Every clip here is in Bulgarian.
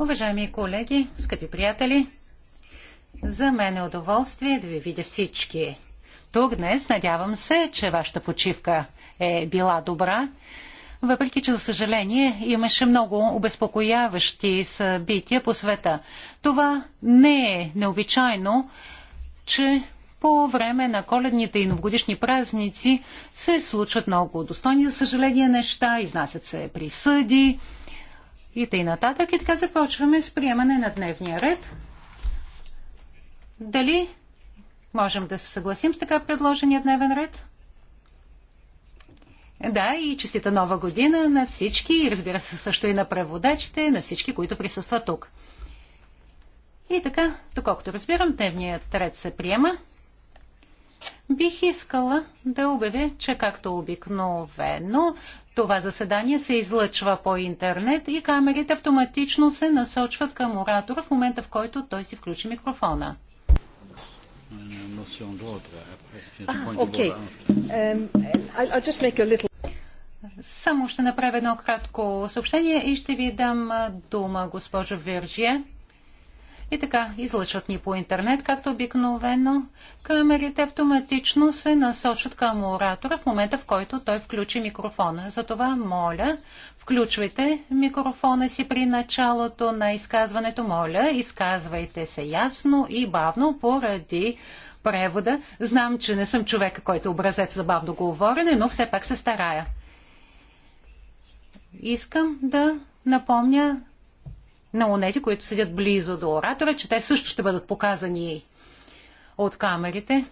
Уважаеми колеги, скъпи приятели, за мен е удоволствие да ви видя всички. Тук днес надявам се, че вашата почивка е била добра, въпреки че, за съжаление, имаше много обезпокояващи събития по света. Това не е необичайно, че по време на коледните и новогодишни празници се случват много достойни, за съжаление, неща, изнасят се присъди, и тъй нататък. И така започваме с приемане на дневния ред. Дали можем да се съгласим с така предложения дневен ред? Да, и честита нова година на всички, и разбира се също и на преводачите, на всички, които присъстват тук. И така, доколкото разбирам, дневният ред се приема. Бих искала да обявя, че както обикновено това заседание се излъчва по интернет и камерите автоматично се насочват към оратора в момента, в който той си включи микрофона. Само ще направя едно кратко съобщение и ще ви дам дума, госпожо Виржия и така излъчват ни по интернет, както обикновено. Камерите автоматично се насочат към оратора в момента, в който той включи микрофона. Затова, моля, включвайте микрофона си при началото на изказването. Моля, изказвайте се ясно и бавно поради превода. Знам, че не съм човека, който образец за бавно говорене, но все пак се старая. Искам да напомня на онези, които седят близо до оратора, че те също ще бъдат показани от камерите.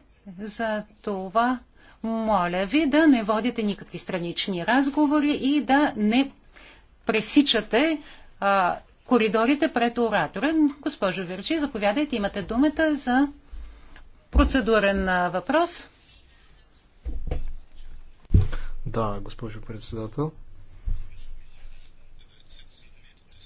За това моля ви да не водите никакви странични разговори и да не пресичате а, коридорите пред оратора. Госпожо Вирчи, заповядайте, имате думата за процедурен въпрос. Да, госпожо председател.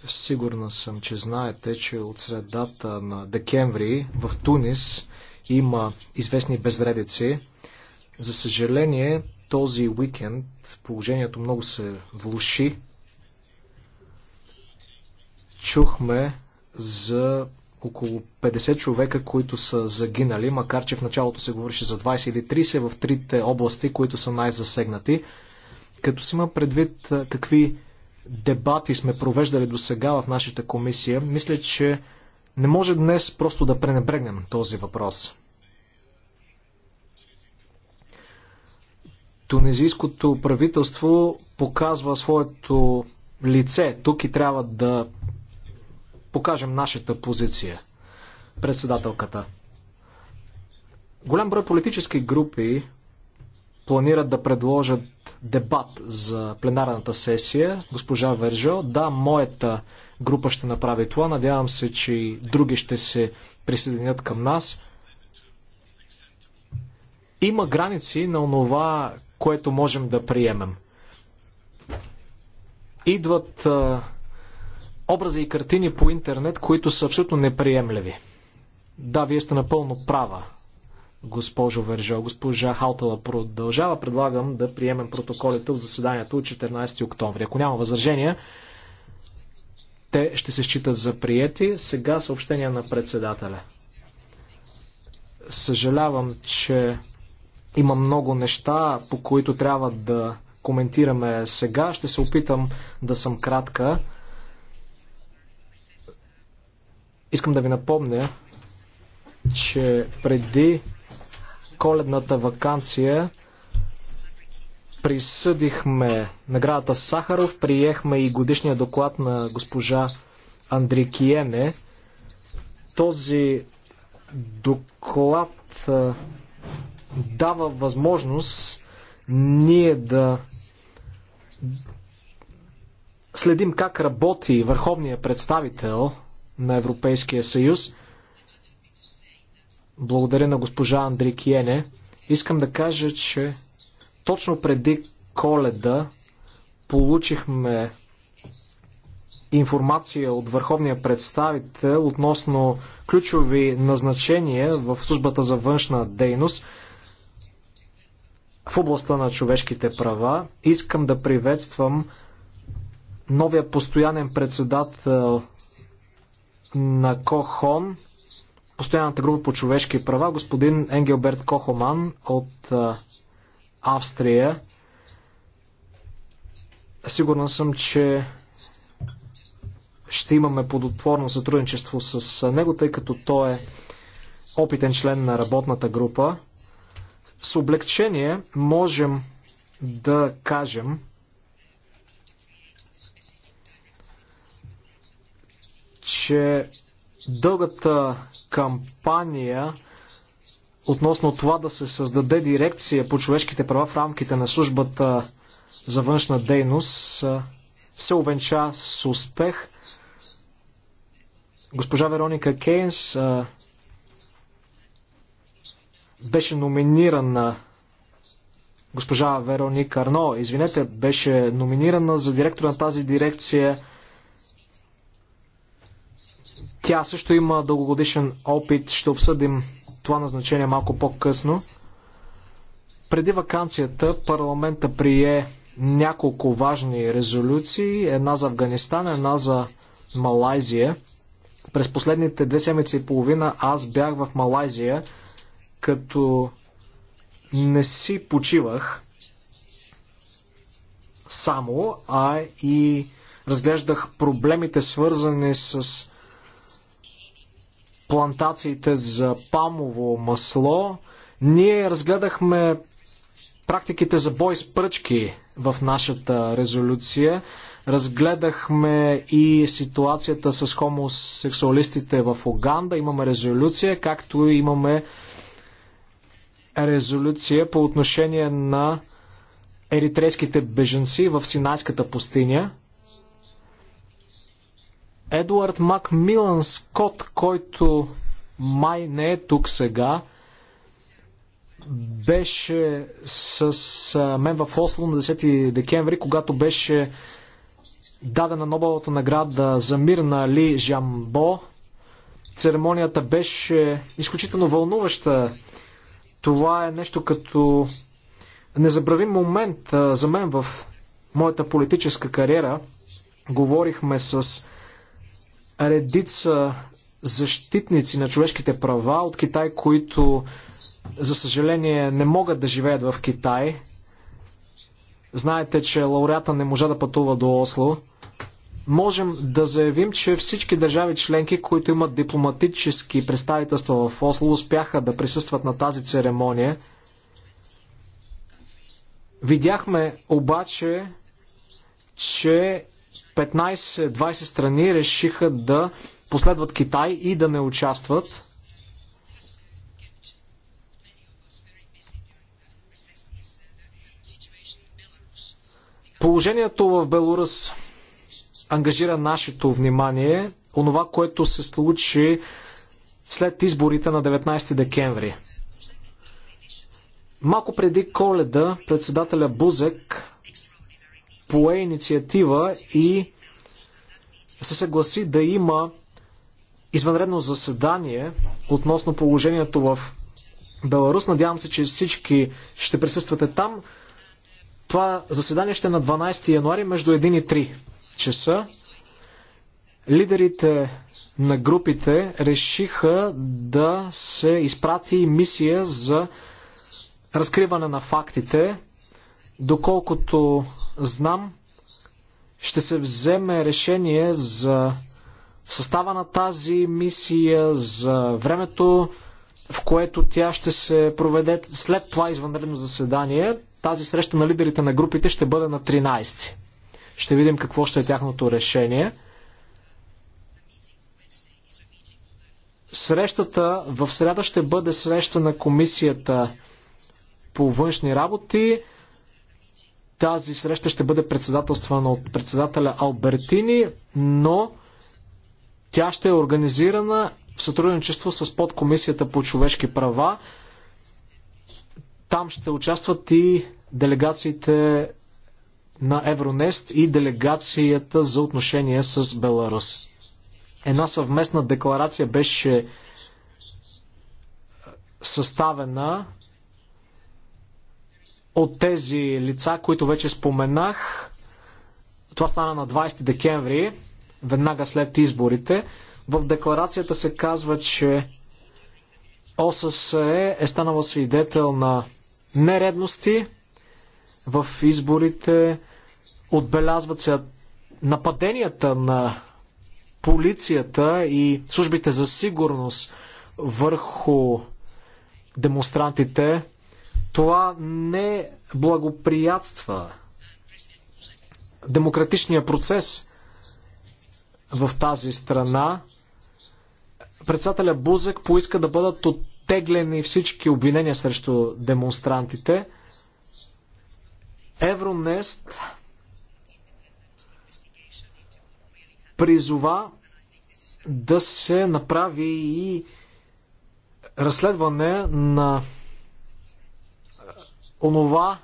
Сигурна съм, че знаете, че от средата на декември в Тунис има известни безредици. За съжаление, този уикенд положението много се влуши. Чухме за около 50 човека, които са загинали, макар че в началото се говореше за 20 или 30 в трите области, които са най-засегнати. Като си има предвид какви дебати сме провеждали до сега в нашата комисия, мисля, че не може днес просто да пренебрегнем този въпрос. Тунезийското правителство показва своето лице тук и трябва да покажем нашата позиция. Председателката. Голям брой политически групи планират да предложат дебат за пленарната сесия. Госпожа Вержо, да, моята група ще направи това. Надявам се, че и други ще се присъединят към нас. Има граници на онова, което можем да приемем. Идват а, образи и картини по интернет, които са абсолютно неприемливи. Да, вие сте напълно права госпожо Вержо. Госпожа Халтала продължава. Предлагам да приемем протоколите от заседанието от 14 октомври. Ако няма възражения, те ще се считат за приети. Сега съобщение на председателя. Съжалявам, че има много неща, по които трябва да коментираме сега. Ще се опитам да съм кратка. Искам да ви напомня, че преди коледната вакансия присъдихме наградата Сахаров, приехме и годишния доклад на госпожа Андрикиене. Този доклад дава възможност ние да следим как работи върховният представител на Европейския съюз. Благодаря на госпожа Андри Киене, Искам да кажа, че точно преди коледа получихме информация от върховния представител относно ключови назначения в службата за външна дейност в областта на човешките права. Искам да приветствам новия постоянен председател на КОХОН, постоянната група по човешки права, господин Енгелберт Кохоман от Австрия. Сигурна съм, че ще имаме плодотворно сътрудничество с него, тъй като той е опитен член на работната група. С облегчение можем да кажем, че дългата кампания относно това да се създаде дирекция по човешките права в рамките на службата за външна дейност се увенча с успех. Госпожа Вероника Кейнс беше номинирана госпожа Вероника Арно, извинете, беше номинирана за директор на тази дирекция – тя също има дългогодишен опит. Ще обсъдим това назначение малко по-късно. Преди вакансията парламента прие няколко важни резолюции. Една за Афганистан, една за Малайзия. През последните две седмици и половина аз бях в Малайзия, като не си почивах само, а и разглеждах проблемите свързани с плантациите за памово масло, ние разгледахме практиките за бой с пръчки в нашата резолюция. Разгледахме и ситуацията с хомосексуалистите в Оганда. Имаме резолюция, както имаме резолюция по отношение на еритрейските беженци в Синайската пустиня. Едуард Макмилан Скот, който май не е тук сега, беше с мен в Осло на 10 декември, когато беше дадена Нобеловата награда за мир на Ли Жамбо. Церемонията беше изключително вълнуваща. Това е нещо като незабравим момент за мен в моята политическа кариера. Говорихме с редица защитници на човешките права от Китай, които за съжаление не могат да живеят в Китай. Знаете, че лауреата не можа да пътува до Осло. Можем да заявим, че всички държави членки, които имат дипломатически представителства в Осло, успяха да присъстват на тази церемония. Видяхме обаче, че 15-20 страни решиха да последват Китай и да не участват. Положението в Беларус ангажира нашето внимание, онова, което се случи след изборите на 19 декември. Малко преди коледа председателя Бузек пое инициатива и се съгласи да има извънредно заседание относно положението в Беларус. Надявам се, че всички ще присъствате там. Това заседание ще е на 12 януари между 1 и 3 часа. Лидерите на групите решиха да се изпрати мисия за разкриване на фактите Доколкото знам, ще се вземе решение за състава на тази мисия, за времето, в което тя ще се проведе след това извънредно заседание. Тази среща на лидерите на групите ще бъде на 13. Ще видим какво ще е тяхното решение. Срещата в среда ще бъде среща на комисията по външни работи. Тази среща ще бъде председателствана от председателя Албертини, но тя ще е организирана в сътрудничество с подкомисията по човешки права. Там ще участват и делегациите на Евронест и делегацията за отношения с Беларус. Една съвместна декларация беше съставена от тези лица, които вече споменах, това стана на 20 декември, веднага след изборите. В декларацията се казва, че ОССЕ е станала свидетел на нередности в изборите. Отбелязват се нападенията на полицията и службите за сигурност върху демонстрантите. Това не благоприятства демократичния процес в тази страна. Председателя Бузък поиска да бъдат оттеглени всички обвинения срещу демонстрантите. Евронест призова да се направи и разследване на онова,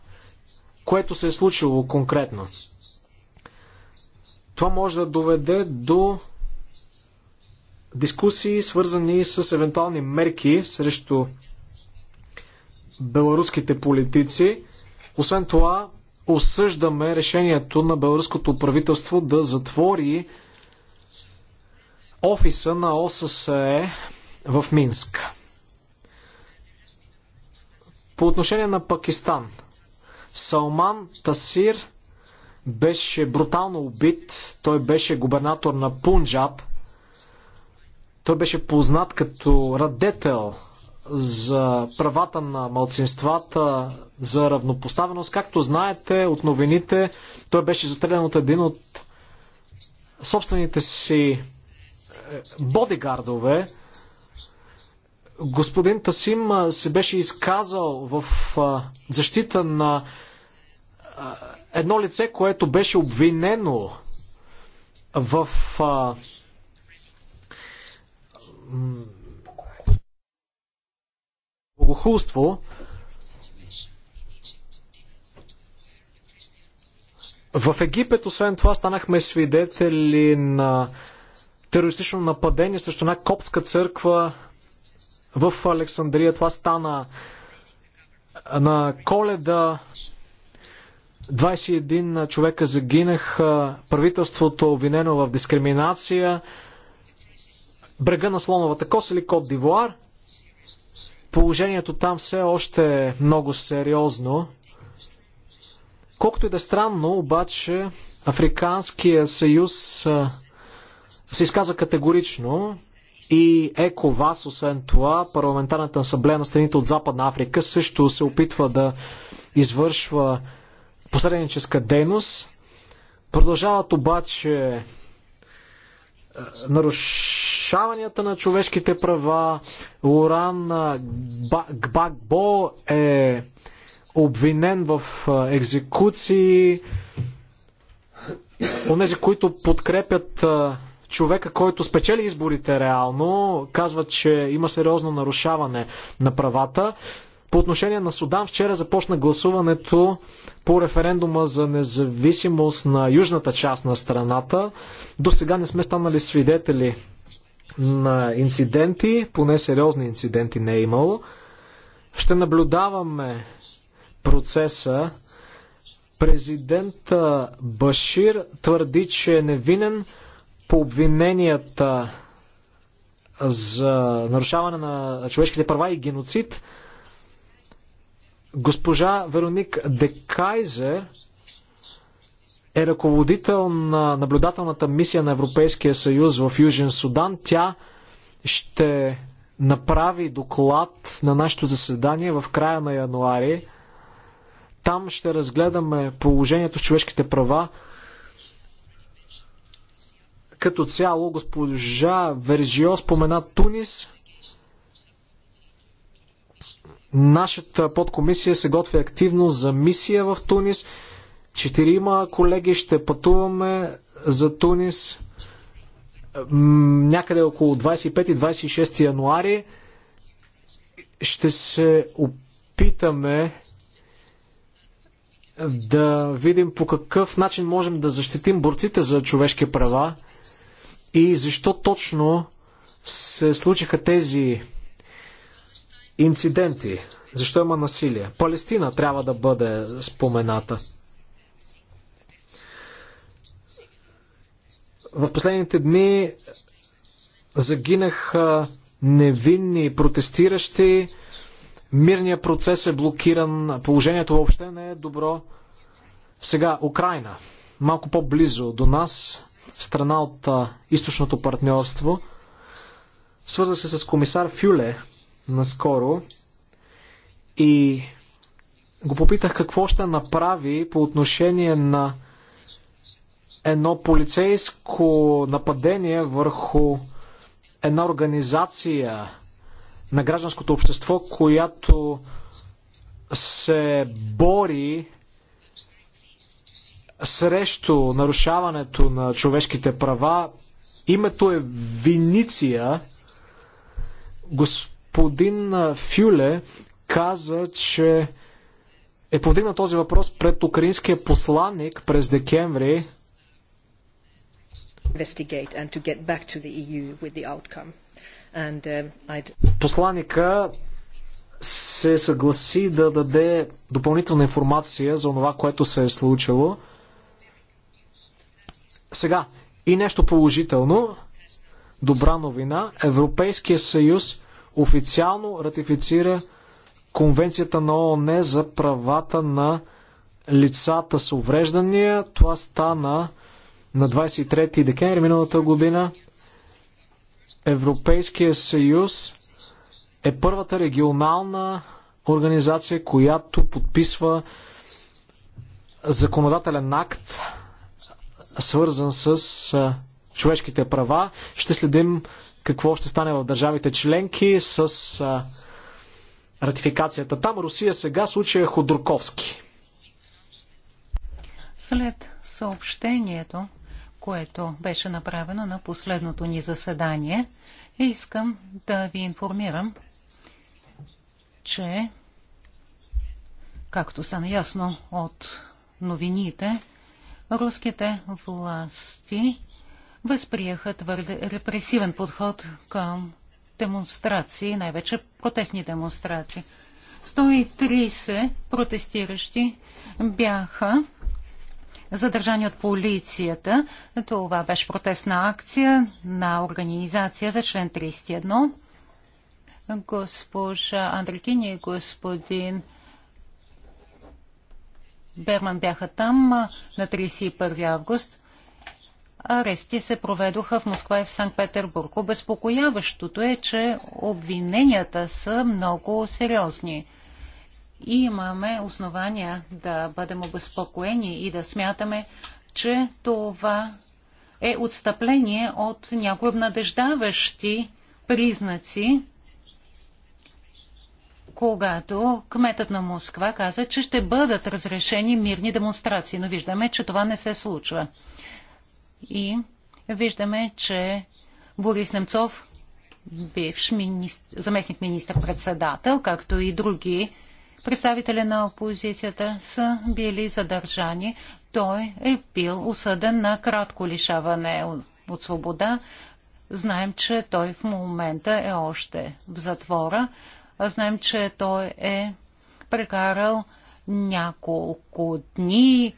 което се е случило конкретно. Това може да доведе до дискусии, свързани с евентуални мерки срещу беларуските политици. Освен това, осъждаме решението на беларуското правителство да затвори офиса на ОССЕ в Минск. По отношение на Пакистан, Салман Тасир беше брутално убит. Той беше губернатор на Пунджаб. Той беше познат като радетел за правата на малцинствата, за равнопоставеност. Както знаете от новините, той беше застрелян от един от собствените си е, бодигардове, господин Тасим се беше изказал в защита на едно лице, което беше обвинено в богохулство в Египет, освен това, станахме свидетели на терористично нападение срещу една копска църква в Александрия. Това стана на коледа 21 човека загинаха, правителството обвинено в дискриминация, брега на слоновата коса или Кот Дивуар. Положението там все още е много сериозно. Колкото и да е странно, обаче Африканския съюз се изказа категорично и ЕКОВАС, освен това, парламентарната асамблея на страните от Западна Африка също се опитва да извършва посредническа дейност. Продължават обаче е, нарушаванията на човешките права. Лоран Гбагбо е обвинен в е, екзекуции. Онези, които подкрепят е, човека, който спечели изборите реално, казва, че има сериозно нарушаване на правата. По отношение на Судан, вчера започна гласуването по референдума за независимост на южната част на страната. До сега не сме станали свидетели на инциденти, поне сериозни инциденти не е имало. Ще наблюдаваме процеса. Президент Башир твърди, че е невинен по обвиненията за нарушаване на човешките права и геноцид, госпожа Вероник Декайзер е ръководител на наблюдателната мисия на Европейския съюз в Южен Судан. Тя ще направи доклад на нашето заседание в края на януари. Там ще разгледаме положението с човешките права като цяло, госпожа Вержио спомена Тунис. Нашата подкомисия се готви активно за мисия в Тунис. Четирима колеги ще пътуваме за Тунис някъде около 25 26 януари. Ще се опитаме да видим по какъв начин можем да защитим борците за човешки права и защо точно се случиха тези инциденти? Защо има насилие? Палестина трябва да бъде спомената. В последните дни загинаха невинни протестиращи, мирният процес е блокиран, положението въобще не е добро. Сега, Украина, малко по-близо до нас, страна от източното партньорство. Свързах се с комисар Фюле наскоро и го попитах какво ще направи по отношение на едно полицейско нападение върху една организация на гражданското общество, която се бори срещу нарушаването на човешките права. Името е Виниция. Господин Фюле каза, че е повдигнал този въпрос пред украинския посланник през декември. E uh, Посланника се съгласи да даде допълнителна информация за това, което се е случило. Сега, и нещо положително, добра новина, Европейския съюз официално ратифицира Конвенцията на ООН за правата на лицата с увреждания. Това стана на 23 декември миналата година. Европейския съюз е първата регионална организация, която подписва законодателен акт свързан с човешките права. Ще следим какво ще стане в държавите членки с ратификацията. Там Русия сега случая е Ходорковски. След съобщението, което беше направено на последното ни заседание, искам да ви информирам, че, както стана ясно от новините, руските власти възприеха твърде репресивен подход към демонстрации, най-вече протестни демонстрации. 130 протестиращи бяха задържани от полицията. Това беше протестна акция на организацията член 31. Госпожа Андрекини и господин Берман бяха там на 31 август. Арести се проведоха в Москва и в Санкт-Петербург. Обезпокояващото е, че обвиненията са много сериозни. И имаме основания да бъдем обезпокоени и да смятаме, че това е отстъпление от някои обнадеждаващи признаци когато кметът на Москва каза, че ще бъдат разрешени мирни демонстрации, но виждаме, че това не се случва. И виждаме, че Борис Немцов, бивш министр, заместник министър-председател, както и други представители на опозицията са били задържани. Той е бил осъден на кратко лишаване от свобода. Знаем, че той в момента е още в затвора. Знаем, че той е прекарал няколко дни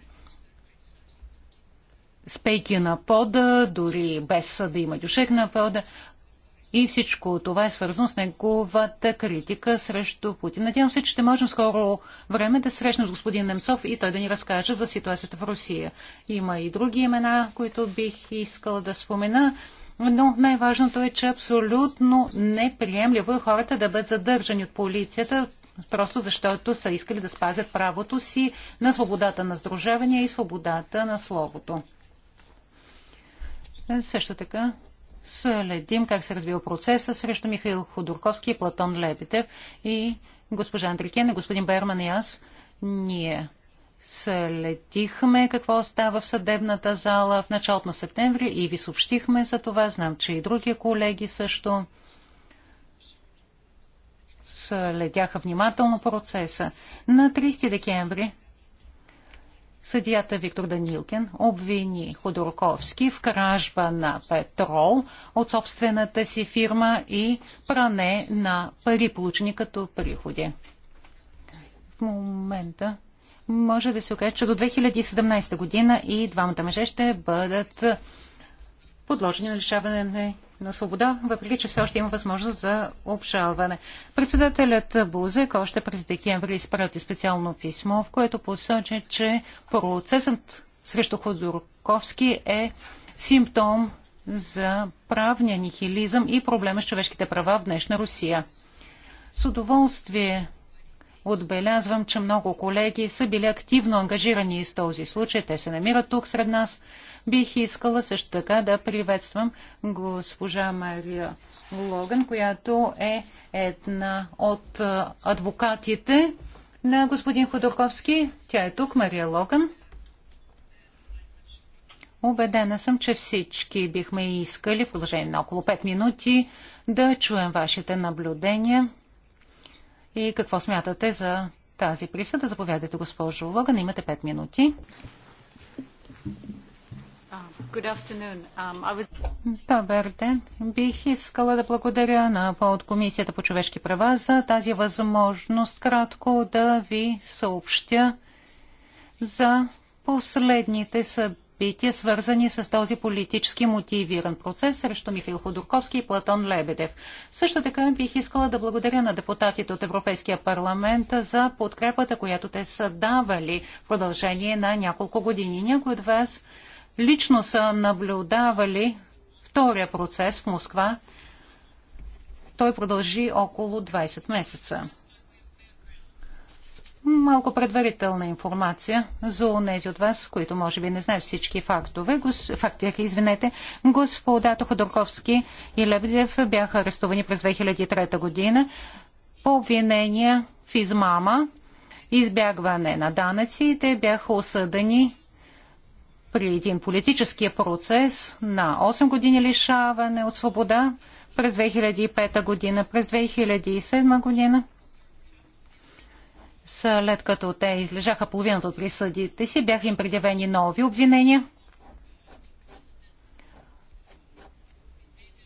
спейки на пода, дори без да има дюшек на пода. И всичко това е свързано с неговата критика срещу Путин. Надявам се, че ще можем скоро време да срещнем с господин Немцов и той да ни разкаже за ситуацията в Русия. Има и други имена, които бих искала да спомена но най-важното е, че е абсолютно неприемливо е хората да бъдат задържани от полицията, просто защото са искали да спазят правото си на свободата на сдружаване и свободата на словото. Също така следим как се развива процеса срещу Михаил Ходорковски и Платон Лебедев и госпожа Андрикена, господин Берман и аз. Ние следихме какво става в съдебната зала в началото на септември и ви съобщихме за това. Знам, че и други колеги също следяха внимателно процеса. На 30 декември съдията Виктор Данилкин обвини Ходорковски в кражба на петрол от собствената си фирма и пране на пари, получени като приходи. В момента може да се окаже, че до 2017 година и двамата мъже ще бъдат подложени на лишаване на свобода, въпреки че все още има възможност за обжалване. Председателят Бузек още през декември изпрати специално писмо, в което посочи, че процесът срещу Ходорковски е симптом за правния нихилизъм и проблема с човешките права в днешна Русия. С удоволствие Отбелязвам, че много колеги са били активно ангажирани с този случай. Те се намират тук сред нас. Бих искала също така да приветствам госпожа Мария Логан, която е една от адвокатите на господин Ходорковски. Тя е тук, Мария Логан. Обедена съм, че всички бихме искали в продължение на около 5 минути да чуем вашите наблюдения и какво смятате за тази присъда? Заповядайте, госпожо Логан, имате 5 минути. Um, Добър ден. Бих искала да благодаря на от Комисията по човешки права за тази възможност кратко да ви съобщя за последните събития събития, свързани с този политически мотивиран процес срещу Михаил Ходорковски и Платон Лебедев. Също така бих искала да благодаря на депутатите от Европейския парламент за подкрепата, която те са давали в продължение на няколко години. Някои от вас лично са наблюдавали втория процес в Москва. Той продължи около 20 месеца малко предварителна информация за онези от вас, които може би не знаят всички фактове. Гос... Факти, извинете. господа Тоходорковски и Лебедев бяха арестувани през 2003 година по обвинения в измама, избягване на данъци. Те бяха осъдени при един политически процес на 8 години лишаване от свобода през 2005 година, през 2007 година след като те излежаха половината от присъдите си, бяха им предявени нови обвинения.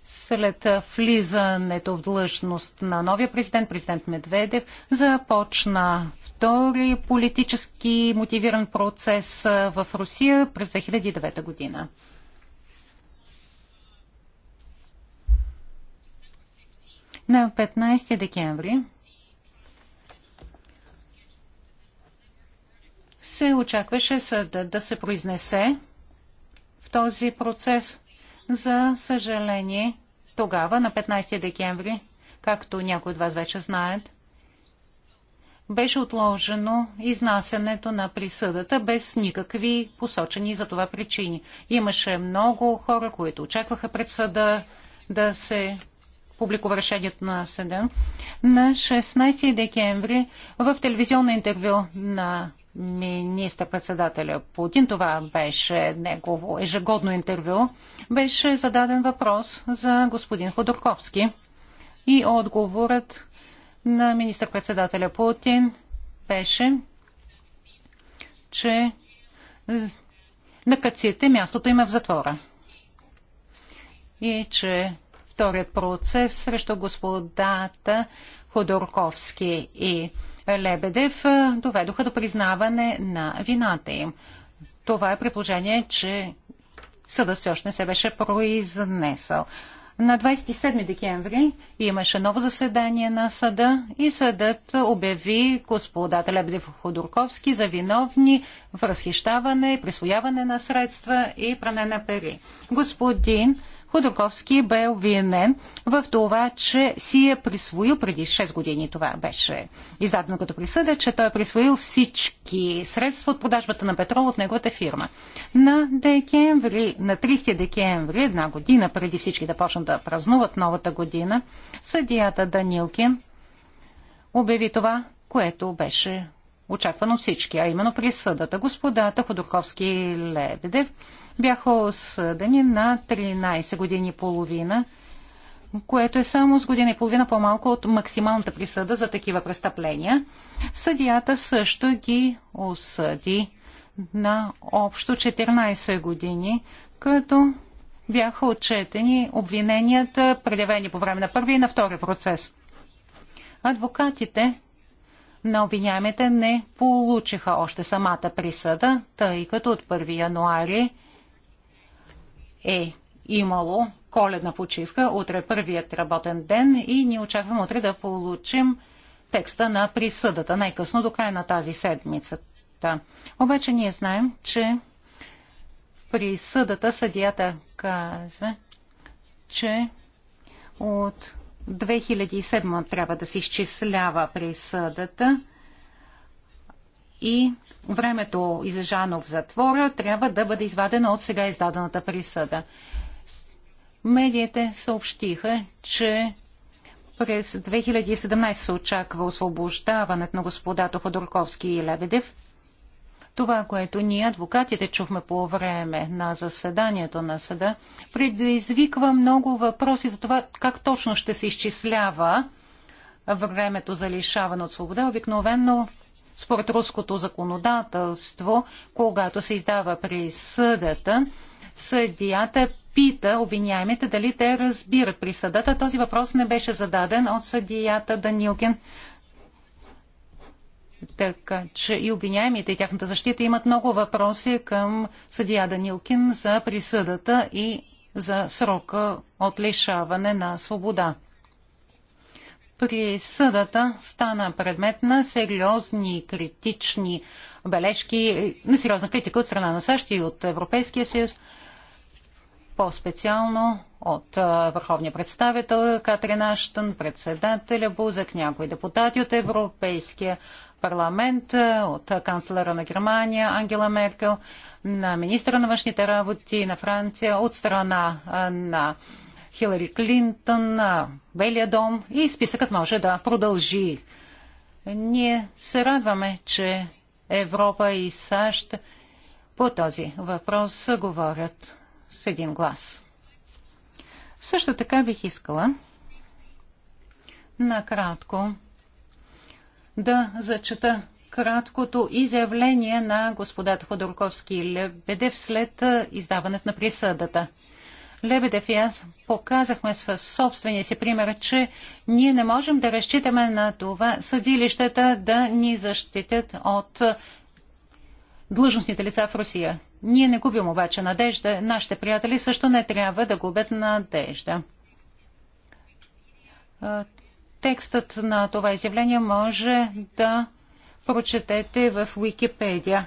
След влизането в длъжност на новия президент, президент Медведев, започна втори политически мотивиран процес в Русия през 2009 година. На 15 декември се очакваше съда да се произнесе в този процес. За съжаление, тогава, на 15 декември, както някои от вас вече знаят, беше отложено изнасянето на присъдата без никакви посочени за това причини. Имаше много хора, които очакваха пред съда да се публикува решението на съда. На 16 декември в телевизионно интервю на министър-председателя Путин, това беше негово ежегодно интервю, беше зададен въпрос за господин Ходорковски. И отговорът на министър-председателя Путин беше, че на каците мястото им в затвора. И че вторият процес срещу господата Ходорковски и Лебедев доведоха до признаване на вината им. Това е предположение, че съдът все още не се беше произнесъл. На 27 декември имаше ново заседание на съда и съдът обяви господата Лебедев Ходорковски за виновни в разхищаване, присвояване на средства и пране на пари. Господин Ходорковски бе обвинен в това, че си е присвоил преди 6 години това беше издадено като присъда, че той е присвоил всички средства от продажбата на петрол от неговата фирма. На декември, на 30 декември, една година преди всички да почнат да празнуват новата година, съдията Данилкин обяви това, което беше очаквано всички, а именно присъдата. Господата Ходорковски Лебедев бяха осъдени на 13 години и половина, което е само с година и половина по-малко от максималната присъда за такива престъпления. Съдията също ги осъди на общо 14 години, като бяха отчетени обвиненията, предявени по време на първи и на втори процес. Адвокатите на обвиняемите не получиха още самата присъда, тъй като от 1 януари е имало коледна почивка. Утре е първият работен ден и ни очакваме утре да получим текста на присъдата най-късно до края на тази седмица. Обаче ние знаем, че в присъдата съдията казва, че от 2007 трябва да се изчислява присъдата и времето излежано в затвора трябва да бъде извадено от сега издадената присъда. Медиите съобщиха, че през 2017 се очаква освобождаването на господата Ходорковски и Лебедев. Това, което ние, адвокатите, чухме по време на заседанието на съда, предизвиква много въпроси за това как точно ще се изчислява времето за лишаване от свобода. Обикновено според руското законодателство, когато се издава присъдата, съдията пита обвиняемите дали те разбират присъдата. Този въпрос не беше зададен от съдията Данилкин. Така че и обвиняемите и тяхната защита имат много въпроси към съдия Данилкин за присъдата и за срока от лишаване на свобода присъдата стана предмет на сериозни критични бележки, на сериозна критика от страна на САЩ и от Европейския съюз, по-специално от върховния представител Катрин Аштън, председателя Бузък, някои депутати от Европейския парламент, от канцлера на Германия Ангела Меркел, на министра на външните работи на Франция, от страна на Хилари Клинтън, Белия дом и списъкът може да продължи. Ние се радваме, че Европа и САЩ по този въпрос говорят с един глас. Също така бих искала накратко да зачета краткото изявление на господата Ходорковски Лебедев след издаването на присъдата – Лебедев и аз показахме със собствения си пример, че ние не можем да разчитаме на това съдилищата да ни защитят от длъжностните лица в Русия. Ние не губим обаче надежда, нашите приятели също не трябва да губят надежда. Текстът на това изявление може да прочетете в Википедия.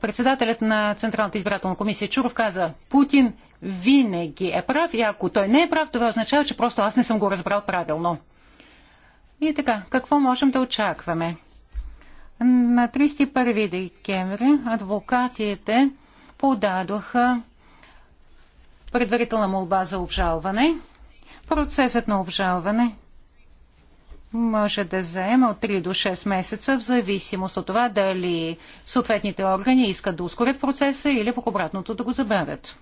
председателят на Централната избирателна комисия Чуров каза, Путин винаги е прав и ако той не е прав, това означава, че просто аз не съм го разбрал правилно. И така, какво можем да очакваме? На 31 декември адвокатите подадоха предварителна молба за обжалване. Процесът на обжалване може да заема от 3 до 6 месеца, в зависимост от това дали съответните органи искат да ускорят процеса или по обратното да го забавят.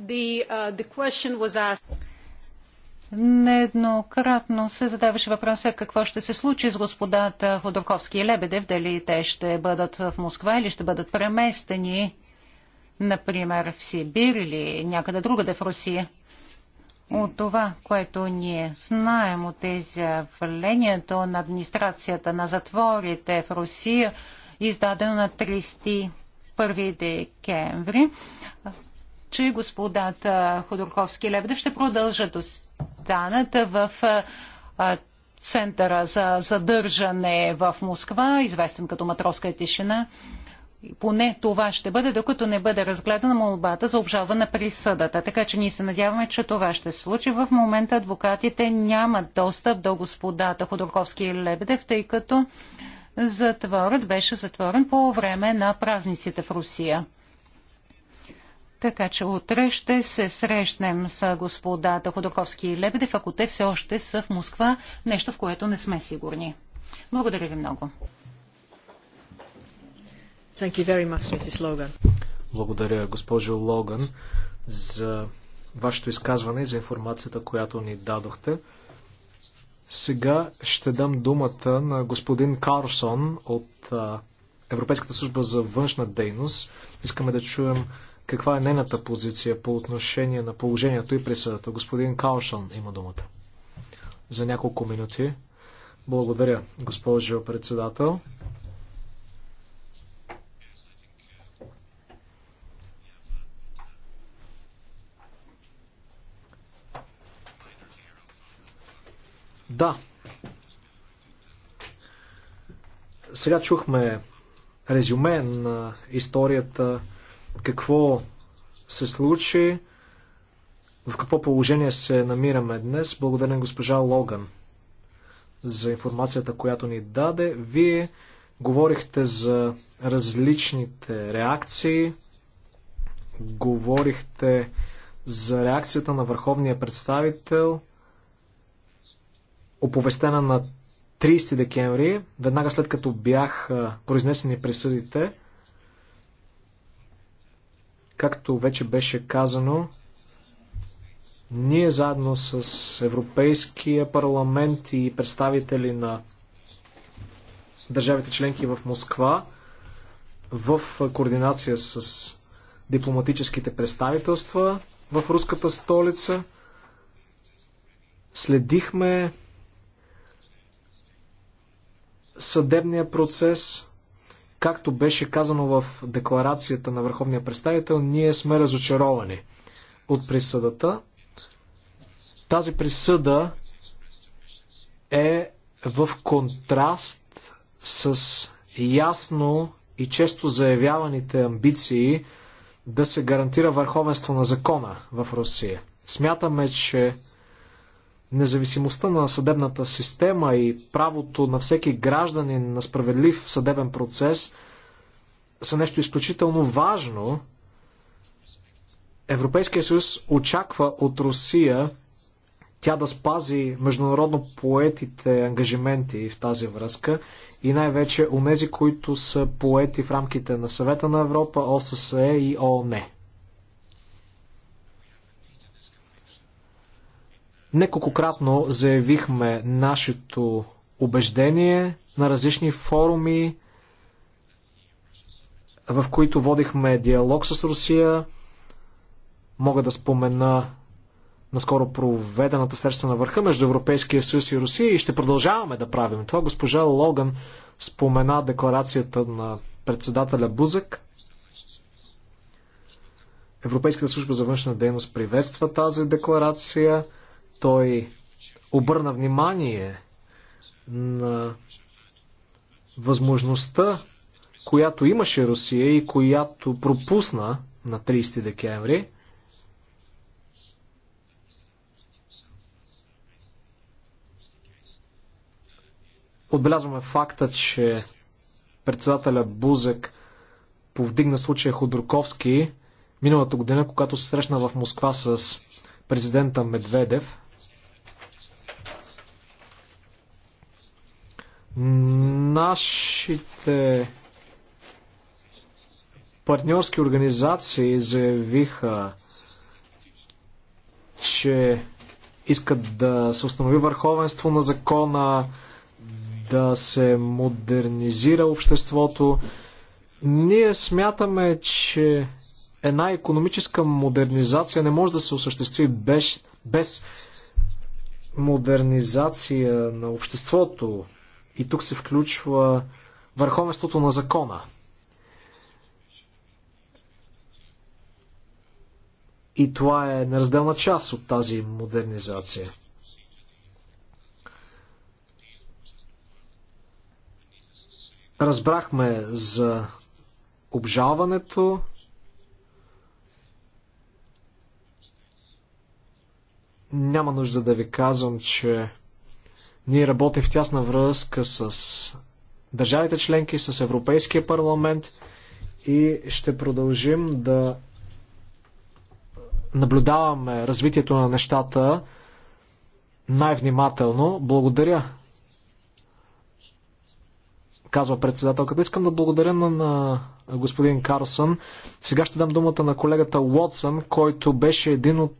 The, uh, the Нееднократно се задаваше въпроса какво ще се случи с господата Ходорковски и Лебедев, дали те ще бъдат в Москва или ще бъдат преместени например в Сибир или някъде другаде в Русия. От това, което ние знаем от изявлението на администрацията на затворите в Русия, издадено на 31 декември, че господата Ходорковски и Лебедев ще продължат останата в центъра за задържане в Москва, известен като Матроска тишина поне това ще бъде, докато не бъде разгледана молбата за обжалване на присъдата. Така че ние се надяваме, че това ще се случи. В момента адвокатите нямат достъп до господата Ходорковски и Лебедев, тъй като затворът беше затворен по време на празниците в Русия. Така че утре ще се срещнем с господата Ходорковски и Лебедев, ако те все още са в Москва, нещо в което не сме сигурни. Благодаря ви много. Much, Благодаря, госпожо Логан, за вашето изказване и за информацията, която ни дадохте. Сега ще дам думата на господин Карлсон от Европейската служба за външна дейност. Искаме да чуем каква е нейната позиция по отношение на положението и присъдата. Господин Калшон има думата. За няколко минути. Благодаря, госпожо председател. Да. Сега чухме резюме на историята, какво се случи, в какво положение се намираме днес. Благодаря госпожа Логан за информацията, която ни даде. Вие говорихте за различните реакции, говорихте за реакцията на върховния представител – оповестена на 30 декември, веднага след като бях произнесени присъдите. Както вече беше казано, ние заедно с Европейския парламент и представители на държавите членки в Москва в координация с дипломатическите представителства в руската столица следихме съдебния процес. Както беше казано в декларацията на Върховния представител, ние сме разочаровани от присъдата. Тази присъда е в контраст с ясно и често заявяваните амбиции да се гарантира върховенство на закона в Русия. Смятаме, че независимостта на съдебната система и правото на всеки гражданин на справедлив съдебен процес са нещо изключително важно. Европейския съюз очаква от Русия тя да спази международно поетите ангажименти в тази връзка и най-вече нези, които са поети в рамките на Съвета на Европа, ОССЕ и ООН. Неколкократно заявихме нашето убеждение на различни форуми, в които водихме диалог с Русия. Мога да спомена наскоро проведената среща на върха между Европейския съюз и Русия и ще продължаваме да правим това. Госпожа Логан спомена декларацията на председателя Бузък. Европейската служба за външна дейност приветства тази декларация. Той обърна внимание на възможността, която имаше Русия и която пропусна на 30 декември. Отбелязваме факта, че председателя Бузек повдигна случая Ходорковски миналата година, когато се срещна в Москва с президента Медведев. Нашите партньорски организации заявиха, че искат да се установи върховенство на закона, да се модернизира обществото. Ние смятаме, че една економическа модернизация не може да се осъществи без, без модернизация на обществото, и тук се включва върховенството на закона. И това е неразделна част от тази модернизация. Разбрахме за обжалването. Няма нужда да ви казвам, че ние работим в тясна връзка с държавите членки, с Европейския парламент и ще продължим да наблюдаваме развитието на нещата най-внимателно. Благодаря, казва председателката. Искам да благодаря на, на господин Карлсън. Сега ще дам думата на колегата Уотсън, който беше един от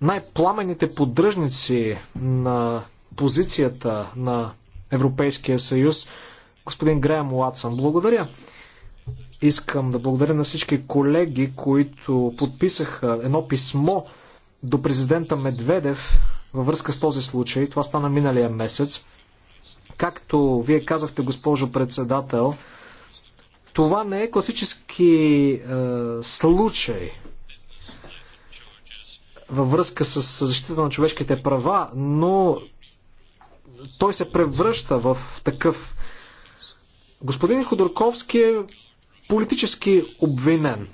най-пламените поддръжници на позицията на Европейския съюз. Господин Граем Уатсън, благодаря. Искам да благодаря на всички колеги, които подписаха едно писмо до президента Медведев във връзка с този случай. Това стана миналия месец. Както вие казахте, госпожо председател, това не е класически е, случай във връзка с защита на човешките права, но той се превръща в такъв. Господин Ходорковски е политически обвинен.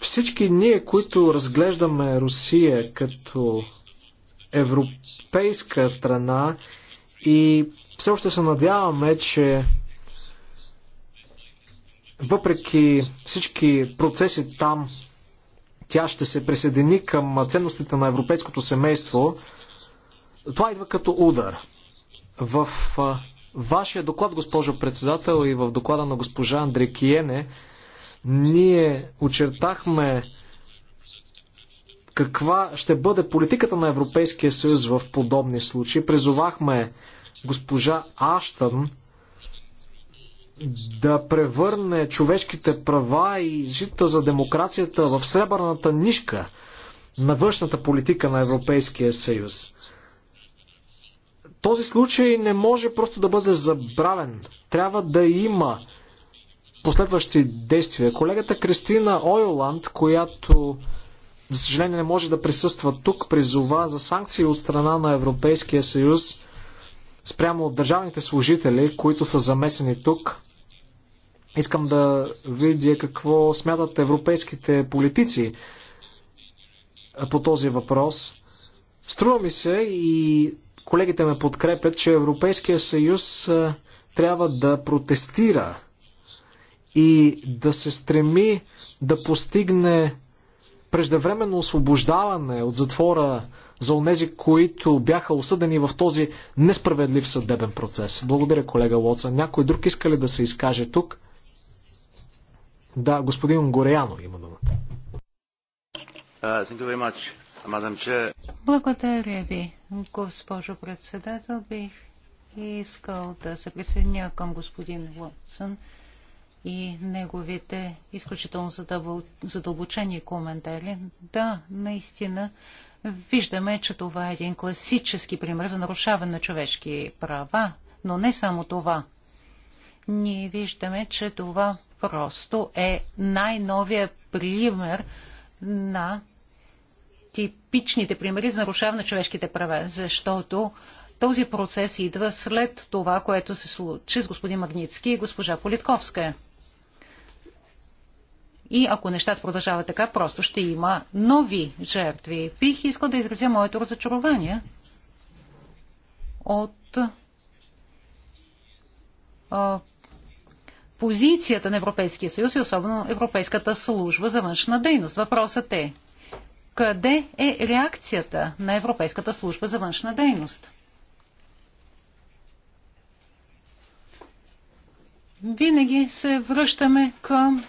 Всички ние, които разглеждаме Русия като европейска страна и все още се надяваме, че въпреки всички процеси там, тя ще се присъедини към ценностите на европейското семейство. Това идва като удар. В вашия доклад, госпожо председател, и в доклада на госпожа Андрекиене, ние очертахме каква ще бъде политиката на Европейския съюз в подобни случаи. Призовахме госпожа Аштън да превърне човешките права и жита за демокрацията в сребърната нишка на външната политика на Европейския съюз. Този случай не може просто да бъде забравен. Трябва да има последващи действия. Колегата Кристина Ойланд, която за съжаление не може да присъства тук, призова за санкции от страна на Европейския съюз спрямо от държавните служители, които са замесени тук. Искам да видя какво смятат европейските политици по този въпрос. Струва ми се и колегите ме подкрепят, че Европейския съюз трябва да протестира и да се стреми да постигне преждевременно освобождаване от затвора за онези, които бяха осъдени в този несправедлив съдебен процес. Благодаря, колега Лоца. Някой друг иска ли да се изкаже тук? Да, господин Гореяно има думата. Uh, благодаря ви, госпожо председател. Бих искал да се присъединя към господин Уотсън и неговите изключително задълбочени коментари. Да, наистина, виждаме, че това е един класически пример за нарушаване на човешки права, но не само това. Ние виждаме, че това просто е най-новия пример на типичните примери за нарушаване на човешките права, защото този процес идва след това, което се случи с господин Магницки и госпожа Политковска. И ако нещата продължават така, просто ще има нови жертви. Бих искал да изразя моето разочарование от а, позицията на Европейския съюз и особено Европейската служба за външна дейност. Въпросът е, къде е реакцията на Европейската служба за външна дейност? Винаги се връщаме към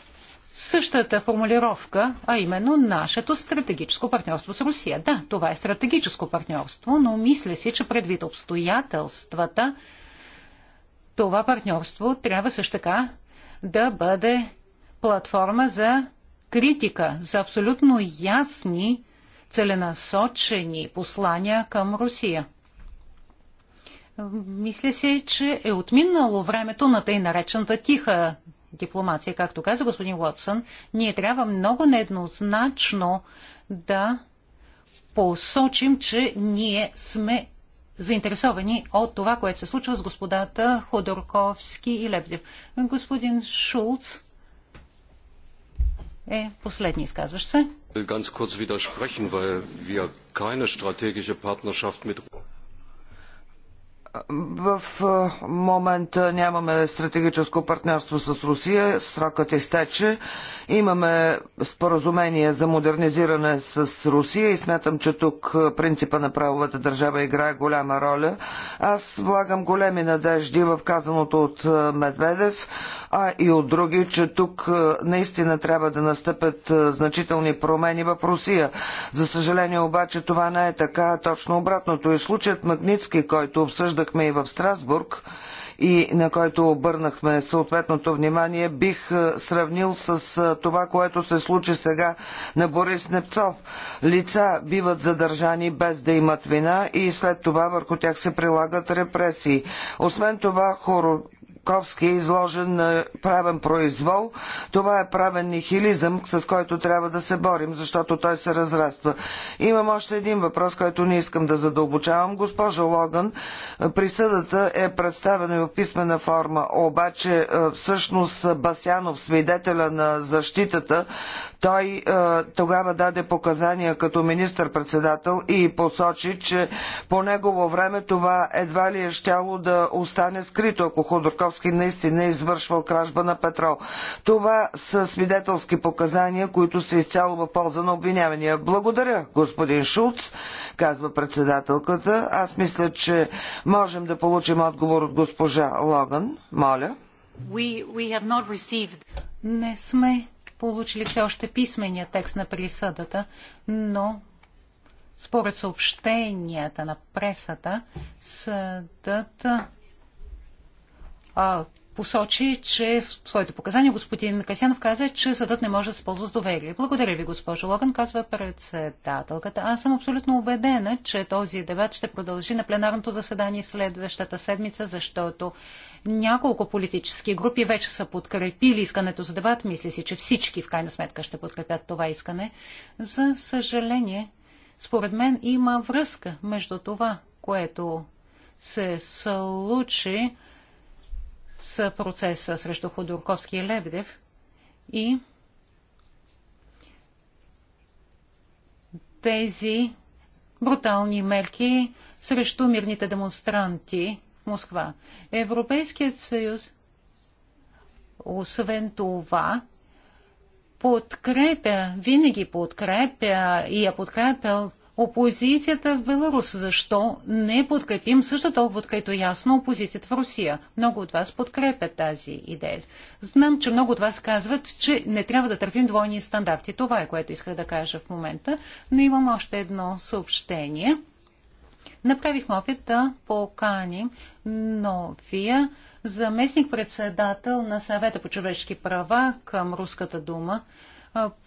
същата формулировка, а именно нашето стратегическо партньорство с Русия. Да, това е стратегическо партньорство, но мисля си, че предвид обстоятелствата, това партньорство трябва също така да бъде платформа за критика за абсолютно ясни, целенасочени послания към Русия. Мисля се, че е отминало времето на тъй наречената тиха дипломация, както каза господин Уотсън. Ние трябва много нееднозначно да посочим, че ние сме заинтересовани от това, което се случва с господата Ходорковски и Лебедев. Господин Шулц е последния изказващ се. В момента нямаме стратегическо партньорство с Русия, срокът изтече. Имаме споразумение за модернизиране с Русия и смятам, че тук принципа на правовата държава играе голяма роля. Аз влагам големи надежди в казаното от Медведев, а и от други, че тук наистина трябва да настъпят значителни промени в Русия. За съжаление обаче това не е така, точно обратното. И е случаят Магницки, който обсъжда обсъждахме и в Страсбург и на който обърнахме съответното внимание, бих е, сравнил с е, това, което се случи сега на Борис Непцов. Лица биват задържани без да имат вина и след това върху тях се прилагат репресии. Освен това, хоро Ковски е изложен на правен произвол. Това е правен нихилизъм, с който трябва да се борим, защото той се разраства. Имам още един въпрос, който не искам да задълбочавам. Госпожо Логан, присъдата е представена в писмена форма, обаче е, всъщност Басянов, свидетеля на защитата, той е, тогава даде показания като министър-председател и посочи, че по негово време това едва ли е щяло да остане скрито, ако Ходорков Петровски наистина е извършвал кражба на петрол. Това са свидетелски показания, които са изцяло в полза на обвинявания. Благодаря, господин Шулц, казва председателката. Аз мисля, че можем да получим отговор от госпожа Логан. Моля. We, we received... Не сме получили все още писмения текст на присъдата, но според съобщенията на пресата, съдът а, посочи, че в своите показания господин Касянов каза, че съдът не може да се ползва с доверие. Благодаря ви, госпожо Логан, казва председателката. Аз съм абсолютно убедена, че този дебат ще продължи на пленарното заседание следващата седмица, защото няколко политически групи вече са подкрепили искането за дебат. Мисля си, че всички в крайна сметка ще подкрепят това искане. За съжаление, според мен има връзка между това, което се случи с процеса срещу Ходорковски и Лебедев и тези брутални мерки срещу мирните демонстранти в Москва. Европейският съюз, освен това, подкрепя, винаги подкрепя и е подкрепял опозицията в Беларус. Защо не подкрепим също толкова открито е ясно опозицията в Русия? Много от вас подкрепят тази идея. Знам, че много от вас казват, че не трябва да търпим двойни стандарти. Това е което исках да кажа в момента, но имам още едно съобщение. Направихме опит да поканим новия заместник-председател на съвета по човешки права към Руската дума.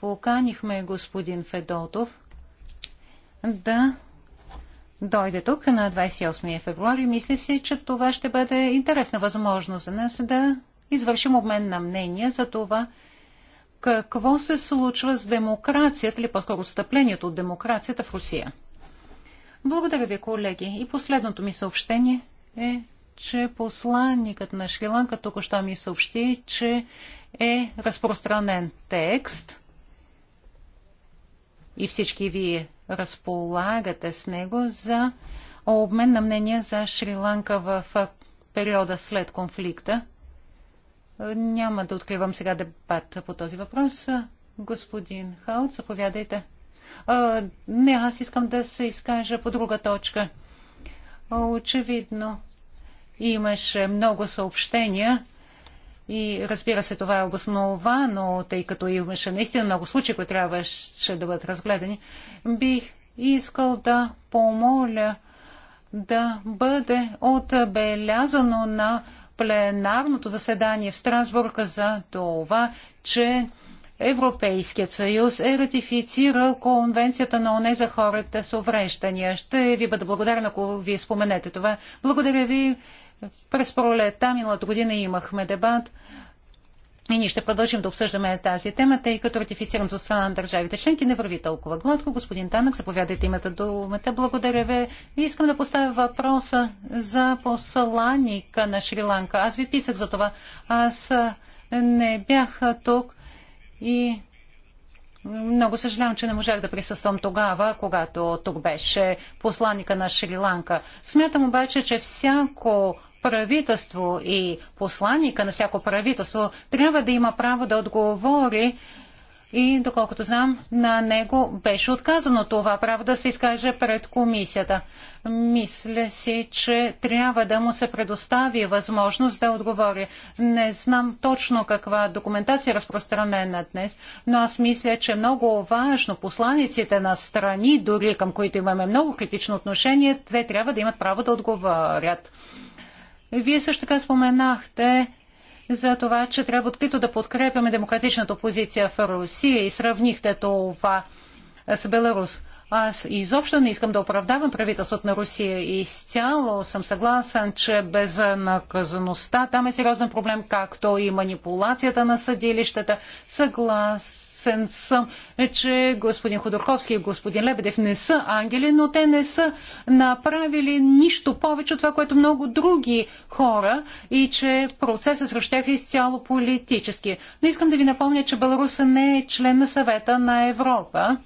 Поканихме господин Федотов, да дойде тук на 28 февруари. Мисля си, че това ще бъде интересна възможност за нас да извършим обмен на мнение за това какво се случва с демокрацията или по-скоро отстъплението от демокрацията в Русия. Благодаря ви, колеги. И последното ми съобщение е, че посланникът на Шри-Ланка току-що ми съобщи, че е разпространен текст и всички вие разполагате с него за обмен на мнения за Шри-Ланка в периода след конфликта. Няма да откривам сега дебат по този въпрос. Господин Хаут, заповядайте. А, не, аз искам да се изкажа по друга точка. Очевидно, имаше много съобщения и разбира се, това е обосновано, тъй като имаше наистина много случаи, които трябваше да бъдат разгледани. Бих искал да помоля да бъде отбелязано на пленарното заседание в Страсбург за това, че Европейският съюз е ратифицирал конвенцията на ОНЕ за хората с увреждания. Ще ви бъда благодарен, ако ви споменете това. Благодаря ви през пролетта миналата година имахме дебат и ние ще продължим да обсъждаме тази тема, тъй като ратифицирам за страна на държавите членки не върви толкова гладко. Господин Танък, заповядайте имате думата. Благодаря ви. Искам да поставя въпроса за посланника на Шри-Ланка. Аз ви писах за това. Аз не бях тук и много съжалявам, че не можах да присъствам тогава, когато тук беше посланника на Шри-Ланка. Смятам обаче, че всяко правителство и посланника на всяко правителство трябва да има право да отговори и доколкото знам, на него беше отказано това право да се изкаже пред комисията. Мисля си, че трябва да му се предостави възможност да отговори. Не знам точно каква документация е разпространена днес, но аз мисля, че е много важно посланиците на страни, дори към които имаме много критично отношение, те трябва да имат право да отговорят. Вие също така споменахте за това, че трябва открито да подкрепяме демократичната опозиция в Русия и сравнихте това с Беларус. Аз изобщо не искам да оправдавам правителството на Русия. Изцяло съм съгласен, че безнаказаността там е сериозен проблем, както и манипулацията на съдилищата. Съгласен Съгласен е, че господин Ходорковски и господин Лебедев не са ангели, но те не са направили нищо повече от това, което много други хора и че процесът срещу тях е изцяло политически. Но искам да ви напомня, че Беларуса не е член на съвета на Европа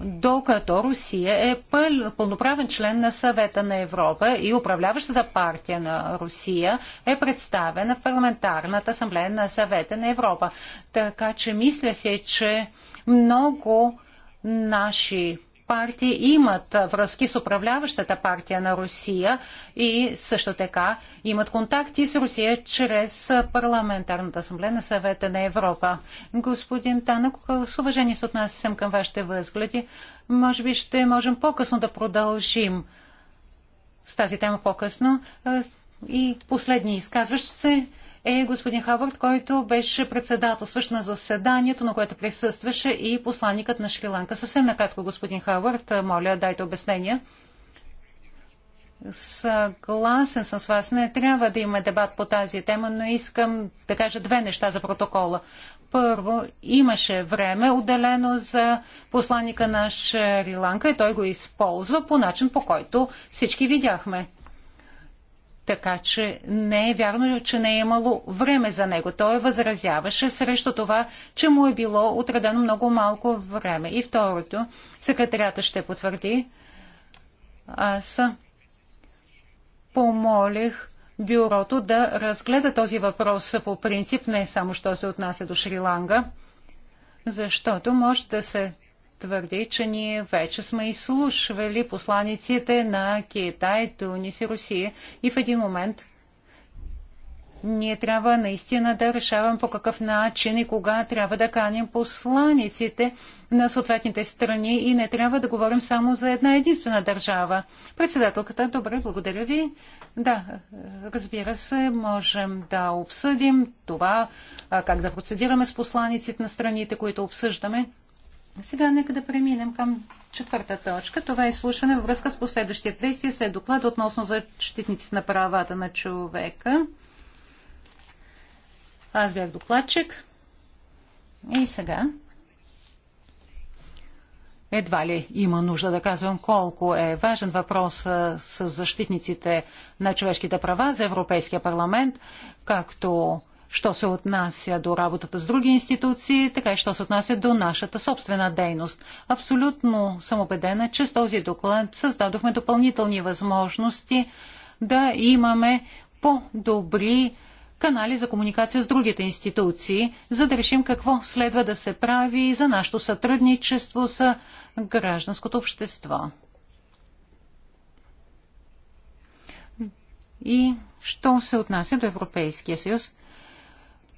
докато Русия е пъл, пълноправен член на съвета на Европа и управляващата партия на Русия е представена в парламентарната асамблея на съвета на Европа. Така че мисля се, че много наши партии имат връзки с управляващата партия на Русия и също така имат контакти с Русия чрез Парламентарната асамблея на съвета на Европа. Господин Танък, с уважение се отнасям към вашите възгледи. Може би ще можем по-късно да продължим с тази тема по-късно. Е, и последни изказващи се е господин Хабърт, който беше председателстващ на заседанието, на което присъстваше и посланникът на Шри-Ланка. Съвсем накратко, господин Хабърт, моля, дайте обяснение. Съгласен съм с вас. Не трябва да има дебат по тази тема, но искам да кажа две неща за протокола. Първо, имаше време отделено за посланника на Шри-Ланка и той го използва по начин, по който всички видяхме. Така че не е вярно, че не е имало време за него. Той възразяваше срещу това, че му е било отредено много малко време. И второто, секретарята ще потвърди, аз помолих бюрото да разгледа този въпрос по принцип, не само що се отнася до Шри-Ланга, защото може да се твърди, че ние вече сме изслушвали посланиците на Китай, Тунис и Русия и в един момент ние трябва наистина да решаваме по какъв начин и кога трябва да каним посланиците на съответните страни и не трябва да говорим само за една единствена държава. Председателката, добре, благодаря ви. Да, разбира се, можем да обсъдим това, как да процедираме с посланиците на страните, които обсъждаме. Сега нека да преминем към четвърта точка. Това е изслушване във връзка с последващия действия след доклад относно защитници на правата на човека. Аз бях докладчик. И сега. Едва ли има нужда да казвам колко е важен въпрос с защитниците на човешките права за Европейския парламент, както що се отнася до работата с други институции, така и що се отнася до нашата собствена дейност. Абсолютно съм убедена, че с този доклад създадохме допълнителни възможности да имаме по-добри канали за комуникация с другите институции, за да решим какво следва да се прави за нашето сътрудничество с гражданското общество. И що се отнася до Европейския съюз,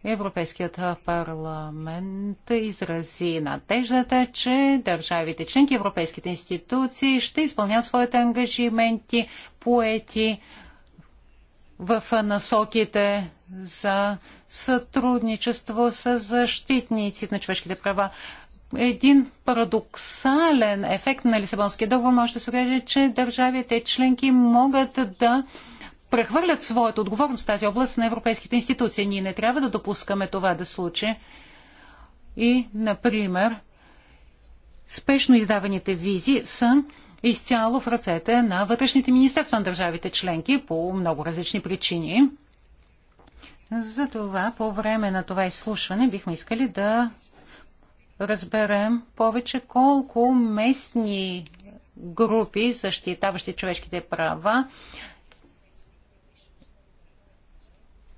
Европейският парламент изрази надеждата, че държавите членки, европейските институции ще изпълнят своите ангажименти, поети в насоките за сътрудничество с защитници на човешките права. Един парадоксален ефект на Лисабонския договор може да се окаже, че държавите членки могат да прехвърлят своята отговорност в тази област на европейските институции. Ние не трябва да допускаме това да случи. И, например, спешно издаваните визи са изцяло в ръцете на вътрешните министерства на държавите членки по много различни причини. Затова по време на това изслушване бихме искали да разберем повече колко местни групи, защитаващи човешките права,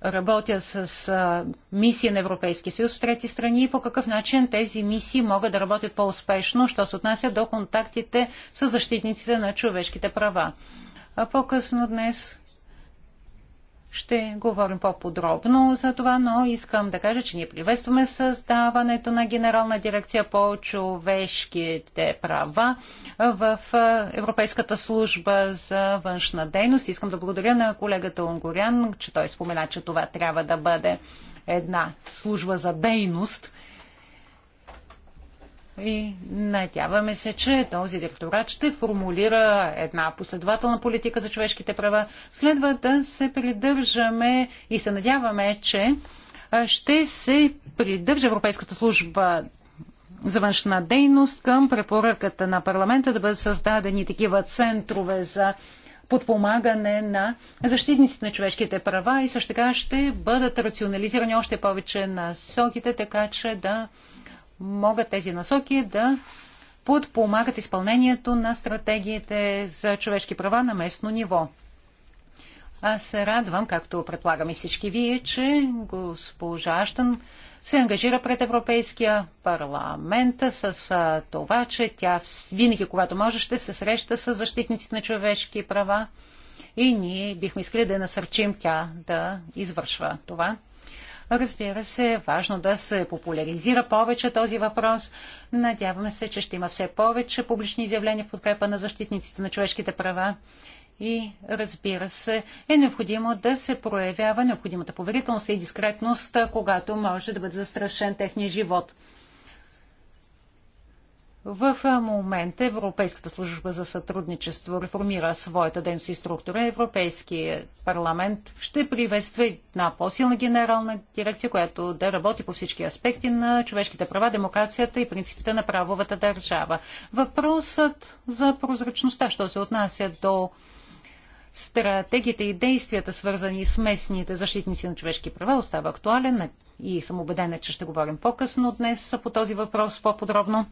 работят с а, мисии на Европейския съюз в трети страни и по какъв начин тези мисии могат да работят по-успешно, що се отнася до контактите с защитниците на човешките права. А по-късно днес ще говорим по-подробно за това, но искам да кажа, че ние приветстваме създаването на Генерална дирекция по човешките права в Европейската служба за външна дейност. Искам да благодаря на колегата Унгорян, че той спомена, че това трябва да бъде една служба за дейност, и надяваме се, че този директорат ще формулира една последователна политика за човешките права. Следва да се придържаме и се надяваме, че ще се придържа Европейската служба за външна дейност към препоръката на парламента да бъдат създадени такива центрове за подпомагане на защитниците на човешките права и също така ще бъдат рационализирани още повече насоките, така че да могат тези насоки да подпомагат изпълнението на стратегиите за човешки права на местно ниво. Аз се радвам, както предполагам и всички вие, че госпожа Аштън се ангажира пред Европейския парламент с това, че тя винаги, когато може, ще се среща с защитниците на човешки права и ние бихме искали да насърчим тя да извършва това. Разбира се, е важно да се популяризира повече този въпрос. Надяваме се, че ще има все повече публични изявления в подкрепа на защитниците на човешките права. И разбира се, е необходимо да се проявява необходимата поверителност и дискретност, когато може да бъде застрашен техния живот. В момента Европейската служба за сътрудничество реформира своята дейност и структура. Европейският парламент ще приветства една по-силна генерална дирекция, която да работи по всички аспекти на човешките права, демокрацията и принципите на правовата държава. Въпросът за прозрачността, що се отнася до стратегиите и действията, свързани с местните защитници на човешки права, остава актуален и съм убедена, че ще говорим по-късно днес по този въпрос по-подробно.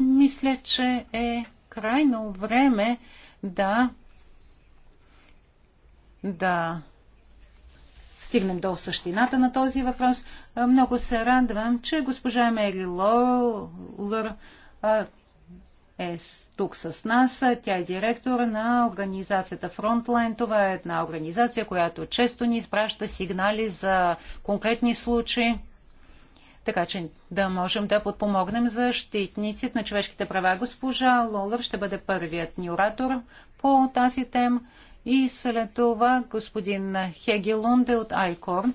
Мисля, че е крайно време да да стигнем до същината на този въпрос. Много се радвам, че госпожа Мери Лор е тук с нас. Тя е директор на организацията Frontline. Това е една организация, която често ни изпраща сигнали за конкретни случаи, така че да можем да подпомогнем защитниците на човешките права. Госпожа Лолър ще бъде първият ни оратор по тази тема. И след това господин Хегелунде от Айкорн,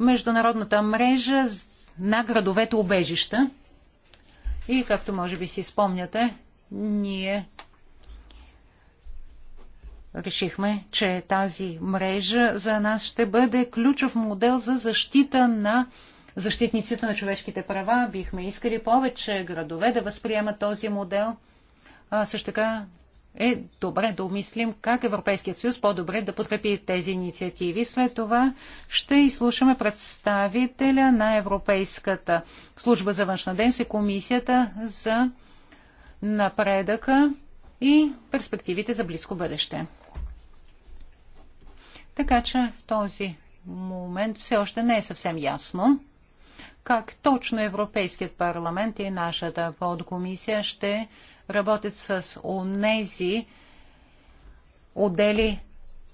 международната мрежа на градовете обежища. И както може би си спомняте, ние решихме, че тази мрежа за нас ще бъде ключов модел за защита на защитниците на човешките права. Бихме искали повече градове да възприемат този модел. А също така е добре да умислим как Европейският съюз по-добре да подкрепи тези инициативи. След това ще изслушаме представителя на Европейската служба за външна дейност и комисията за напредъка и перспективите за близко бъдеще. Така че в този момент все още не е съвсем ясно как точно Европейският парламент и нашата подкомисия ще работят с онези отдели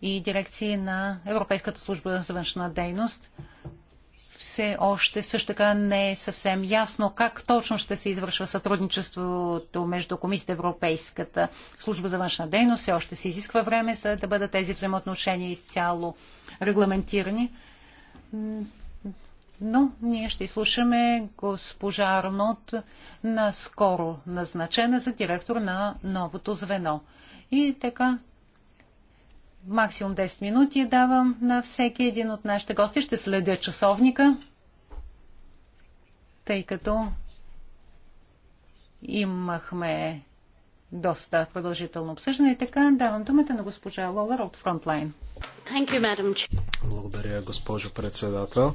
и дирекции на Европейската служба за външна дейност. Все още също така не е съвсем ясно как точно ще се извършва сътрудничеството между Комисията Европейската служба за външна дейност. Все още се изисква време, за да бъдат тези взаимоотношения изцяло регламентирани но ние ще изслушаме госпожа Арнот, наскоро назначена за директор на новото звено. И така, максимум 10 минути давам на всеки един от нашите гости. Ще следя часовника, тъй като имахме доста продължително обсъждане. И така давам думата на госпожа Лолар от Фронтлайн. Благодаря, госпожо председател.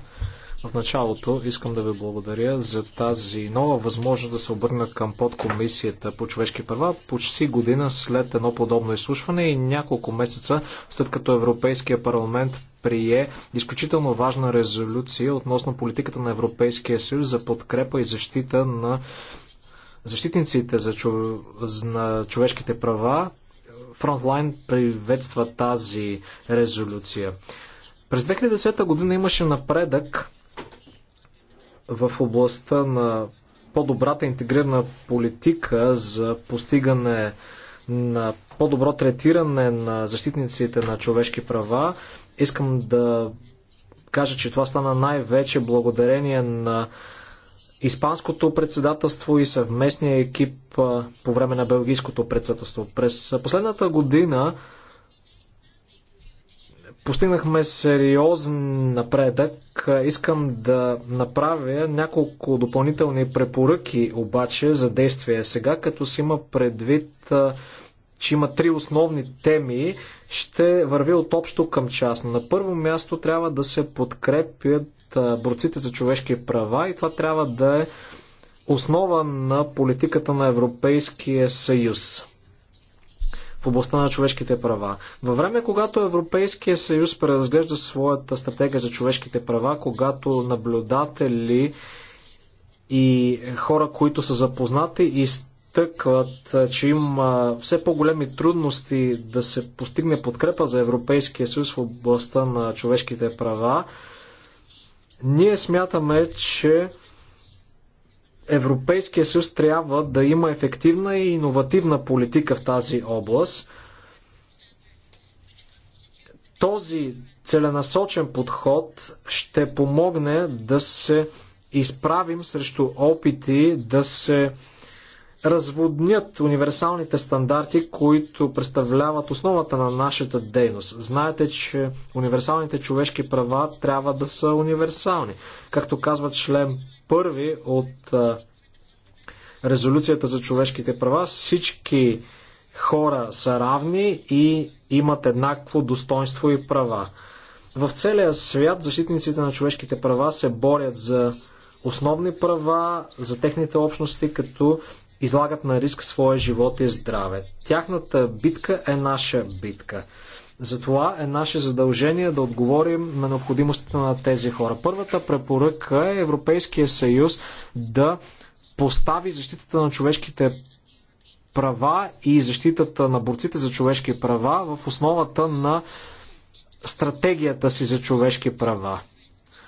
В началото искам да ви благодаря за тази нова възможност да се обърна към подкомисията по човешки права почти година след едно подобно изслушване и няколко месеца след като Европейския парламент прие изключително важна резолюция относно политиката на Европейския съюз за подкрепа и защита на защитниците за чов... на човешките права. Фронтлайн приветства тази резолюция. През 2010 година имаше напредък в областта на по-добрата интегрирана политика за постигане на по-добро третиране на защитниците на човешки права. Искам да кажа, че това стана най-вече благодарение на Испанското председателство и съвместния екип по време на Белгийското председателство. През последната година Постигнахме сериозен напредък. Искам да направя няколко допълнителни препоръки обаче за действие сега, като си има предвид, че има три основни теми, ще върви от общо към частно. На първо място трябва да се подкрепят борците за човешки права и това трябва да е основа на политиката на Европейския съюз в областта на човешките права. Във време, когато Европейския съюз преразглежда своята стратегия за човешките права, когато наблюдатели и хора, които са запознати и изтъкват, че има все по-големи трудности да се постигне подкрепа за Европейския съюз в областта на човешките права, ние смятаме, че Европейския съюз трябва да има ефективна и иновативна политика в тази област. Този целенасочен подход ще помогне да се изправим срещу опити да се разводнят универсалните стандарти, които представляват основата на нашата дейност. Знаете, че универсалните човешки права трябва да са универсални. Както казва член първи от резолюцията за човешките права. Всички хора са равни и имат еднакво достоинство и права. В целия свят защитниците на човешките права се борят за основни права, за техните общности, като излагат на риск своя живот и здраве. Тяхната битка е наша битка. Затова е наше задължение да отговорим на необходимостите на тези хора. Първата препоръка е Европейския съюз да постави защитата на човешките права и защитата на борците за човешки права в основата на стратегията си за човешки права.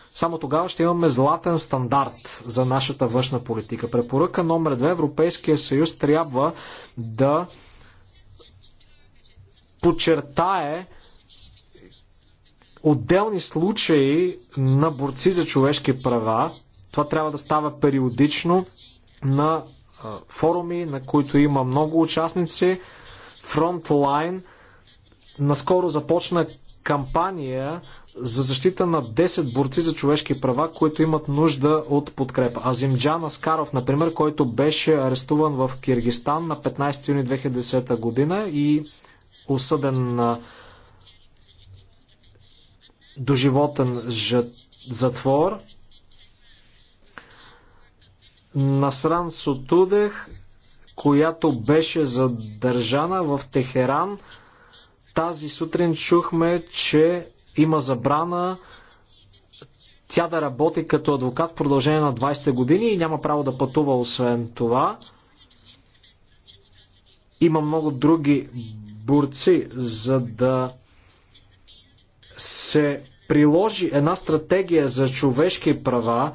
Само тогава ще имаме златен стандарт за нашата външна политика. Препоръка номер 2 Европейския съюз трябва да подчертае отделни случаи на борци за човешки права. Това трябва да става периодично на форуми, на които има много участници. фронтлайн, наскоро започна кампания за защита на 10 борци за човешки права, които имат нужда от подкрепа. Азимджан Аскаров, например, който беше арестуван в Киргистан на 15 юни 2010 година и осъден на доживотен затвор. Насран Сотудех, която беше задържана в Техеран, тази сутрин чухме, че има забрана тя да работи като адвокат в продължение на 20 години и няма право да пътува освен това. Има много други борци, за да се приложи една стратегия за човешки права,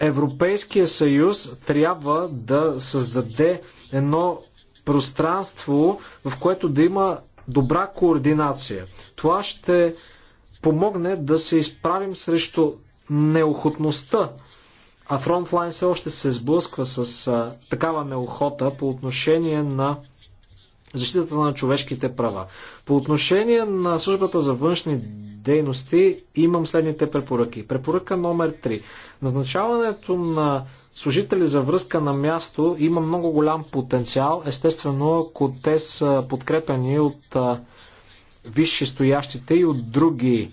Европейския съюз трябва да създаде едно пространство, в което да има добра координация. Това ще помогне да се изправим срещу неохотността. А фронтлайн все още се сблъсква с а, такава неохота по отношение на защитата на човешките права. По отношение на службата за външни дейности имам следните препоръки. Препоръка номер 3. Назначаването на служители за връзка на място има много голям потенциал, естествено, ако те са подкрепени от висши стоящите и от други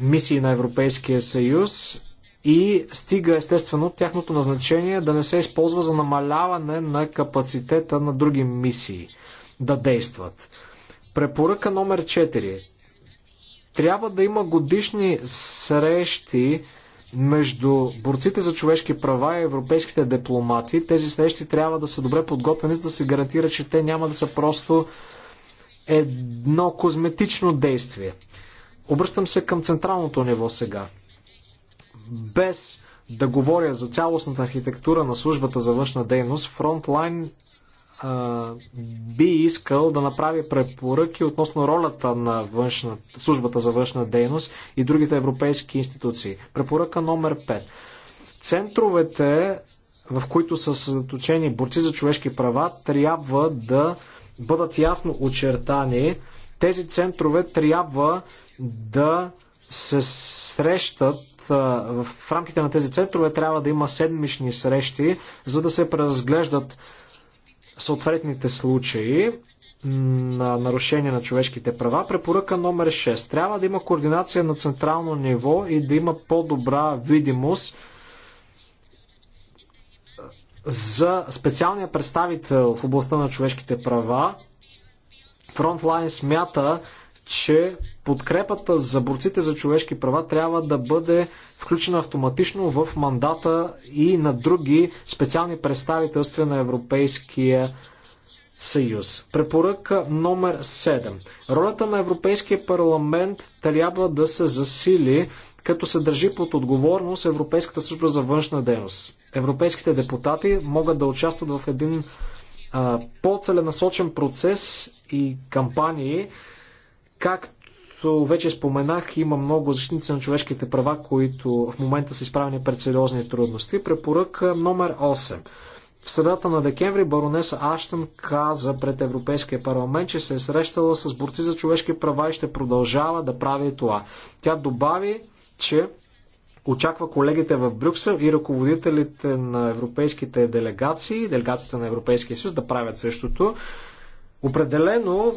мисии на Европейския съюз и стига естествено тяхното назначение да не се използва за намаляване на капацитета на други мисии да действат. Препоръка номер 4. Трябва да има годишни срещи между борците за човешки права и европейските дипломати. Тези срещи трябва да са добре подготвени, за да се гарантира, че те няма да са просто едно козметично действие. Обръщам се към централното ниво сега. Без да говоря за цялостната архитектура на службата за външна дейност, фронтлайн би искал да направи препоръки относно ролята на външна, службата за външна дейност и другите европейски институции. Препоръка номер 5. Центровете, в които са съсредоточени борци за човешки права, трябва да бъдат ясно очертани. Тези центрове трябва да се срещат в рамките на тези центрове трябва да има седмични срещи, за да се преразглеждат съответните случаи на нарушение на човешките права. Препоръка номер 6. Трябва да има координация на централно ниво и да има по-добра видимост за специалния представител в областта на човешките права. Фронтлайн смята, че подкрепата за борците за човешки права трябва да бъде включена автоматично в мандата и на други специални представителства на Европейския съюз. Препоръка номер 7. Ролята на Европейския парламент трябва да се засили, като се държи под отговорност Европейската служба за външна дейност. Европейските депутати могат да участват в един по-целенасочен процес и кампании, както Както вече споменах, има много защитници на човешките права, които в момента са изправени пред сериозни трудности. Препоръка номер 8. В средата на декември баронеса Аштън каза пред Европейския парламент, че се е срещала с борци за човешки права и ще продължава да прави това. Тя добави, че очаква колегите в Брюксел и ръководителите на европейските делегации, делегацията на Европейския съюз да правят същото. Определено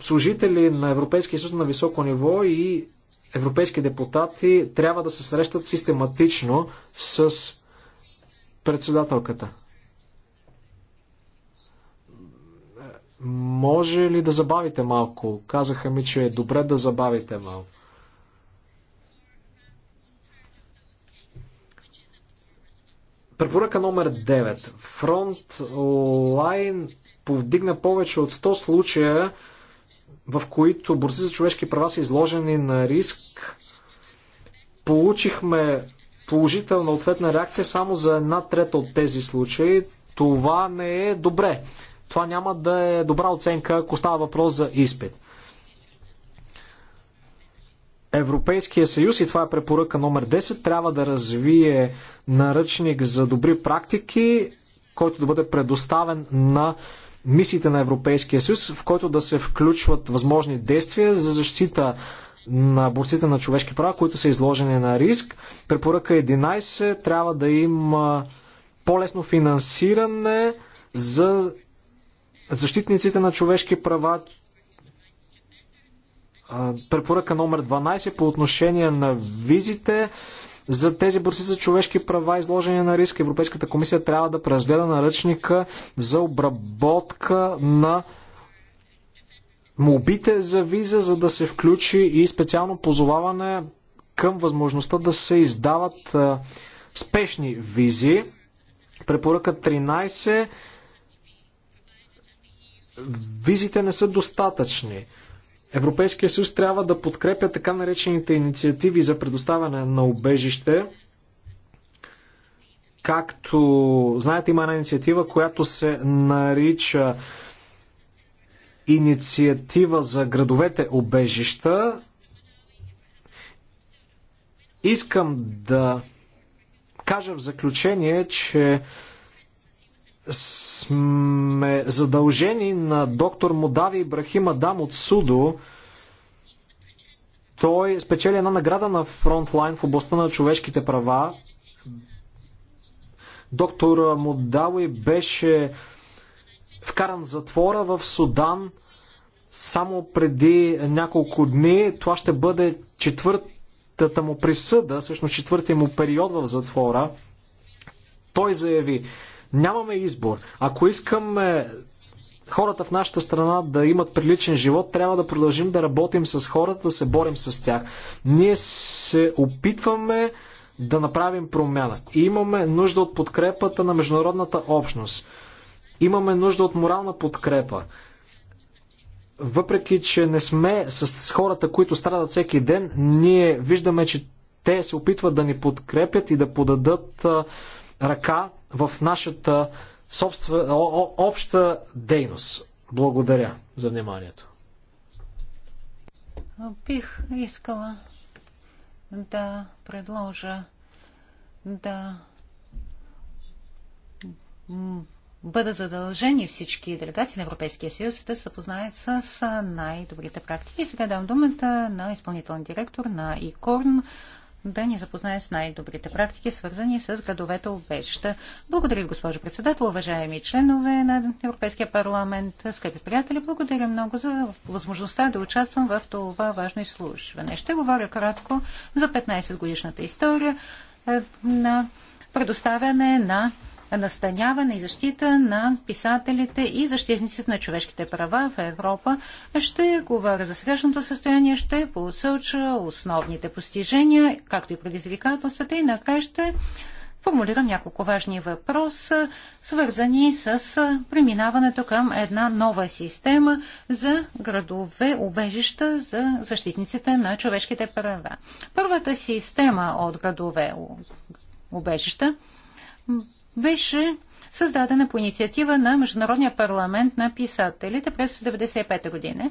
служители на Европейския съюз на високо ниво и европейски депутати трябва да се срещат систематично с председателката. Може ли да забавите малко? Казаха ми, че е добре да забавите малко. Препоръка номер 9. Фронтлайн повдигна повече от 100 случая в които борци за човешки права са изложени на риск. Получихме положителна ответна реакция само за една трета от тези случаи. Това не е добре. Това няма да е добра оценка, ако става въпрос за изпит. Европейския съюз, и това е препоръка номер 10, трябва да развие наръчник за добри практики, който да бъде предоставен на мисиите на Европейския съюз, в който да се включват възможни действия за защита на борците на човешки права, които са изложени на риск. Препоръка 11 трябва да има по-лесно финансиране за защитниците на човешки права. Препоръка номер 12 по отношение на визите за тези борци за човешки права, изложени на риск. Европейската комисия трябва да преразгледа наръчника за обработка на мобите за виза, за да се включи и специално позоваване към възможността да се издават спешни визи. Препоръка 13. Визите не са достатъчни. Европейския съюз трябва да подкрепя така наречените инициативи за предоставяне на убежище. Както знаете, има една инициатива, която се нарича инициатива за градовете обежища. Искам да кажа в заключение, че сме задължени на доктор Модави Ибрахим Адам от Судо. Той спечели една награда на фронтлайн в областта на човешките права. Доктор Модави беше вкаран в затвора в Судан само преди няколко дни. Това ще бъде четвъртата му присъда, всъщност четвъртия му период в затвора. Той заяви, Нямаме избор. Ако искаме хората в нашата страна да имат приличен живот, трябва да продължим да работим с хората, да се борим с тях. Ние се опитваме да направим промяна. И имаме нужда от подкрепата на международната общност. Имаме нужда от морална подкрепа. Въпреки, че не сме с хората, които страдат всеки ден, ние виждаме, че те се опитват да ни подкрепят и да подадат ръка в нашата о, обща дейност. Благодаря за вниманието. Бих искала да предложа да бъдат задължени всички делегации на Европейския съюз да се познаят с най-добрите практики. Сега давам думата на изпълнителния директор на ИКОРН, да ни запознае с най-добрите практики, свързани с градовете обеща. Благодаря ви, госпожо председател, уважаеми членове на Европейския парламент, скъпи приятели. Благодаря много за възможността да участвам в това важно изслушване. Ще говоря кратко за 15-годишната история е, на предоставяне на настаняване и защита на писателите и защитниците на човешките права в Европа. Ще говоря за сегашното състояние, ще посоча основните постижения, както и предизвикателствата и накрая ще формулирам няколко важни въпроса, свързани с преминаването към една нова система за градове, убежища за защитниците на човешките права. Първата система от градове, убежища беше създадена по инициатива на Международния парламент на писателите през 1995 година.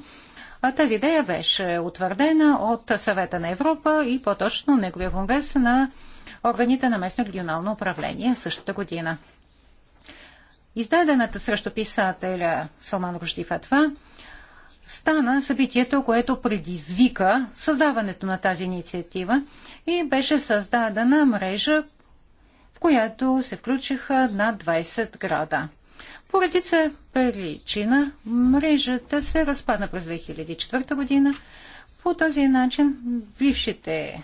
а Тази идея беше утвърдена от Съвета на Европа и по-точно неговия конгрес на органите на местно регионално управление същата година. Издадената срещу писателя Салман Ружди Фатва стана събитието, което предизвика създаването на тази инициатива и беше създадена мрежа, която се включиха над 20 града. Поредица причина мрежата се разпадна през 2004 година. По този начин бившите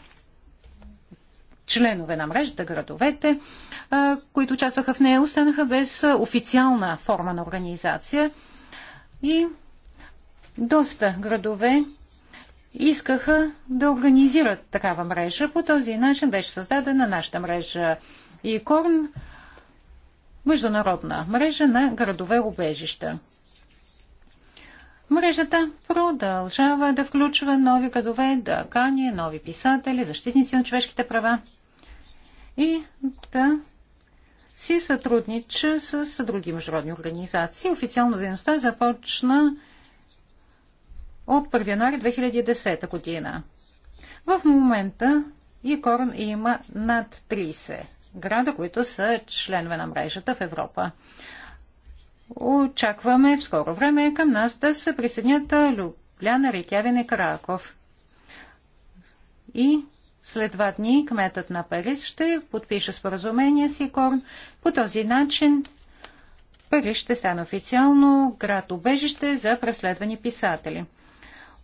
членове на мрежата, градовете, които участваха в нея, останаха без официална форма на организация и доста градове искаха да организират такава мрежа. По този начин беше създадена нашата мрежа и Корн международна мрежа на градове убежища. Мрежата продължава да включва нови градове, да кани, нови писатели, защитници на човешките права и да си сътруднича с други международни организации. Официално дейността започна от 1 януаря 2010 година. В момента ИКОРН има над 30 града, които са членове на мрежата в Европа. Очакваме в скоро време към нас да се присъединят Любляна, Рикявин и Краков. И след два дни кметът на Париж ще подпише споразумение с Икорн. По този начин Париж ще стане официално град-обежище за преследвани писатели.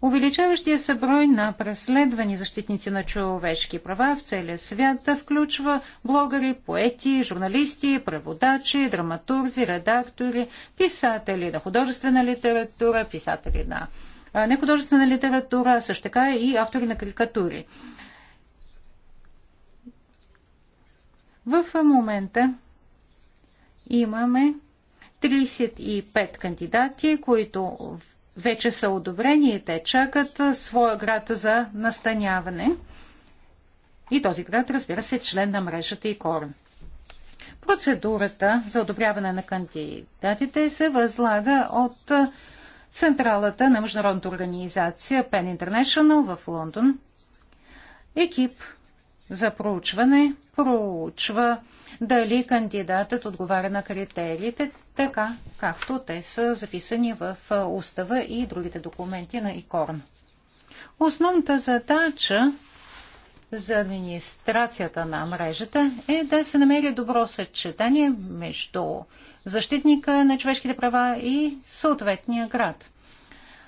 Увеличаващия се брой на преследвани защитници на човешки права в целия свят да включва блогъри, поети, журналисти, преводачи, драматурзи, редактори, писатели на художествена литература, писатели на нехудожествена литература, също така и автори на карикатури. В момента имаме 35 кандидати, които вече са одобрени и те чакат своя град за настаняване. И този град, разбира се, е член на мрежата и корен. Процедурата за одобряване на кандидатите се възлага от централата на международната организация Pen International в Лондон. Екип за проучване проучва дали кандидатът отговаря на критериите, така както те са записани в устава и другите документи на ИКОРН. Основната задача за администрацията на мрежата е да се намери добро съчетание между защитника на човешките права и съответния град.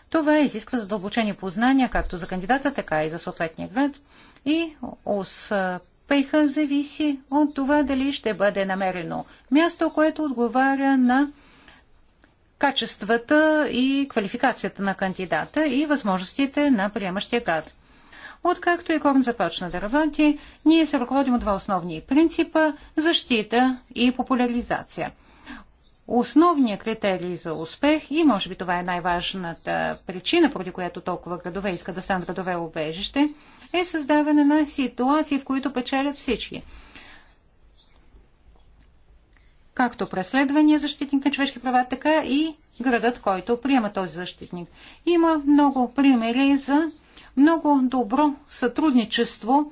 Това изисква задълбочени познания както за кандидата, така и за съответния град и успеха зависи от това дали ще бъде намерено място, което отговаря на качествата и квалификацията на кандидата и възможностите на приемащия гад. Откакто и Корн започна да работи, ние се ръководим от два основни принципа – защита и популяризация. Основният критерий за успех и може би това е най-важната причина, поради която толкова градове искат да станат градове обежище, е създаване на ситуации, в които печелят всички. Както преследвания защитник на човешки права, така и градът, който приема този защитник. Има много примери за много добро сътрудничество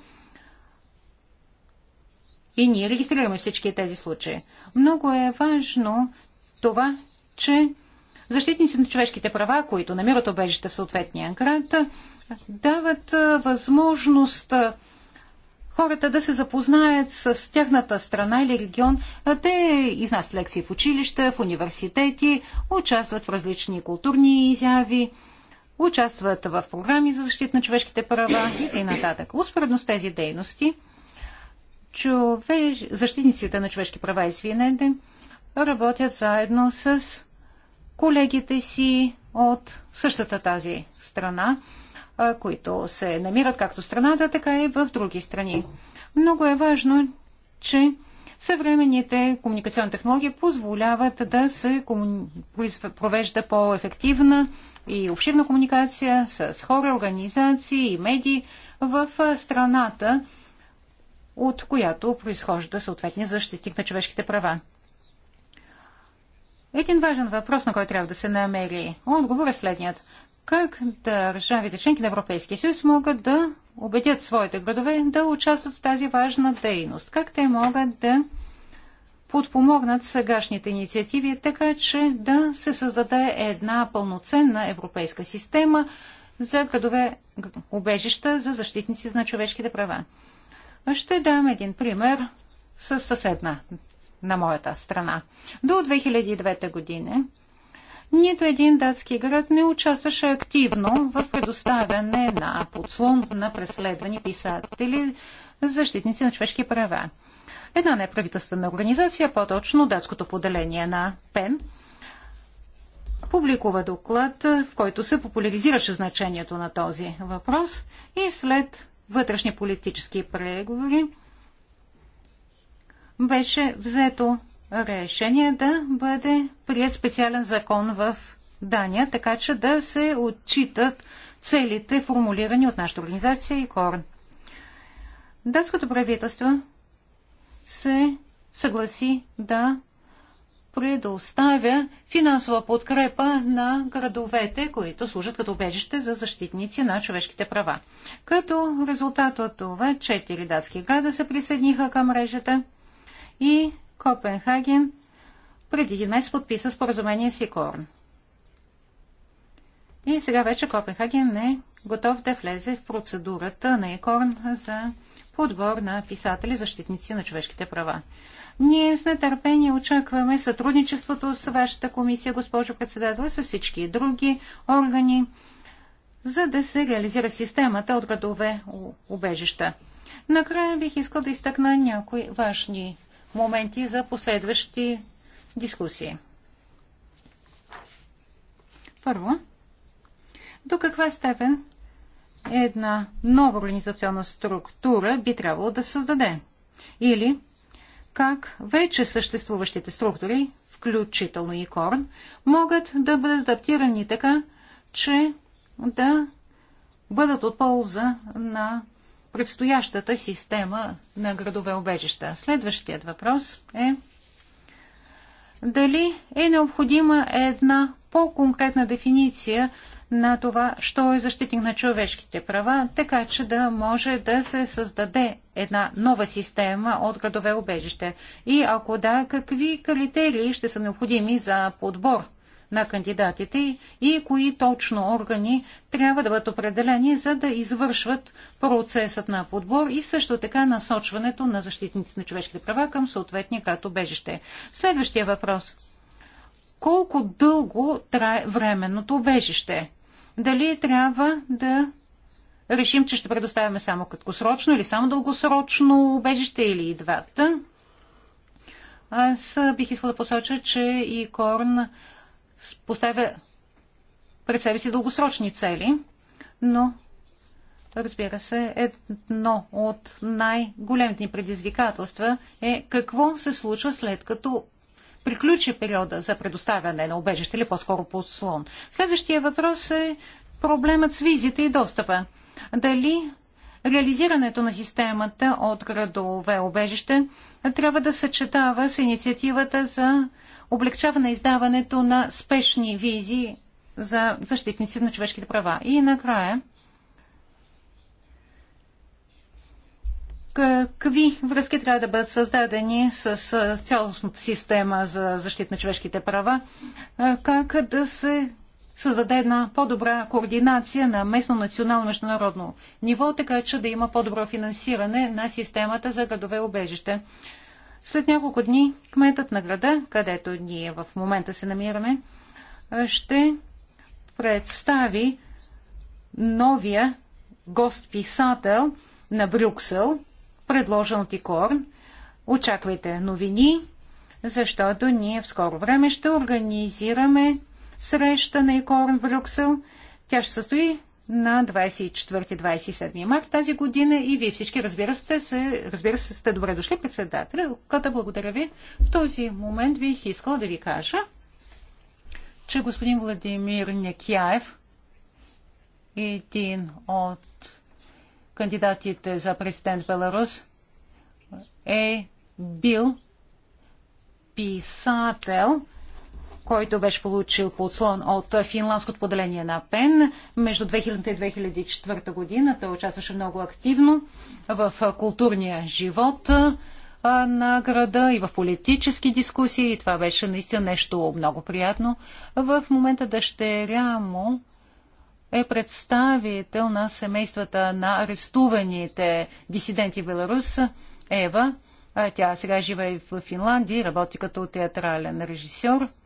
и ние регистрираме всички тези случаи. Много е важно това, че защитници на човешките права, които намират обежище в съответния град, дават възможност хората да се запознаят с тяхната страна или регион. Те изнасят лекции в училища, в университети, участват в различни културни изяви, участват в програми за защита на човешките права и т.н. Успоредно с тези дейности, човеш... защитниците на човешки права, и свинете работят заедно с колегите си от същата тази страна които се намират както в страната, така и в други страни. Много е важно, че съвременните комуникационни технологии позволяват да се провежда по-ефективна и обширна комуникация с хора, организации и медии в страната, от която произхожда съответния защитник на човешките права. Един важен въпрос, на който трябва да се намери отговор е следният как държавите членки на Европейския съюз могат да убедят своите градове да участват в тази важна дейност? Как те могат да подпомогнат сегашните инициативи, така че да се създаде една пълноценна европейска система за градове убежища за защитниците на човешките права. Ще дам един пример с със съседна на моята страна. До 2009 година нито един датски град не участваше активно в предоставяне на подслон на преследвани писатели, защитници на човешки права. Една неправителствена организация, по-точно датското поделение на ПЕН, публикува доклад, в който се популяризираше значението на този въпрос и след вътрешни политически преговори беше взето решение да бъде прият специален закон в Дания, така че да се отчитат целите, формулирани от нашата организация и КОРН. Датското правителство се съгласи да предоставя финансова подкрепа на градовете, които служат като убежище за защитници на човешките права. Като резултат от това, четири датски града се присъединиха към мрежата и Копенхаген преди един месец подписа споразумение с ИКОРН. И сега вече Копенхаген е готов да влезе в процедурата на ИКОРН за подбор на писатели, защитници на човешките права. Ние с нетърпение очакваме сътрудничеството с вашата комисия, госпожо председател, с всички други органи, за да се реализира системата от градове убежища. Накрая бих искал да изтъкна някои важни моменти за последващи дискусии. Първо, до каква степен една нова организационна структура би трябвало да създаде? Или как вече съществуващите структури, включително и Корн, могат да бъдат адаптирани така, че да бъдат от полза на предстоящата система на градове обежища. Следващият въпрос е дали е необходима една по-конкретна дефиниция на това, що е защитник на човешките права, така че да може да се създаде една нова система от градове обежище. И ако да, какви критерии ще са необходими за подбор на кандидатите и кои точно органи трябва да бъдат определени, за да извършват процесът на подбор и също така насочването на защитници на човешките права към съответния като бежище. Следващия въпрос. Колко дълго трае временното бежище? Дали трябва да решим, че ще предоставяме само краткосрочно или само дългосрочно убежище или и двата. Аз бих искала да посоча, че и Корн поставя пред себе си дългосрочни цели, но разбира се, едно от най-големите ни предизвикателства е какво се случва след като приключи периода за предоставяне на обежище или по-скоро по слон. Следващия въпрос е проблемът с визите и достъпа. Дали реализирането на системата от градове обежище трябва да съчетава с инициативата за облегчаване издаването на спешни визи за защитници на човешките права. И накрая, какви връзки трябва да бъдат създадени с цялостната система за защита на човешките права, как да се създаде една по-добра координация на местно, национално, международно ниво, така че да има по-добро финансиране на системата за градове обежище. След няколко дни кметът на града, където ние в момента се намираме, ще представи новия гост-писател на Брюксел, предложен от Икорн. Очаквайте новини, защото ние в скоро време ще организираме среща на Икорн в Брюксел. Тя ще състои на 24-27 март тази година и вие всички, разбира се, се, разбира се, сте добре дошли, председател. Ката, благодаря ви. В този момент бих искала да ви кажа, че господин Владимир Некяев, един от кандидатите за президент Беларус, е бил писател който беше получил подслон от финландското поделение на ПЕН между 2000 и 2004 година. Той участваше много активно в културния живот на града и в политически дискусии. И това беше наистина нещо много приятно. В момента дъщеря му е представител на семействата на арестуваните дисиденти в Беларус, Ева. Тя сега живее в Финландия и работи като театрален режисьор –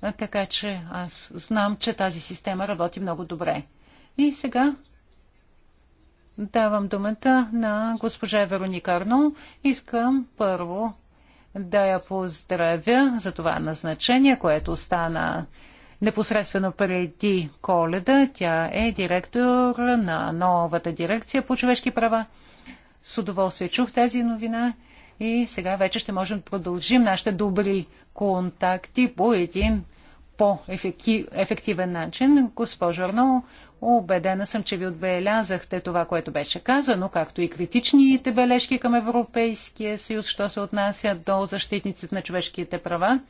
така че аз знам, че тази система работи много добре. И сега давам думата на госпожа Вероника Арно. Искам първо да я поздравя за това назначение, което стана непосредствено преди коледа. Тя е директор на новата дирекция по човешки права. С удоволствие чух тази новина и сега вече ще можем да продължим нашите добри контакти по един по-ефективен начин. Госпожо Арно, убедена съм, че ви отбелязахте това, което беше казано, както и критичните бележки към Европейския съюз, що се отнася до защитниците на човешките права.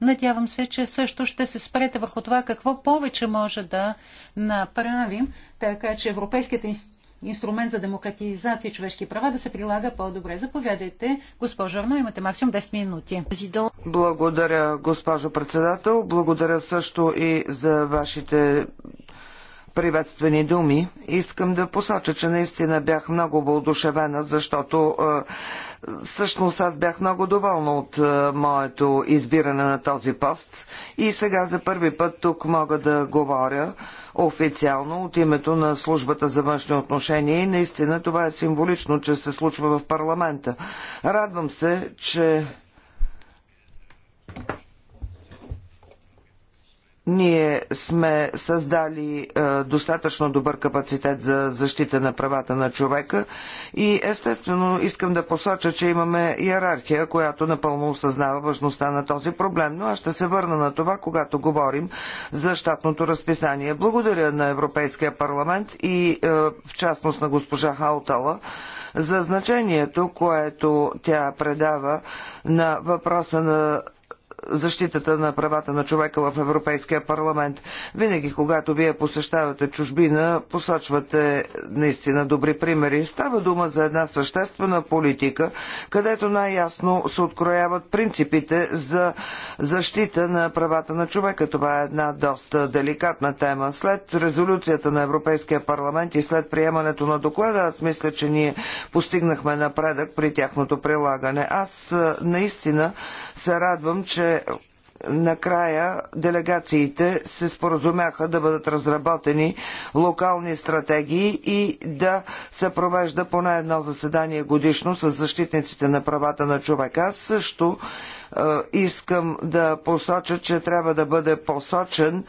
Надявам се, че също ще се спрете върху това какво повече може да направим, така че Европейската институция инструмент за демократизация и човешки права да се прилага по-добре. Заповядайте, госпожо Арно, имате максимум 10 минути. Благодаря, госпожо председател. Благодаря също и за вашите приветствени думи. Искам да посоча, че наистина бях много въодушевена, защото всъщност аз бях много доволна от моето избиране на този пост и сега за първи път тук мога да говоря официално от името на службата за външни отношения и наистина това е символично, че се случва в парламента. Радвам се, че Ние сме създали е, достатъчно добър капацитет за защита на правата на човека и естествено искам да посоча, че имаме иерархия, която напълно осъзнава важността на този проблем, но аз ще се върна на това, когато говорим за щатното разписание. Благодаря на Европейския парламент и е, в частност на госпожа Хаутала за значението, което тя предава на въпроса на защитата на правата на човека в Европейския парламент. Винаги, когато вие посещавате чужбина, посочвате наистина добри примери. Става дума за една съществена политика, където най-ясно се открояват принципите за защита на правата на човека. Това е една доста деликатна тема. След резолюцията на Европейския парламент и след приемането на доклада, аз мисля, че ние постигнахме напредък при тяхното прилагане. Аз наистина се радвам, че накрая делегациите се споразумяха да бъдат разработени локални стратегии и да се провежда поне едно заседание годишно с защитниците на правата на човека. Аз също е, искам да посоча, че трябва да бъде посочен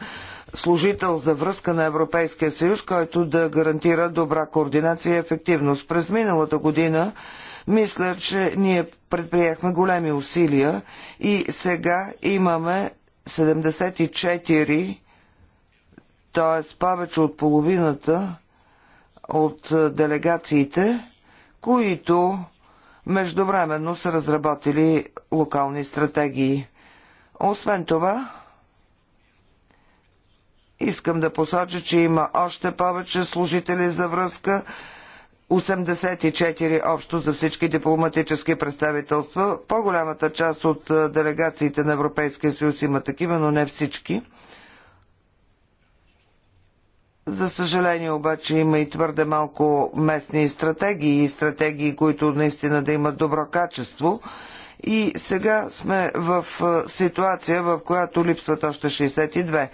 служител за връзка на Европейския съюз, който да гарантира добра координация и ефективност. През миналата година мисля, че ние предприехме големи усилия и сега имаме 74, т.е. повече от половината от е, делегациите, които междувременно са разработили локални стратегии. Освен това, искам да посоча, че има още повече служители за връзка, 84 общо за всички дипломатически представителства. По-голямата част от делегациите на Европейския съюз има такива, но не всички. За съжаление обаче има и твърде малко местни стратегии и стратегии, които наистина да имат добро качество. И сега сме в ситуация, в която липсват още 62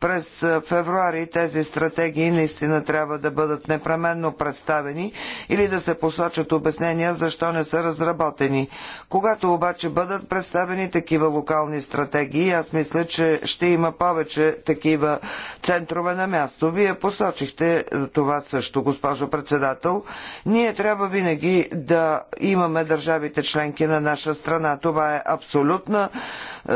през февруари тези стратегии наистина трябва да бъдат непременно представени или да се посочат обяснения защо не са разработени. Когато обаче бъдат представени такива локални стратегии, аз мисля, че ще има повече такива центрове на място. Вие посочихте е, това също, госпожо председател. Ние трябва винаги да имаме държавите членки на наша страна. Това е абсолютна е,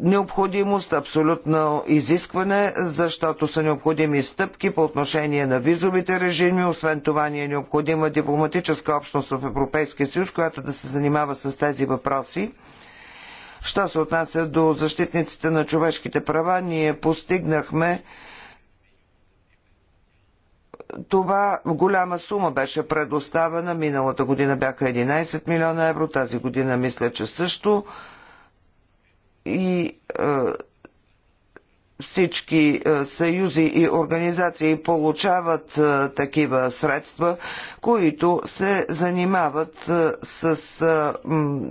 необходимост, абсолютно изискване, защото са необходими стъпки по отношение на визовите режими. Освен това ни е необходима дипломатическа общност в Европейския съюз, която да се занимава с тези въпроси. Що се отнася до защитниците на човешките права, ние постигнахме това голяма сума беше предоставена. Миналата година бяха 11 милиона евро, тази година мисля, че също и всички съюзи и организации получават такива средства, които се занимават с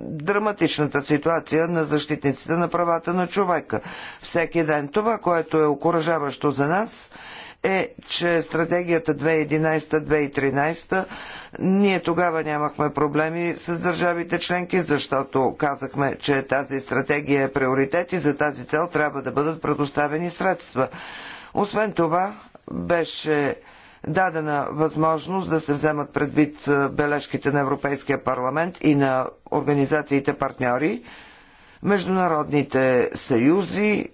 драматичната ситуация на защитниците на правата на човека. Всеки ден това, което е окоръжаващо за нас, е, че стратегията 2011-2013 ние тогава нямахме проблеми с държавите членки, защото казахме, че тази стратегия е приоритет и за тази цел трябва да бъдат предоставени средства. Освен това, беше дадена възможност да се вземат предвид бележките на Европейския парламент и на организациите партньори, международните съюзи,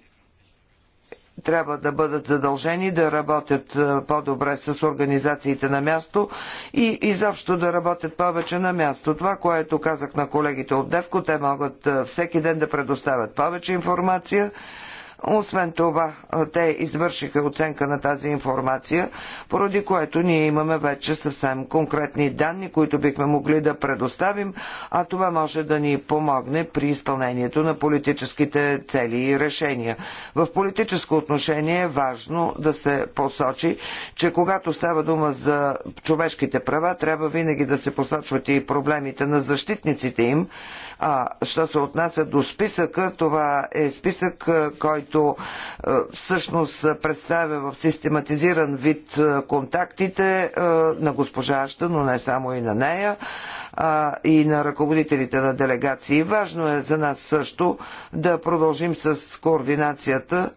трябва да бъдат задължени да работят е, по-добре с организациите на място и изобщо да работят повече на място. Това, което казах на колегите от Девко, те могат е, всеки ден да предоставят повече информация освен това, те извършиха оценка на тази информация, поради което ние имаме вече съвсем конкретни данни, които бихме могли да предоставим, а това може да ни помогне при изпълнението на политическите цели и решения. В политическо отношение е важно да се посочи, че когато става дума за човешките права, трябва винаги да се посочват и проблемите на защитниците им, а що се отнася до списъка, това е списък, който всъщност представя в систематизиран вид контактите на госпожа но не само и на нея и на ръководителите на делегации. Важно е за нас също да продължим с координацията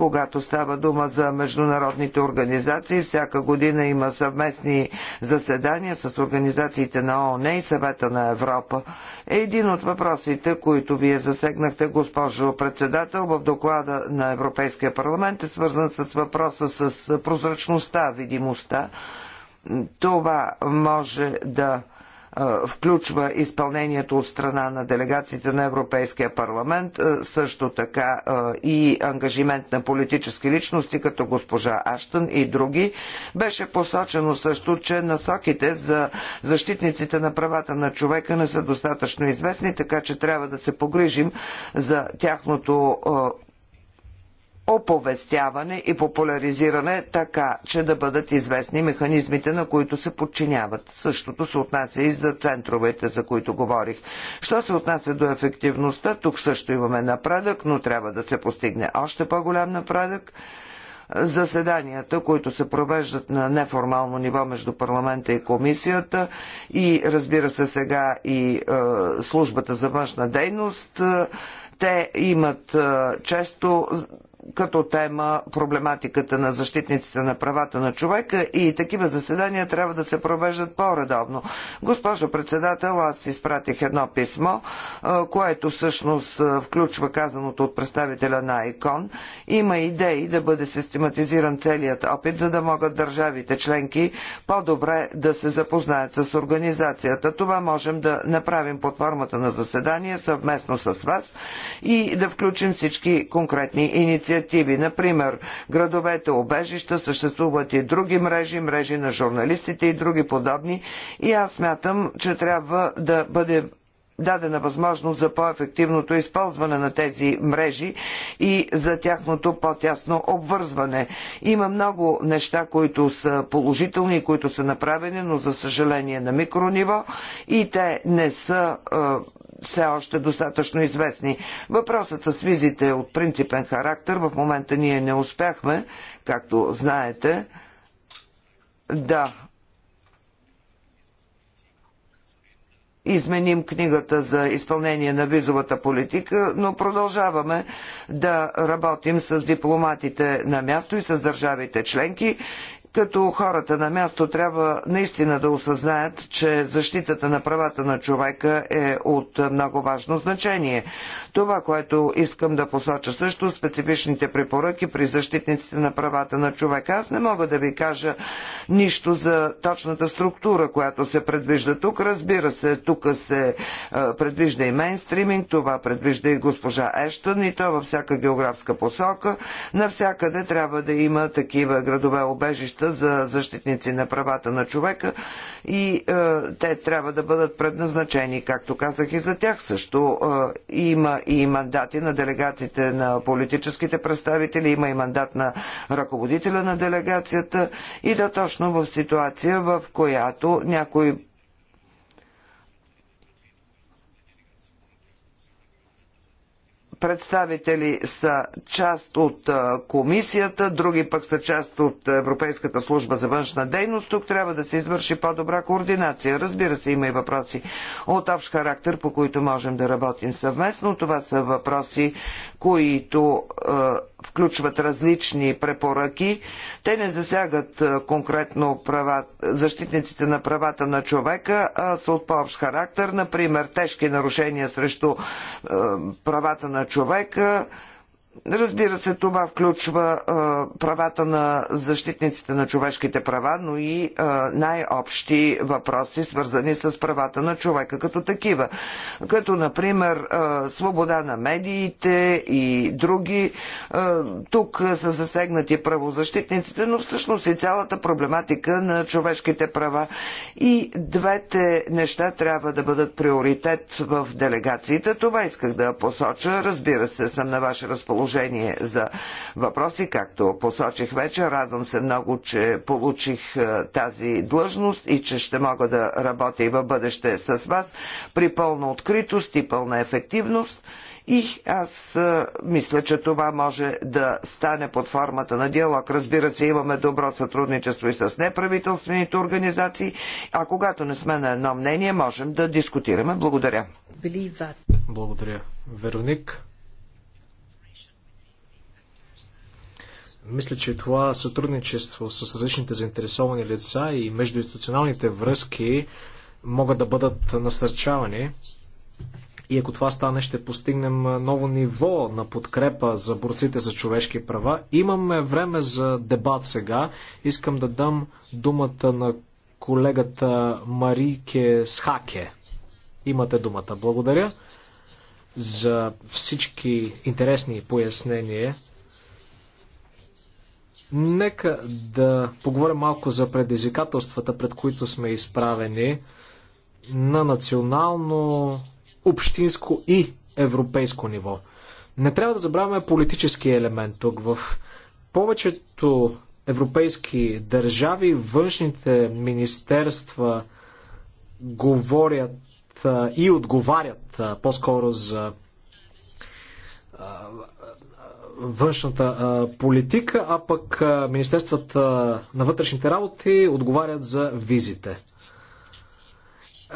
когато става дума за международните организации. Всяка година има съвместни заседания с организациите на ООН и съвета на Европа. Един от въпросите, които вие засегнахте, госпожо председател, в доклада на Европейския парламент е свързан с въпроса с прозрачността, видимостта. Това може да включва изпълнението от страна на делегациите на Европейския парламент, също така и ангажимент на политически личности, като госпожа Аштън и други. Беше посочено също, че насоките за защитниците на правата на човека не са достатъчно известни, така че трябва да се погрижим за тяхното оповестяване и популяризиране, така че да бъдат известни механизмите, на които се подчиняват. Същото се отнася и за центровете, за които говорих. Що се отнася до ефективността, тук също имаме напредък, но трябва да се постигне още по-голям напредък. Заседанията, които се провеждат на неформално ниво между парламента и комисията и разбира се сега и е, службата за външна дейност, е, те имат е, често като тема проблематиката на защитниците на правата на човека и такива заседания трябва да се провеждат по-редовно. Госпожо председател, аз изпратих едно писмо, което всъщност включва казаното от представителя на ИКОН. Има идеи да бъде систематизиран целият опит, за да могат държавите членки по-добре да се запознаят с организацията. Това можем да направим под формата на заседание съвместно с вас и да включим всички конкретни инициативи инициативи. Например, градовете обежища съществуват и други мрежи, мрежи на журналистите и други подобни. И аз смятам, че трябва да бъде дадена възможност за по-ефективното използване на тези мрежи и за тяхното по-тясно обвързване. Има много неща, които са положителни и които са направени, но за съжаление на микрониво и те не са все още достатъчно известни. Въпросът с визите е от принципен характер. В момента ние не успяхме, както знаете, да изменим книгата за изпълнение на визовата политика, но продължаваме да работим с дипломатите на място и с държавите членки като хората на място трябва наистина да осъзнаят, че защитата на правата на човека е от много важно значение. Това, което искам да посоча също, специфичните препоръки при защитниците на правата на човека. Аз не мога да ви кажа нищо за точната структура, която се предвижда тук. Разбира се, тук се е, предвижда и мейнстриминг, това предвижда и госпожа Ештън и то във всяка географска посока. Навсякъде трябва да има такива градове обежища за защитници на правата на човека и е, те трябва да бъдат предназначени, както казах и за тях също. Е, има и мандати на делегатите на политическите представители, има и мандат на ръководителя на делегацията и да точно в ситуация, в която някой. представители са част от комисията, други пък са част от Европейската служба за външна дейност. Тук трябва да се извърши по-добра координация. Разбира се, има и въпроси от общ характер, по които можем да работим съвместно. Това са въпроси, които включват различни препоръки. Те не засягат конкретно права, защитниците на правата на човека, а са от по-общ характер, например тежки нарушения срещу правата на човека, Разбира се, това включва а, правата на защитниците на човешките права, но и най-общи въпроси, свързани с правата на човека като такива. Като, например, а, свобода на медиите и други. А, тук са засегнати правозащитниците, но всъщност и цялата проблематика на човешките права. И двете неща трябва да бъдат приоритет в делегациите. Това исках да посоча. Разбира се, съм на ваше разположение предложение за въпроси, както посочих вече. Радвам се много, че получих е, тази длъжност и че ще мога да работя и в бъдеще с вас при пълна откритост и пълна ефективност. И аз е, мисля, че това може да стане под формата на диалог. Разбира се, имаме добро сътрудничество и с неправителствените организации, а когато не сме на едно мнение, можем да дискутираме. Благодаря. Благодаря. Вероник. Мисля, че това сътрудничество с различните заинтересовани лица и междуинституционалните връзки могат да бъдат насърчавани. И ако това стане, ще постигнем ново ниво на подкрепа за борците за човешки права. Имаме време за дебат сега. Искам да дам думата на колегата Марике Схаке. Имате думата. Благодаря за всички интересни пояснения. Нека да поговорим малко за предизвикателствата, пред които сме изправени на национално, общинско и европейско ниво. Не трябва да забравяме политически елемент тук. В повечето европейски държави външните министерства говорят и отговарят по-скоро за външната политика, а пък Министерствата на вътрешните работи отговарят за визите.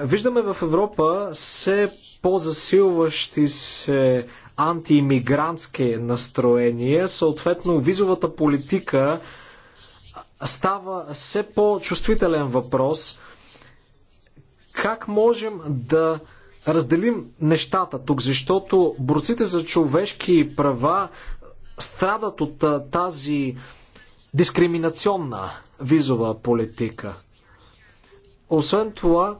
Виждаме в Европа все по-засилващи се антиимигрантски настроения, съответно визовата политика става все по-чувствителен въпрос. Как можем да разделим нещата тук, защото борците за човешки права страдат от тази дискриминационна визова политика. Освен това,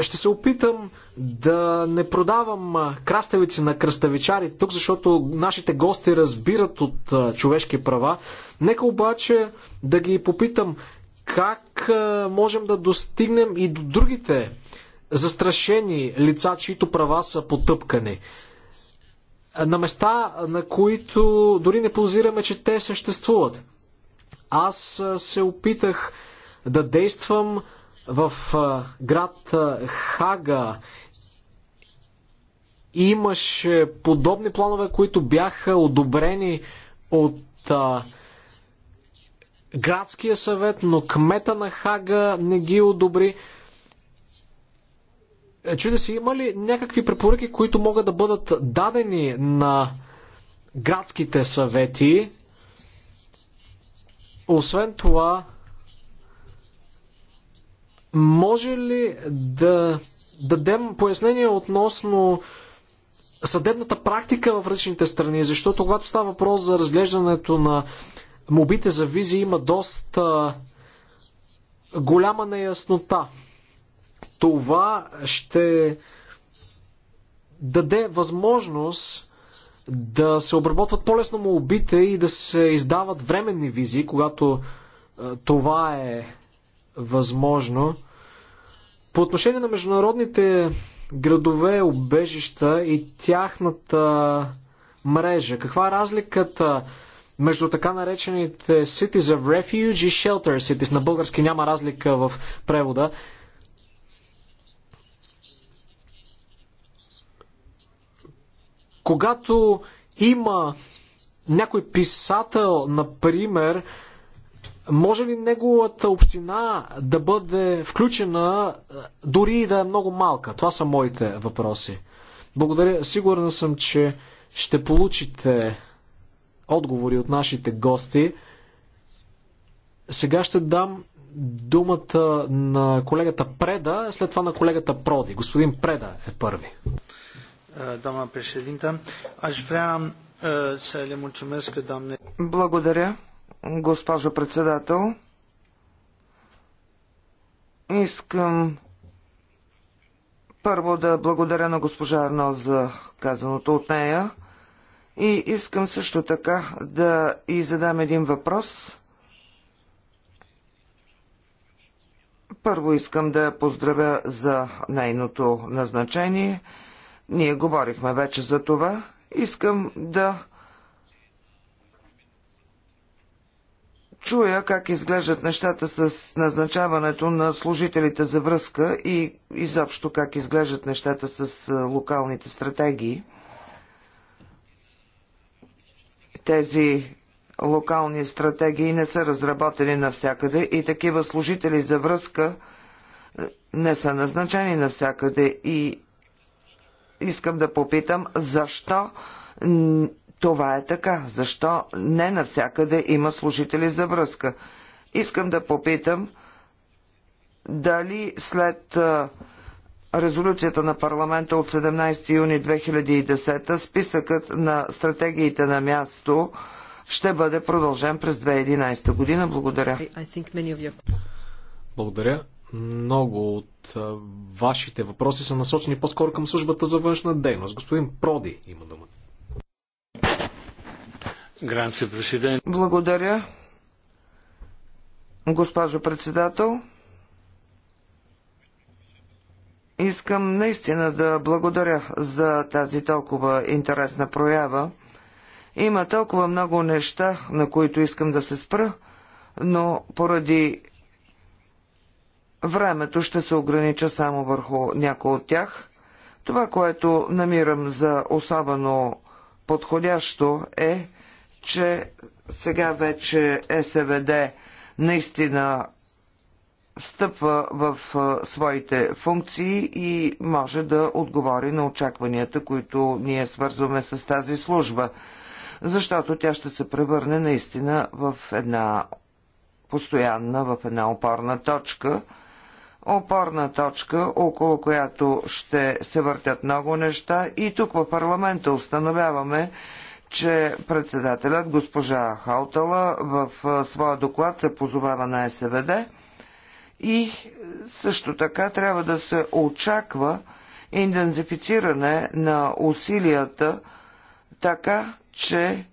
ще се опитам да не продавам краставици на кръставичари тук, защото нашите гости разбират от човешки права. Нека обаче да ги попитам как можем да достигнем и до другите застрашени лица, чието права са потъпкани на места, на които дори не позираме, че те съществуват. Аз се опитах да действам в град Хага. Имаше подобни планове, които бяха одобрени от градския съвет, но кмета на Хага не ги одобри. Е, Чуде се, има ли някакви препоръки, които могат да бъдат дадени на градските съвети? Освен това, може ли да дадем пояснение относно съдебната практика в различните страни? Защото когато става въпрос за разглеждането на мобите за визи, има доста голяма неяснота. Това ще даде възможност да се обработват по-лесно молбите и да се издават временни визи, когато е, това е възможно. По отношение на международните градове, обежища и тяхната мрежа, каква е разликата между така наречените Cities of Refuge и Shelter Cities? На български няма разлика в превода. Когато има някой писател, например, може ли неговата община да бъде включена, е, дори и да е много малка? Това са моите въпроси. Благодаря. Сигурен съм, че ще получите отговори от нашите гости. Сега ще дам думата на колегата Преда, след това на колегата Проди. Господин Преда е първи doamna președintă. Aș vrea uh, să le mulțumesc, doamne. Благодаря, госпожо председател. Искам първо да благодаря на госпожа Арно за казаното от нея и искам също така да и задам един въпрос. Първо искам да я поздравя за нейното назначение – ние говорихме вече за това. Искам да чуя как изглеждат нещата с назначаването на служителите за връзка и изобщо как изглеждат нещата с локалните стратегии. Тези локални стратегии не са разработени навсякъде и такива служители за връзка не са назначени навсякъде и искам да попитам защо това е така, защо не навсякъде има служители за връзка. Искам да попитам дали след резолюцията на парламента от 17 юни 2010 списъкът на стратегиите на място ще бъде продължен през 2011 година. Благодаря. Благодаря. Много от вашите въпроси са насочени по-скоро към службата за външна дейност. Господин Проди има думата. Благодаря. Госпожо председател, искам наистина да благодаря за тази толкова интересна проява. Има толкова много неща, на които искам да се спра, но поради Времето ще се огранича само върху някои от тях. Това, което намирам за особено подходящо е, че сега вече СВД наистина стъпва в своите функции и може да отговори на очакванията, които ние свързваме с тази служба, защото тя ще се превърне наистина в една постоянна, в една опорна точка – опорна точка, около която ще се въртят много неща и тук в парламента установяваме, че председателят госпожа Хаутала в своя доклад се позовава на СВД и също така трябва да се очаква интензифициране на усилията така, че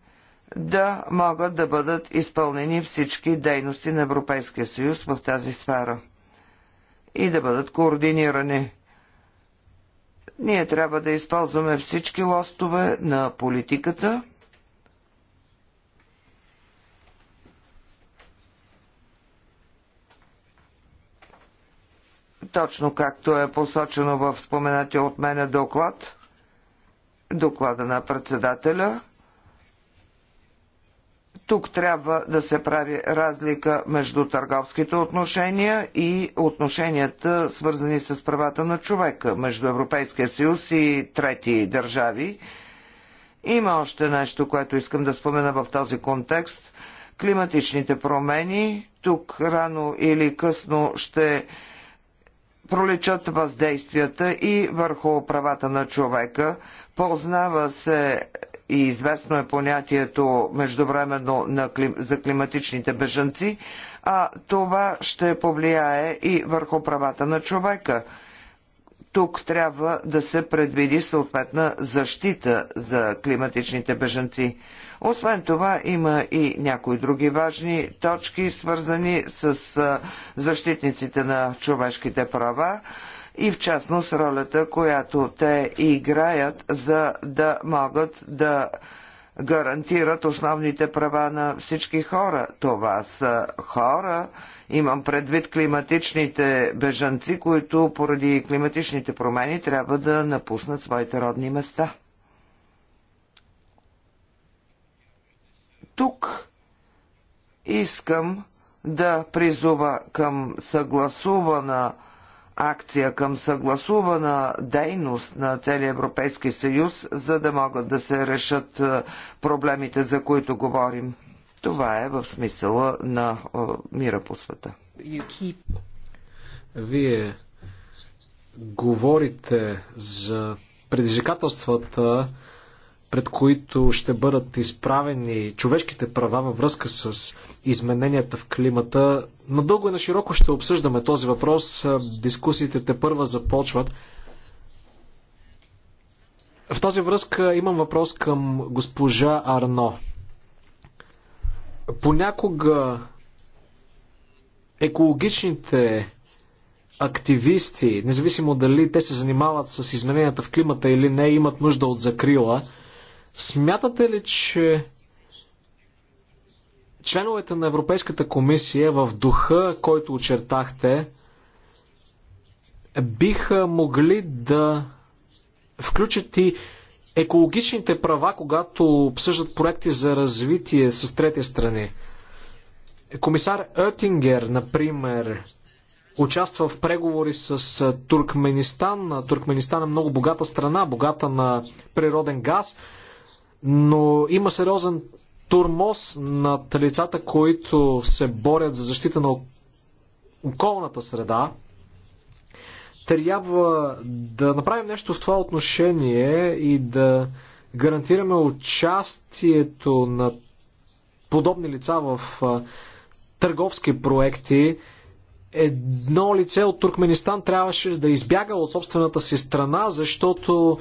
да могат да бъдат изпълнени всички дейности на Европейския съюз в тази сфера и да бъдат координирани. Ние трябва да използваме всички лостове на политиката. Точно както е посочено в споменатия от мене доклад, доклада на председателя, тук трябва да се прави разлика между търговските отношения и отношенията, свързани с правата на човека, между Европейския съюз и трети държави. Има още нещо, което искам да спомена в този контекст. Климатичните промени. Тук рано или късно ще проличат въздействията и върху правата на човека. Познава се и известно е понятието междувременно на клим... за климатичните бежанци, а това ще повлияе и върху правата на човека. Тук трябва да се предвиди съответна защита за климатичните бежанци. Освен това има и някои други важни точки, свързани с защитниците на човешките права и в частност ролята, която те играят, за да могат да гарантират основните права на всички хора. Това са хора, имам предвид климатичните бежанци, които поради климатичните промени трябва да напуснат своите родни места. Тук искам да призова към съгласувана акция към съгласувана дейност на целия Европейски съюз, за да могат да се решат е, проблемите, за които говорим. Това е в смисъла на е, мира по света. Вие говорите за предизвикателствата, пред които ще бъдат изправени човешките права във връзка с измененията в климата. Надълго и на широко ще обсъждаме този въпрос. Е, дискусиите те първа започват. В тази връзка имам въпрос към госпожа Арно. Понякога екологичните активисти, независимо дали те се занимават с измененията в климата или не, имат нужда от закрила – Смятате ли, че членовете на Европейската комисия в духа, който очертахте, биха могли да включат и екологичните права, когато обсъждат проекти за развитие с трети страни. Комисар Оттингер, например, участва в преговори с Туркменистан. Туркменистан е много богата страна, богата на природен газ но има сериозен турмоз над лицата, които се борят за защита на околната среда. Трябва да направим нещо в това отношение и да гарантираме участието на подобни лица в търговски проекти. Едно лице от Туркменистан трябваше да избяга от собствената си страна, защото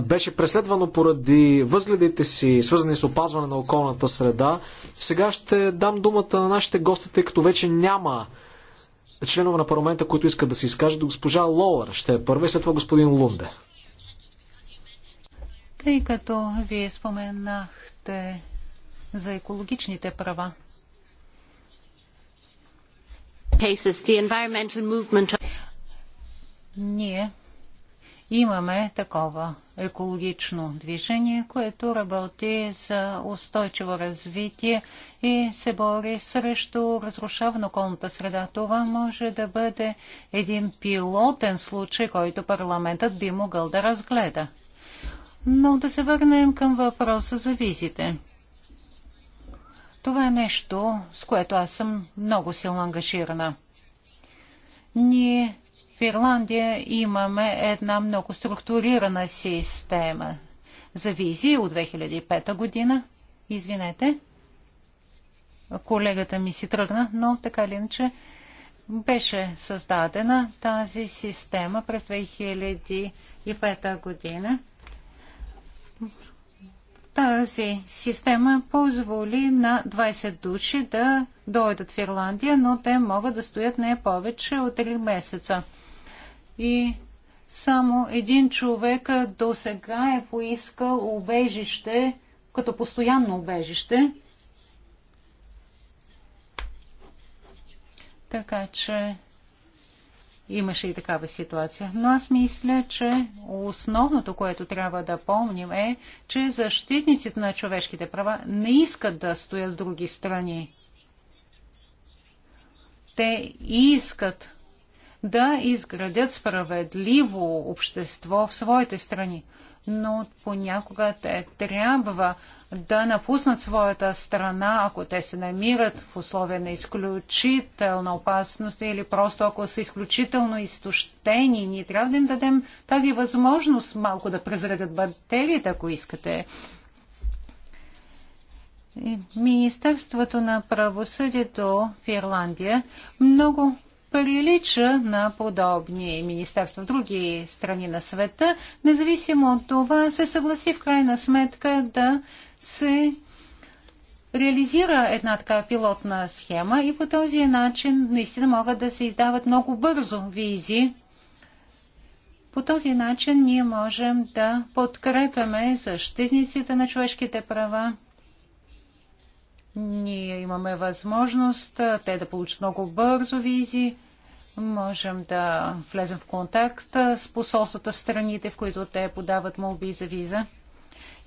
беше преследвано поради възгледите си, свързани с опазване на околната среда. Сега ще дам думата на нашите гости, тъй като вече няма членове на парламента, които искат да се изкажат. Госпожа Лоуър ще е първа и след това господин Лунде. Тъй като вие споменахте за екологичните права. Ние имаме такова екологично движение, което работи за устойчиво развитие и се бори срещу разрушаване на околната среда. Това може да бъде един пилотен случай, който парламентът би могъл да разгледа. Но да се върнем към въпроса за визите. Това е нещо, с което аз съм много силно ангажирана. Ние в Ирландия имаме една много структурирана система за визи от 2005 година. Извинете, колегата ми си тръгна, но така ли иначе беше създадена тази система през 2005 година. Тази система позволи на 20 души да дойдат в Ирландия, но те могат да стоят не повече от 3 месеца и само един човек до сега е поискал убежище, като постоянно убежище. Така че имаше и такава ситуация. Но аз мисля, че основното, което трябва да помним е, че защитниците на човешките права не искат да стоят в други страни. Те искат да изградят справедливо общество в своите страни. Но понякога те трябва да напуснат своята страна, ако те се намират в условия на изключителна опасност или просто ако са изключително изтощени. Ние трябва да им дадем тази възможност малко да презредят батериите, ако искате. Министерството на правосъдието в Ирландия много прилича на подобни министерства в други страни на света. Независимо от това, се съгласи в крайна сметка да се реализира една така пилотна схема и по този начин наистина могат да се издават много бързо визи. По този начин ние можем да подкрепяме защитниците на човешките права ние имаме възможност те да получат много бързо визи. Можем да влезем в контакт с посолствата в страните, в които те подават молби за виза.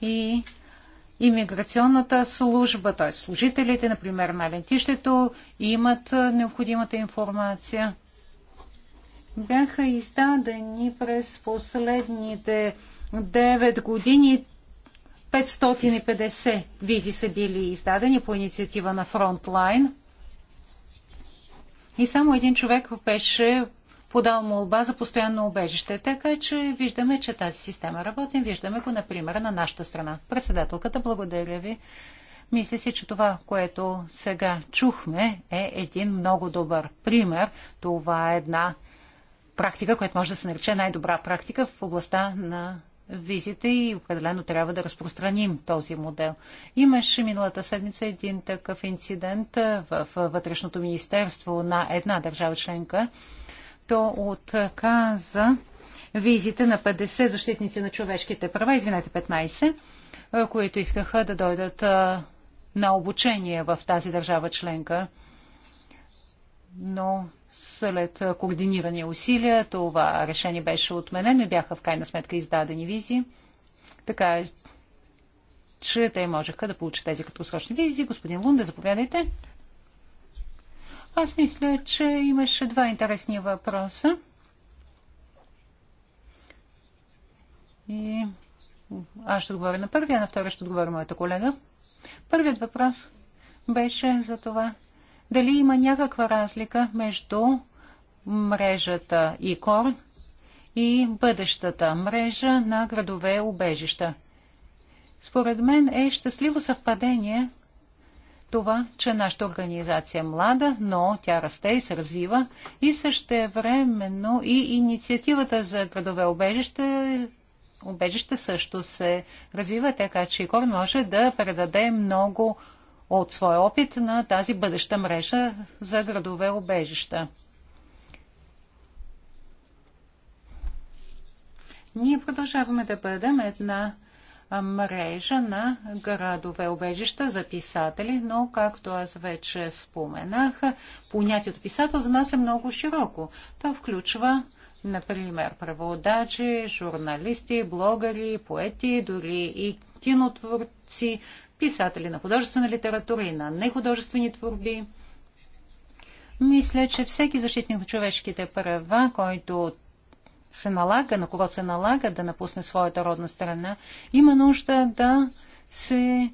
И иммиграционната служба, т.е. служителите, например, на Лентището, имат необходимата информация. Бяха издадени през последните 9 години 550 визи са били издадени по инициатива на Frontline. И само един човек беше подал молба за постоянно убежище. Така че виждаме, че тази система работи. Виждаме го, например, на нашата страна. Председателката, благодаря ви. Мисля си, че това, което сега чухме, е един много добър пример. Това е една практика, която може да се нарече най-добра практика в областта на визита и определено трябва да разпространим този модел. Имаше миналата седмица един такъв инцидент в Вътрешното министерство на една държава членка. То отказа визите на 50 защитници на човешките права, извинете 15, които искаха да дойдат на обучение в тази държава членка но след координирани усилия това решение беше отменено и бяха в крайна сметка издадени визи. Така че те можеха да получат тези краткосрочни визи. Господин Лунде, заповядайте. Аз мисля, че имаше два интересни въпроса. И аз ще отговоря на първия, на втория ще отговоря моята колега. Първият въпрос беше за това дали има някаква разлика между мрежата ИКОР и бъдещата мрежа на градове убежища? Според мен е щастливо съвпадение това, че нашата организация е млада, но тя расте и се развива и също времено и инициативата за градове обежища, обежище също се развива, така че Икор може да предаде много от своя опит на тази бъдеща мрежа за градове обежища. Ние продължаваме да бъдем една мрежа на градове обежища за писатели, но както аз вече споменах, понятието писател за нас е много широко. То включва например, преводачи, журналисти, блогъри, поети, дори и кинотворци, писатели на художествена литература и на нехудожествени творби. Мисля, че всеки защитник на човешките права, който се налага, на кого се налага да напусне своята родна страна, има нужда да се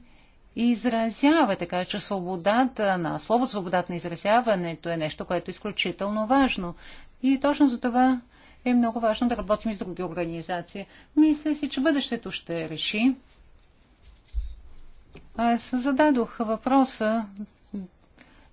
изразява, така че свободата на словото, свободата на изразяването е нещо, което е изключително важно. И точно за това е много важно да работим и с други организации. Мисля си, че бъдещето ще реши аз зададох въпроса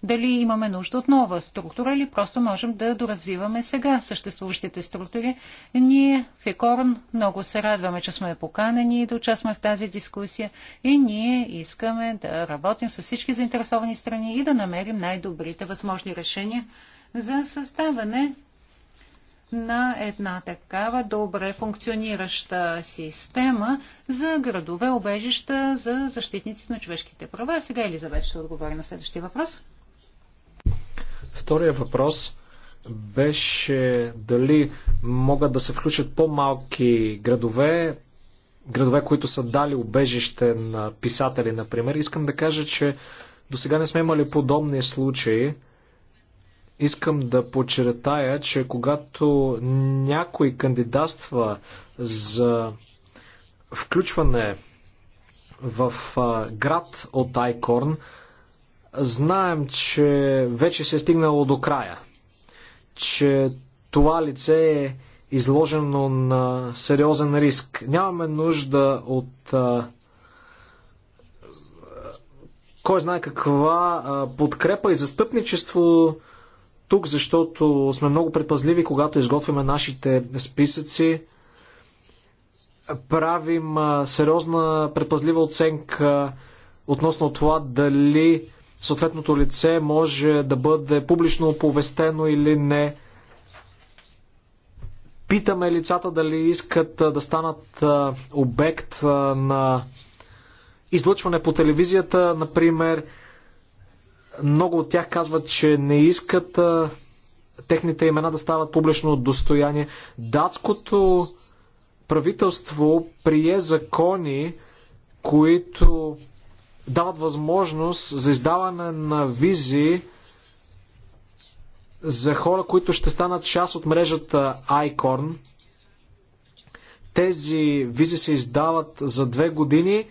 дали имаме нужда от нова структура или просто можем да доразвиваме сега съществуващите структури. Ние в ЕКОРН много се радваме, че сме поканени да участваме в тази дискусия и ние искаме да работим с всички заинтересовани страни и да намерим най-добрите възможни решения за създаване на една такава добре функционираща система за градове, обежища, за защитници на човешките права. Сега Елизавет, ще отговори на следващия въпрос. Втория въпрос беше дали могат да се включат по-малки градове, градове, които са дали обежище на писатели, например. Искам да кажа, че до сега не сме имали подобни случаи. Искам да подчертая, че когато някой кандидатства за включване в град от Айкорн, знаем, че вече се е стигнало до края. Че това лице е изложено на сериозен риск. Нямаме нужда от а, кой знае каква а, подкрепа и застъпничество тук, защото сме много предпазливи, когато изготвяме нашите списъци. Правим сериозна предпазлива оценка относно това дали съответното лице може да бъде публично оповестено или не. Питаме лицата дали искат да станат обект на излъчване по телевизията, например много от тях казват, че не искат а, техните имена да стават публично достояние. Датското правителство прие закони, които дават възможност за издаване на визи за хора, които ще станат част от мрежата ICORN. Тези визи се издават за две години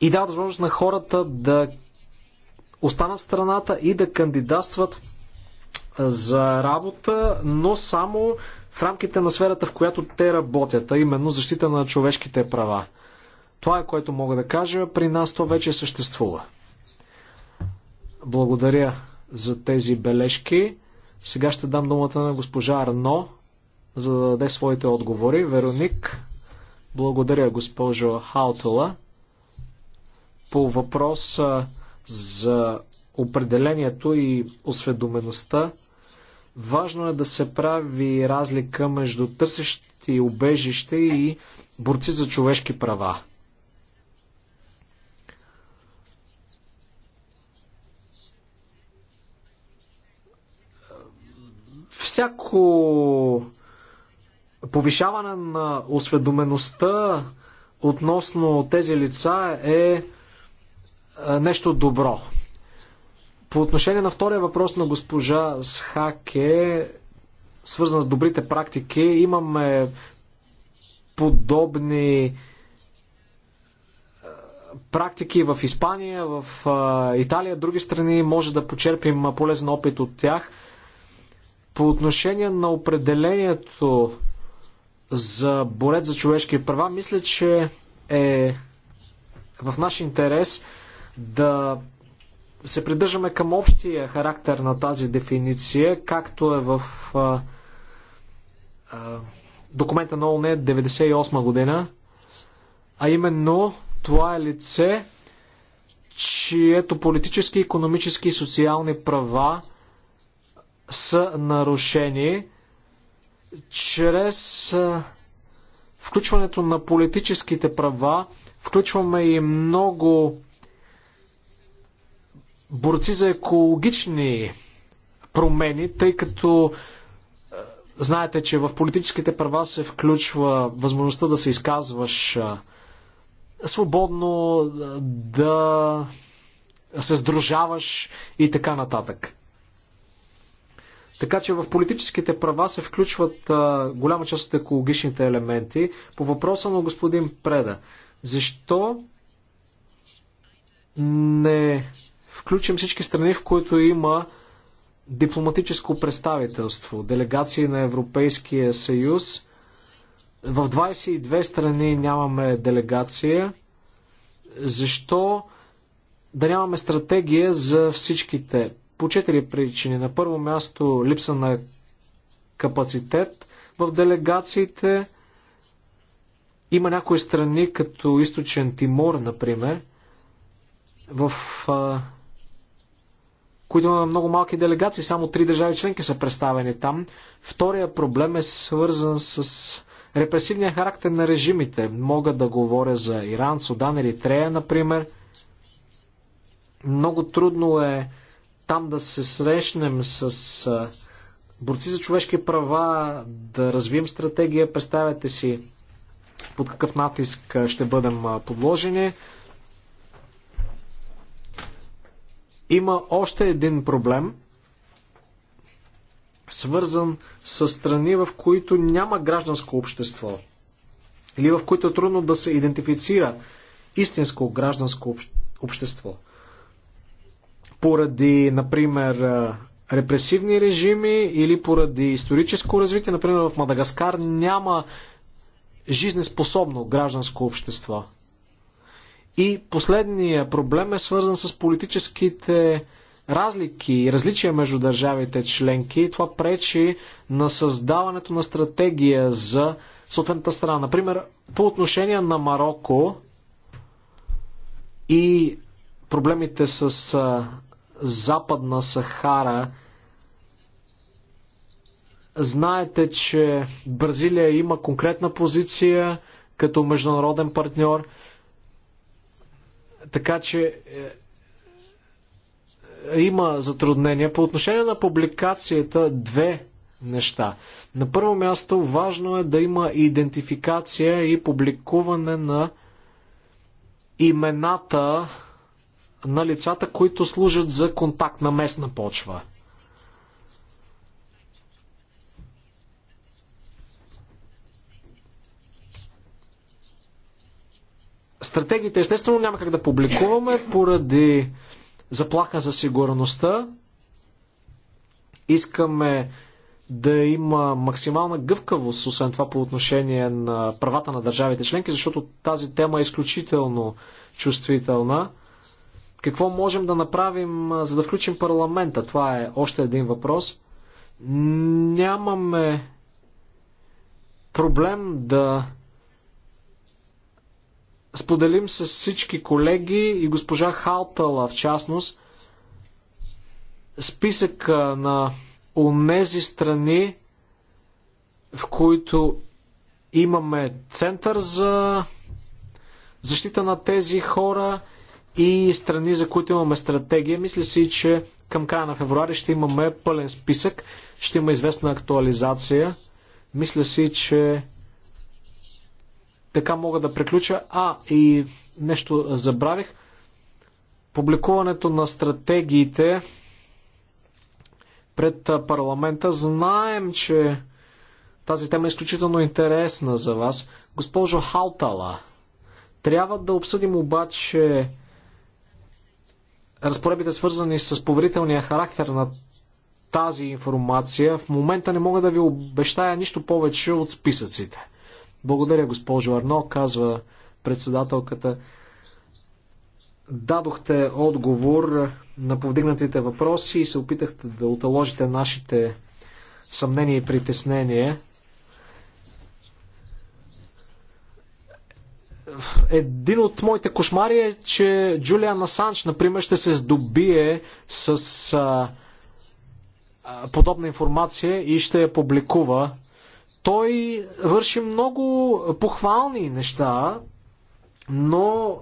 и дават възможност на хората да останат в страната и да кандидатстват за работа, но само в рамките на сферата, в която те работят, а именно защита на човешките права. Това е което мога да кажа. При нас то вече съществува. Благодаря за тези бележки. Сега ще дам думата на госпожа Арно, за да даде своите отговори. Вероник, благодаря госпожо Хаутела. По въпроса за определението и осведомеността. Важно е да се прави разлика между търсещи убежище и борци за човешки права. Всяко повишаване на осведомеността относно тези лица е нещо добро. По отношение на втория въпрос на госпожа Схаке, свързан с добрите практики, имаме подобни практики в Испания, в Италия, други страни, може да почерпим полезен опит от тях. По отношение на определението за борец за човешки права, мисля, че е в наш интерес да се придържаме към общия характер на тази дефиниция, както е в а, а, документа на ОНЕ 98 година, а именно това е лице, чието политически, економически и социални права са нарушени чрез включването на политическите права, включваме и много борци за екологични промени, тъй като е, знаете, че в политическите права се включва възможността да се изказваш е, свободно, е, да се сдружаваш и така нататък. Така че в политическите права се включват а, голяма част от екологичните елементи. По въпроса на господин Преда, защо не включим всички страни, в които има дипломатическо представителство, делегации на Европейския съюз. В 22 страни нямаме делегация. Защо да нямаме стратегия за всичките? По четири причини. На първо място липса на капацитет в делегациите. Има някои страни, като източен Тимор, например, в които има много малки делегации, само три държави членки са представени там. Втория проблем е свързан с репресивния характер на режимите. Мога да говоря за Иран, Судан или Трея, например. Много трудно е там да се срещнем с борци за човешки права, да развием стратегия. Представете си под какъв натиск ще бъдем подложени. Има още един проблем, свързан с страни, в които няма гражданско общество или в които е трудно да се идентифицира истинско гражданско общество. Поради, например, репресивни режими или поради историческо развитие, например в Мадагаскар няма жизнеспособно гражданско общество. И последния проблем е свързан с политическите разлики и различия между държавите членки. Това пречи на създаването на стратегия за съответната страна. Например, по отношение на Марокко и проблемите с Западна Сахара, знаете, че Бразилия има конкретна позиция като международен партньор – така че е, има затруднения. По отношение на публикацията, две неща. На първо място, важно е да има идентификация и публикуване на имената на лицата, които служат за контакт на местна почва. Стратегиите естествено няма как да публикуваме поради заплаха за сигурността. Искаме да има максимална гъвкавост, освен това по отношение на правата на държавите членки, защото тази тема е изключително чувствителна. Какво можем да направим, за да включим парламента? Това е още един въпрос. Нямаме проблем да споделим с всички колеги и госпожа Халтала в частност списък на онези страни, в които имаме център за защита на тези хора и страни, за които имаме стратегия. Мисля си, че към края на февруари ще имаме пълен списък, ще има известна актуализация. Мисля си, че така мога да приключа. А, и нещо забравих. Публикуването на стратегиите пред парламента. Знаем, че тази тема е изключително интересна за вас. Госпожо Халтала, трябва да обсъдим обаче разпоредбите свързани с поверителния характер на тази информация. В момента не мога да ви обещая нищо повече от списъците. Благодаря, госпожо Арно, казва председателката. Дадохте отговор на повдигнатите въпроси и се опитахте да оталожите нашите съмнения и притеснения. един от моите кошмари е, че Джулиан Асанч, например, ще се здобие с а, а, подобна информация и ще я публикува. Той върши много похвални неща, но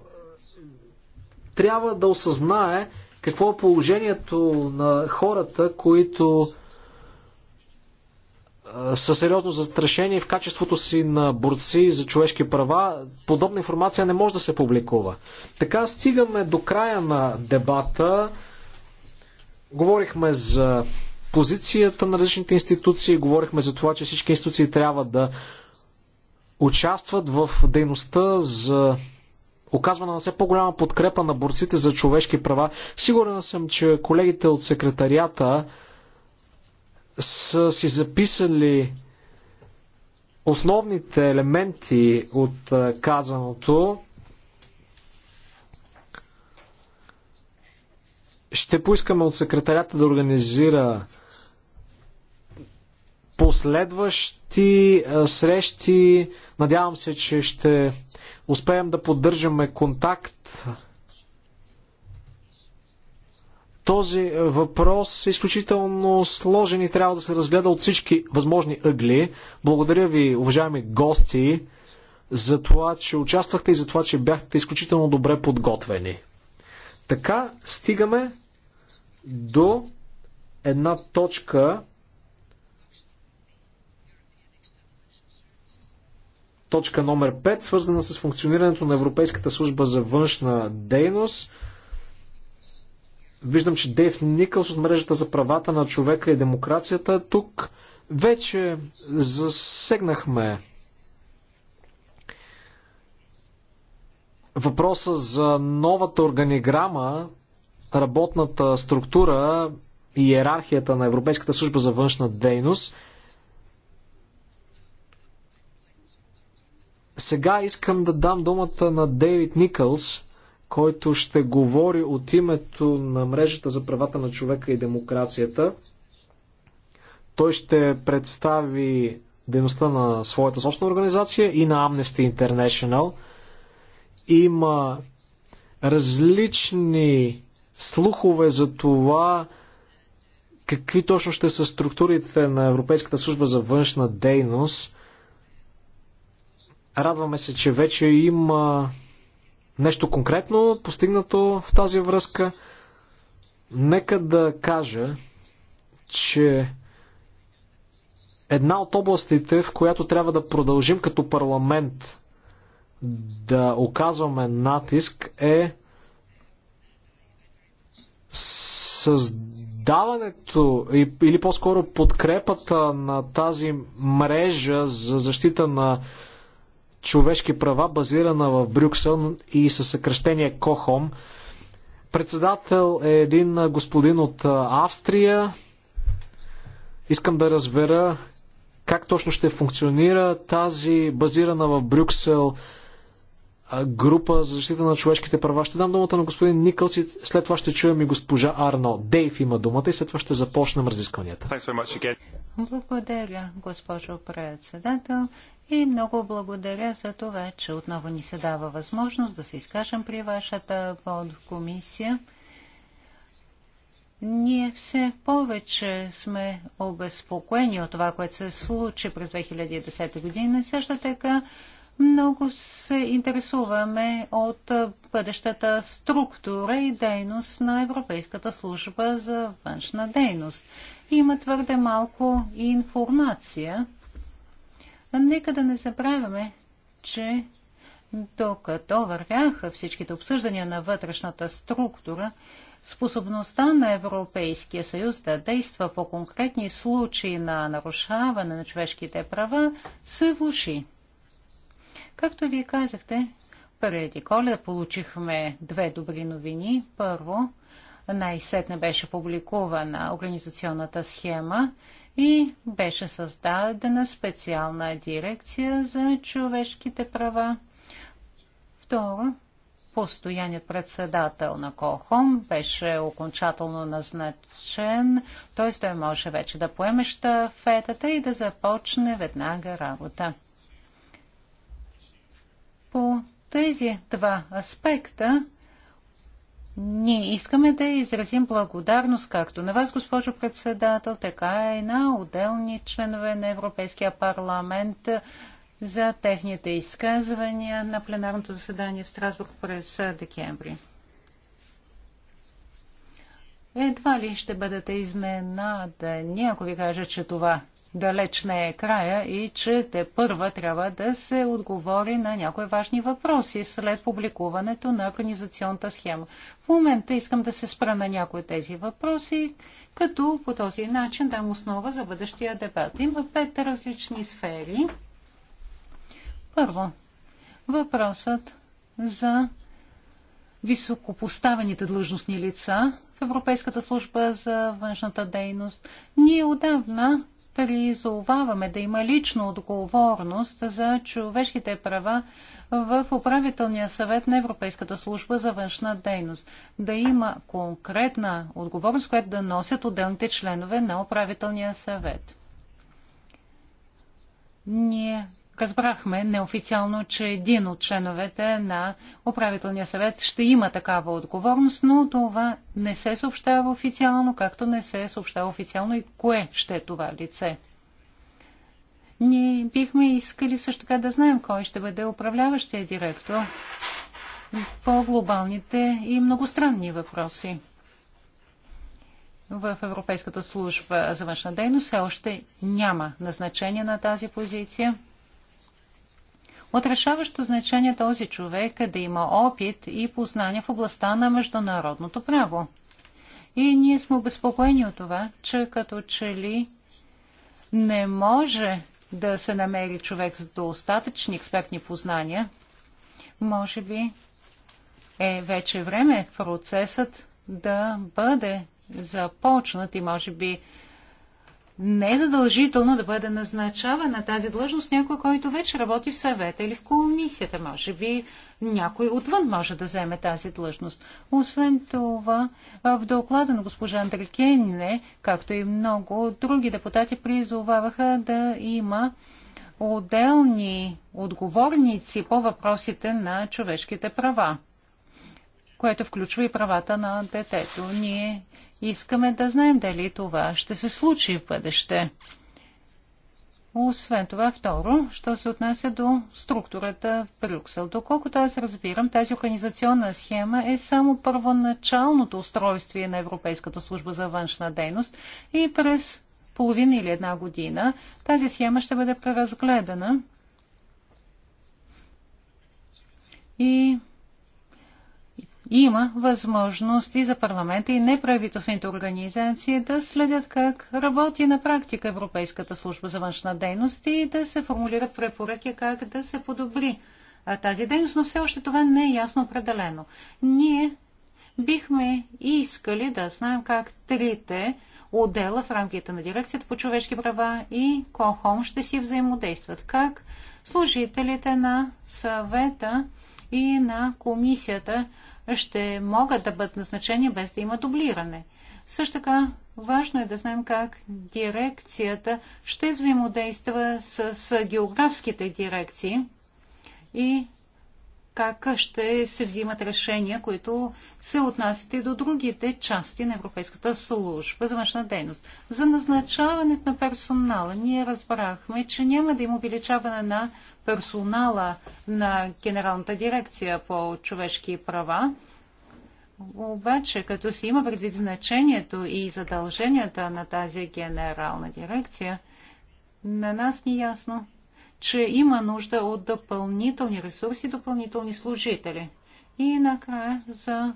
трябва да осъзнае какво е положението на хората, които са сериозно застрашени в качеството си на борци за човешки права, подобна информация не може да се публикува. Така стигаме до края на дебата. Говорихме за позицията на различните институции. Говорихме за това, че всички институции трябва да участват в дейността за оказване на все по-голяма подкрепа на борците за човешки права. Сигурен съм, че колегите от секретарията са си записали основните елементи от казаното. Ще поискаме от секретарята да организира последващи е, срещи. Надявам се, че ще успеем да поддържаме контакт. Този въпрос е изключително сложен и трябва да се разгледа от всички възможни ъгли. Благодаря ви, уважаеми гости, за това, че участвахте и за това, че бяхте изключително добре подготвени. Така стигаме до една точка, точка номер 5, свързана с функционирането на Европейската служба за външна дейност. Виждам, че Дейв Никълс от мрежата за правата на човека и демокрацията тук вече засегнахме въпроса за новата органиграма, работната структура и иерархията на Европейската служба за външна дейност – Сега искам да дам думата на Дейвид Никълс, който ще говори от името на мрежата за правата на човека и демокрацията. Той ще представи дейността на своята собствена организация и на Amnesty International. Има различни слухове за това какви точно ще са структурите на Европейската служба за външна дейност. Радваме се, че вече има нещо конкретно постигнато в тази връзка. Нека да кажа, че една от областите, в която трябва да продължим като парламент да оказваме натиск е създаването или по-скоро подкрепата на тази мрежа за защита на човешки права, базирана в Брюксел и със съкръщение КОХОМ. Председател е един господин от Австрия. Искам да разбера как точно ще функционира тази базирана в Брюксел група за защита на човешките права. Ще дам думата на господин Никълс и след това ще чуем и госпожа Арно. Дейв има думата и след това ще започнем разискванията. Благодаря, госпожо председател, и много благодаря за това, че отново ни се дава възможност да се изкажем при вашата подкомисия. Ние все повече сме обезпокоени от това, което се случи през 2010 година. Също така много се интересуваме от бъдещата структура и дейност на Европейската служба за външна дейност има твърде малко информация. Нека да не забравяме, че докато вървяха всичките обсъждания на вътрешната структура, способността на Европейския съюз да действа по конкретни случаи на нарушаване на човешките права се влуши. Както вие казахте, преди коледа получихме две добри новини. Първо, най-сетне беше публикувана организационната схема и беше създадена специална дирекция за човешките права. Второ, постоянният председател на Кохом беше окончателно назначен, т.е. той може вече да поеме щафетата и да започне веднага работа. По тези два аспекта ние искаме да изразим благодарност както на вас, госпожо председател, така и на отделни членове на Европейския парламент за техните изказвания на пленарното заседание в Страсбург през декември. Едва ли ще бъдете изненадани, ако ви кажа, че това далеч не е края и че те първа трябва да се отговори на някои важни въпроси след публикуването на организационната схема. В момента искам да се спра на някои от тези въпроси, като по този начин дам основа за бъдещия дебат. Има пет различни сфери. Първо, въпросът за високопоставените длъжностни лица в Европейската служба за външната дейност. Ние отдавна призоваваме да има лична отговорност за човешките права в управителния съвет на Европейската служба за външна дейност. Да има конкретна отговорност, която да носят отделните членове на управителния съвет. Ние Разбрахме неофициално, че един от членовете на управителния съвет ще има такава отговорност, но това не се съобщава официално, както не се съобщава официално и кое ще е това лице. Ние бихме искали също така да знаем кой ще бъде управляващия директор по глобалните и многостранни въпроси. В Европейската служба за външна дейност все още няма назначение на тази позиция. От решаващо значение този човек е да има опит и познания в областта на международното право. И ние сме обезпокоени от това, че като че ли не може да се намери човек с достатъчни експертни познания, може би е вече време процесът да бъде започнат и може би не е задължително да бъде назначава на тази длъжност някой, който вече работи в съвета или в комисията. Може би някой отвън може да вземе тази длъжност. Освен това, в доклада на госпожа Андрекене, както и много други депутати, призоваваха да има отделни отговорници по въпросите на човешките права което включва и правата на детето. Ние Искаме да знаем дали това ще се случи в бъдеще. Освен това, второ, що се отнася до структурата в Брюксел. Доколкото аз разбирам, тази организационна схема е само първоначалното устройствие на Европейската служба за външна дейност и през половина или една година тази схема ще бъде преразгледана и има възможности за парламента и неправителствените организации да следят как работи на практика Европейската служба за външна дейност и да се формулират препоръки как да се подобри тази дейност, но все още това не е ясно определено. Ние бихме искали да знаем как трите отдела в рамките на дирекцията по човешки права и КОХОМ ще си взаимодействат. Как служителите на съвета и на комисията ще могат да бъдат назначени без да има дублиране. Също така важно е да знаем как дирекцията ще взаимодейства с, с географските дирекции и как ще се взимат решения, които се отнасят и до другите части на Европейската служба за външна дейност. За назначаването на персонала ние разбрахме, че няма да има увеличаване на персонала на Генералната дирекция по човешки права. Обаче, като си има предвид значението и задълженията на тази генерална дирекция, на нас ни е ясно, че има нужда от допълнителни ресурси, допълнителни служители. И накрая за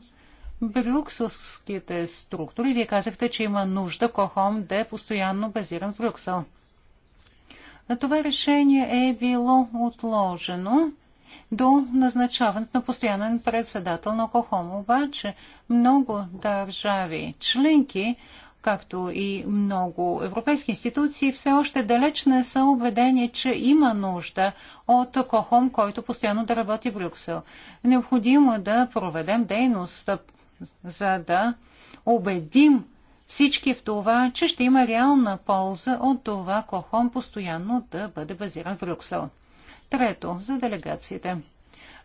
брюкселските структури. Вие казахте, че има нужда Кохом да е постоянно базиран в Брюксел това решение е било отложено до назначаването на постоянен председател на Кохом. Обаче много държави членки, както и много европейски институции, все още далеч не са убедени, че има нужда от Кохом, който постоянно да работи в Брюксел. Необходимо е да проведем дейност, за да убедим всички в това, че ще има реална полза от това Кохон постоянно да бъде базиран в Брюксел. Трето, за делегациите.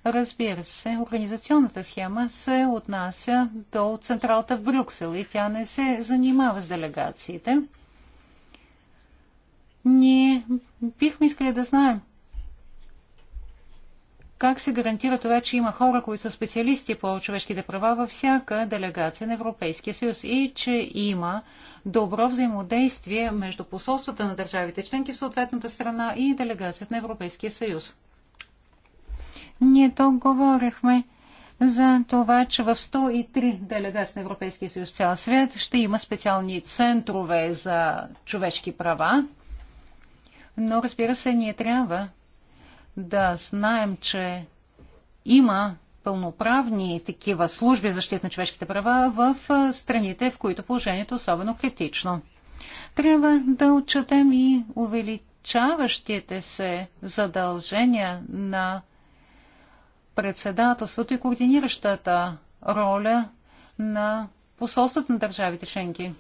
Разбира се, организационната схема се отнася до централата в Брюксел и тя не се занимава с делегациите. Ние бихме искали да знаем как се гарантира това, че има хора, които са специалисти по човешките права във всяка делегация на Европейския съюз и че има добро взаимодействие между посолствата на държавите членки в съответната страна и делегацията на Европейския съюз? Ние то говорихме за това, че в 103 делегации на Европейския съюз цял свят ще има специални центрове за човешки права. Но разбира се, ние трябва да знаем, че има пълноправни такива служби за защита на човешките права в страните, в които положението е особено критично. Трябва да отчетем и увеличаващите се задължения на председателството и координиращата роля на посолството на държавите членки.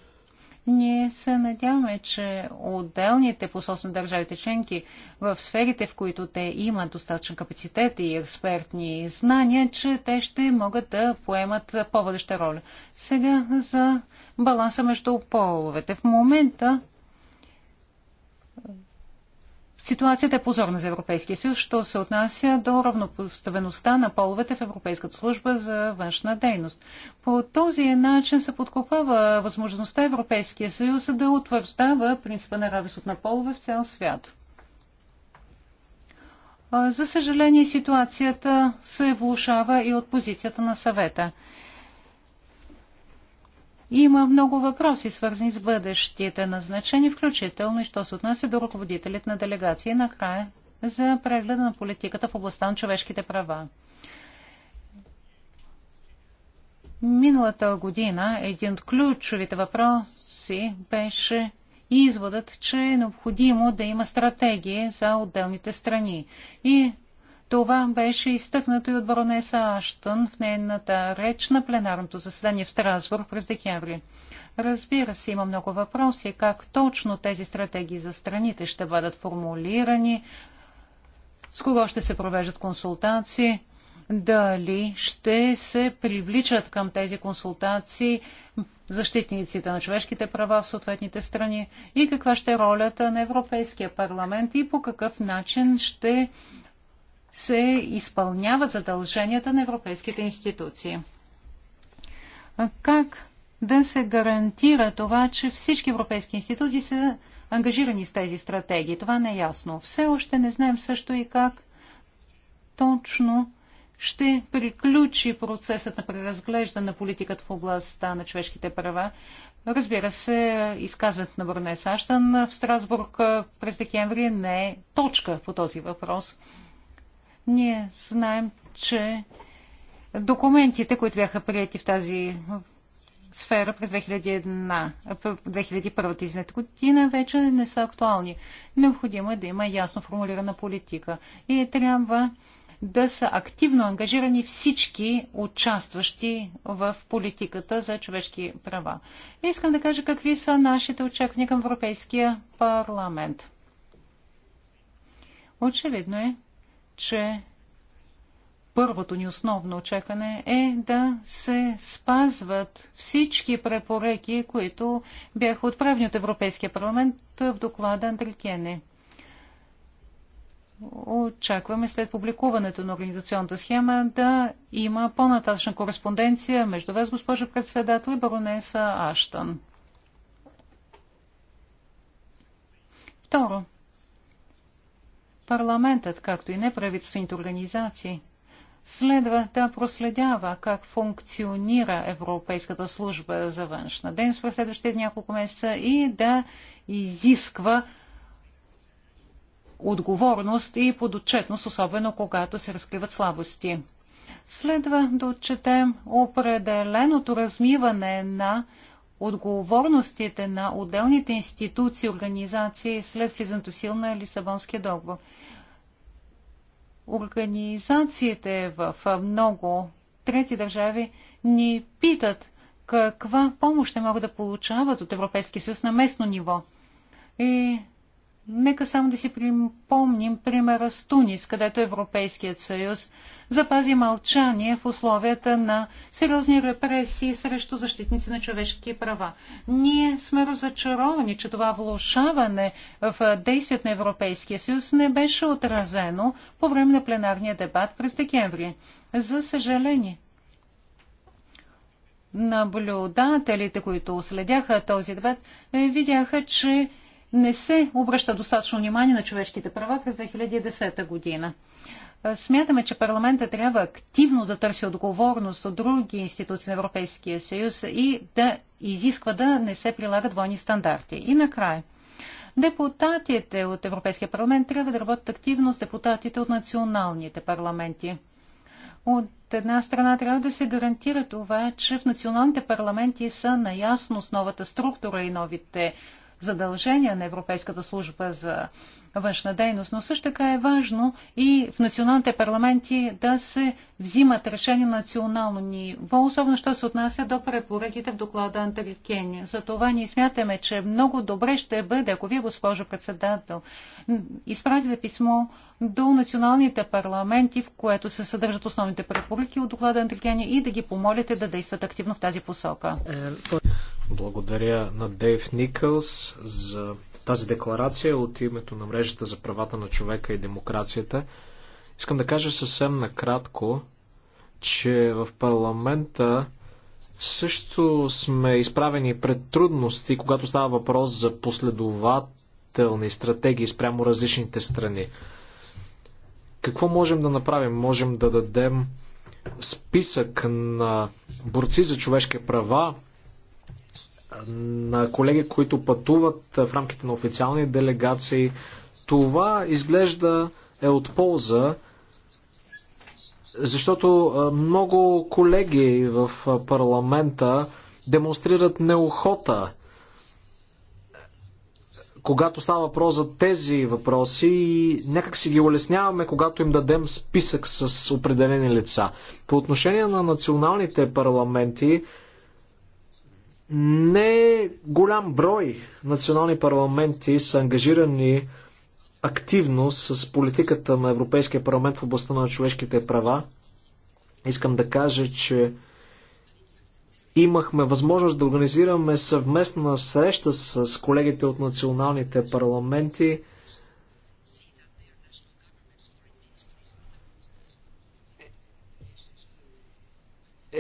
Ние се надяваме, че отделните посолства на държавите членки в сферите, в които те имат достатъчен капацитет и експертни знания, че те ще могат да поемат по-водеща роля. Сега за баланса между половете. В момента Ситуацията е позорна за Европейския съюз, що се отнася до равнопоставеността на половете в Европейската служба за външна дейност. По този начин се подкопава възможността Европейския съюз да утвърждава принципа на равенството на полове в цял свят. За съжаление, ситуацията се влушава и от позицията на съвета. Има много въпроси, свързани с бъдещите назначения, включително и що се отнася до ръководителите на делегации накрая за прегледа на политиката в областта на човешките права. Миналата година един от ключовите въпроси беше изводът, че е необходимо да има стратегии за отделните страни. И това беше изтъкнато и от баронеса Аштън в нейната реч на пленарното заседание в Страсбург през декември. Разбира се, има много въпроси как точно тези стратегии за страните ще бъдат формулирани, с кого ще се провеждат консултации, дали ще се привличат към тези консултации защитниците на човешките права в съответните страни и каква ще е ролята на Европейския парламент и по какъв начин ще се изпълняват задълженията на европейските институции. Как да се гарантира това, че всички европейски институции са ангажирани с тези стратегии? Това не е ясно. Все още не знаем също и как точно ще приключи процесът на преразглеждане на политиката в областта на човешките права. Разбира се, изказването на Бронес Аштън в Страсбург през декември не е точка по този въпрос. Ние знаем, че документите, които бяха прияти в тази сфера през 2001, година вече не са актуални. Необходимо е да има ясно формулирана политика и трябва да са активно ангажирани всички участващи в политиката за човешки права. Искам да кажа какви са нашите очаквания към Европейския парламент. Очевидно е, че първото ни основно очакване е да се спазват всички препоръки, които бяха отправени от Европейския парламент в доклада Андрикене. Очакваме след публикуването на организационната схема да има по-нататъчна кореспонденция между вас, госпожа председател и баронеса Аштан. Второ, Парламентът, както и неправителствените организации, следва да проследява как функционира Европейската служба за външна дейност през следващите няколко месеца и да изисква отговорност и подотчетност, особено когато се разкриват слабости. Следва да отчетем определеното размиване на отговорностите на отделните институции и организации след влизането сил на Лисабонския договор – Организациите в много трети държави ни питат каква помощ те могат да получават от Европейския съюз на местно ниво. И Нека само да си припомним примера с Тунис, където Европейският съюз запази мълчание в условията на сериозни репресии срещу защитници на човешки права. Ние сме разочаровани, че това влушаване в действието на Европейския съюз не беше отразено по време на пленарния дебат през декември. За съжаление, наблюдателите, които следяха този дебат, видяха, че не се обръща достатъчно внимание на човешките права през 2010 година. Смятаме, че парламента трябва активно да търси отговорност от други институции на Европейския съюз и да изисква да не се прилагат двойни стандарти. И накрая, депутатите от Европейския парламент трябва да работят активно с депутатите от националните парламенти. От една страна трябва да се гарантира това, че в националните парламенти са наясно с новата структура и новите задължения на Европейската служба за външна дейност, но също така е важно и в националните парламенти да се взимат решения на национално ниво, особено що се отнася до препоръките в доклада Антарикени. За това ние смятаме, че много добре ще бъде, ако вие, госпожо председател, изпратите писмо до националните парламенти, в което се съдържат основните препоръки от доклада Андрикени и да ги помолите да действат активно в тази посока. Благодаря на Дейв Никълс за тази декларация е от името на мрежата за правата на човека и демокрацията. Искам да кажа съвсем накратко, че в парламента също сме изправени пред трудности, когато става въпрос за последователни стратегии спрямо различните страни. Какво можем да направим? Можем да дадем списък на борци за човешки права, на колеги, които пътуват в рамките на официални делегации. Това изглежда е от полза, защото много колеги в парламента демонстрират неохота, когато става въпрос за тези въпроси и някак си ги улесняваме, когато им дадем списък с определени лица. По отношение на националните парламенти, не голям брой национални парламенти са ангажирани активно с политиката на Европейския парламент в областта на човешките права. Искам да кажа, че имахме възможност да организираме съвместна среща с колегите от националните парламенти –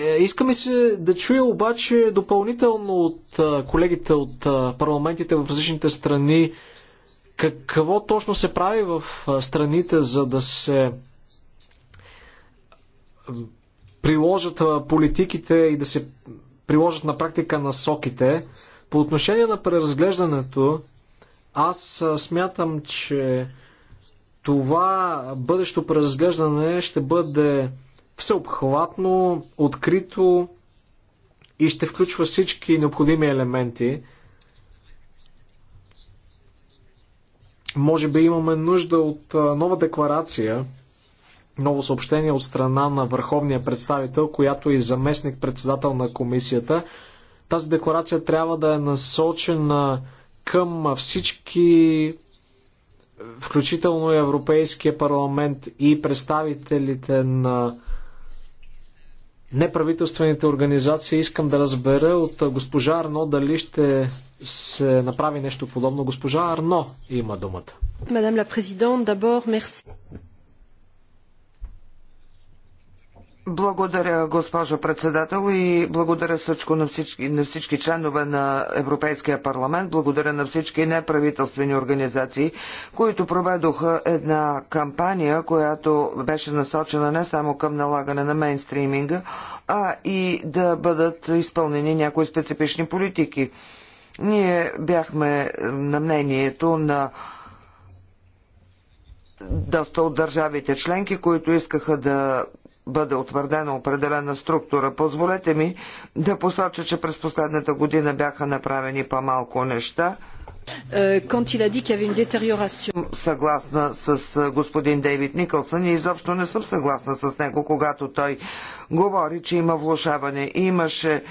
Е, искаме се да чуя обаче допълнително от колегите от парламентите в различните страни какво точно се прави в страните, за да се приложат политиките и да се приложат на практика насоките. По отношение на преразглеждането, аз смятам, че това бъдещо преразглеждане ще бъде всеобхватно, открито и ще включва всички необходими елементи. Може би имаме нужда от нова декларация, ново съобщение от страна на върховния представител, която е заместник председател на комисията. Тази декларация трябва да е насочена към всички, включително и Европейския парламент и представителите на неправителствените организации. Искам да разбера от госпожа Арно дали ще се направи нещо подобно. Госпожа Арно има думата. Мадам ла президент, дабор, мерси. Благодаря, госпожо председател и благодаря всичко на всички, на всички членове на Европейския парламент. Благодаря на всички неправителствени организации, които проведоха една кампания, която беше насочена не само към налагане на мейнстриминга, а и да бъдат изпълнени някои специфични политики. Ние бяхме на мнението на доста от държавите членки, които искаха да бъде утвърдена определена структура. Позволете ми да посоча, че през последната година бяха направени по-малко неща. Е, съгласна с е, господин Дейвид Никълсън и изобщо не съм съгласна с него, когато той говори, че има влушаване. Имаше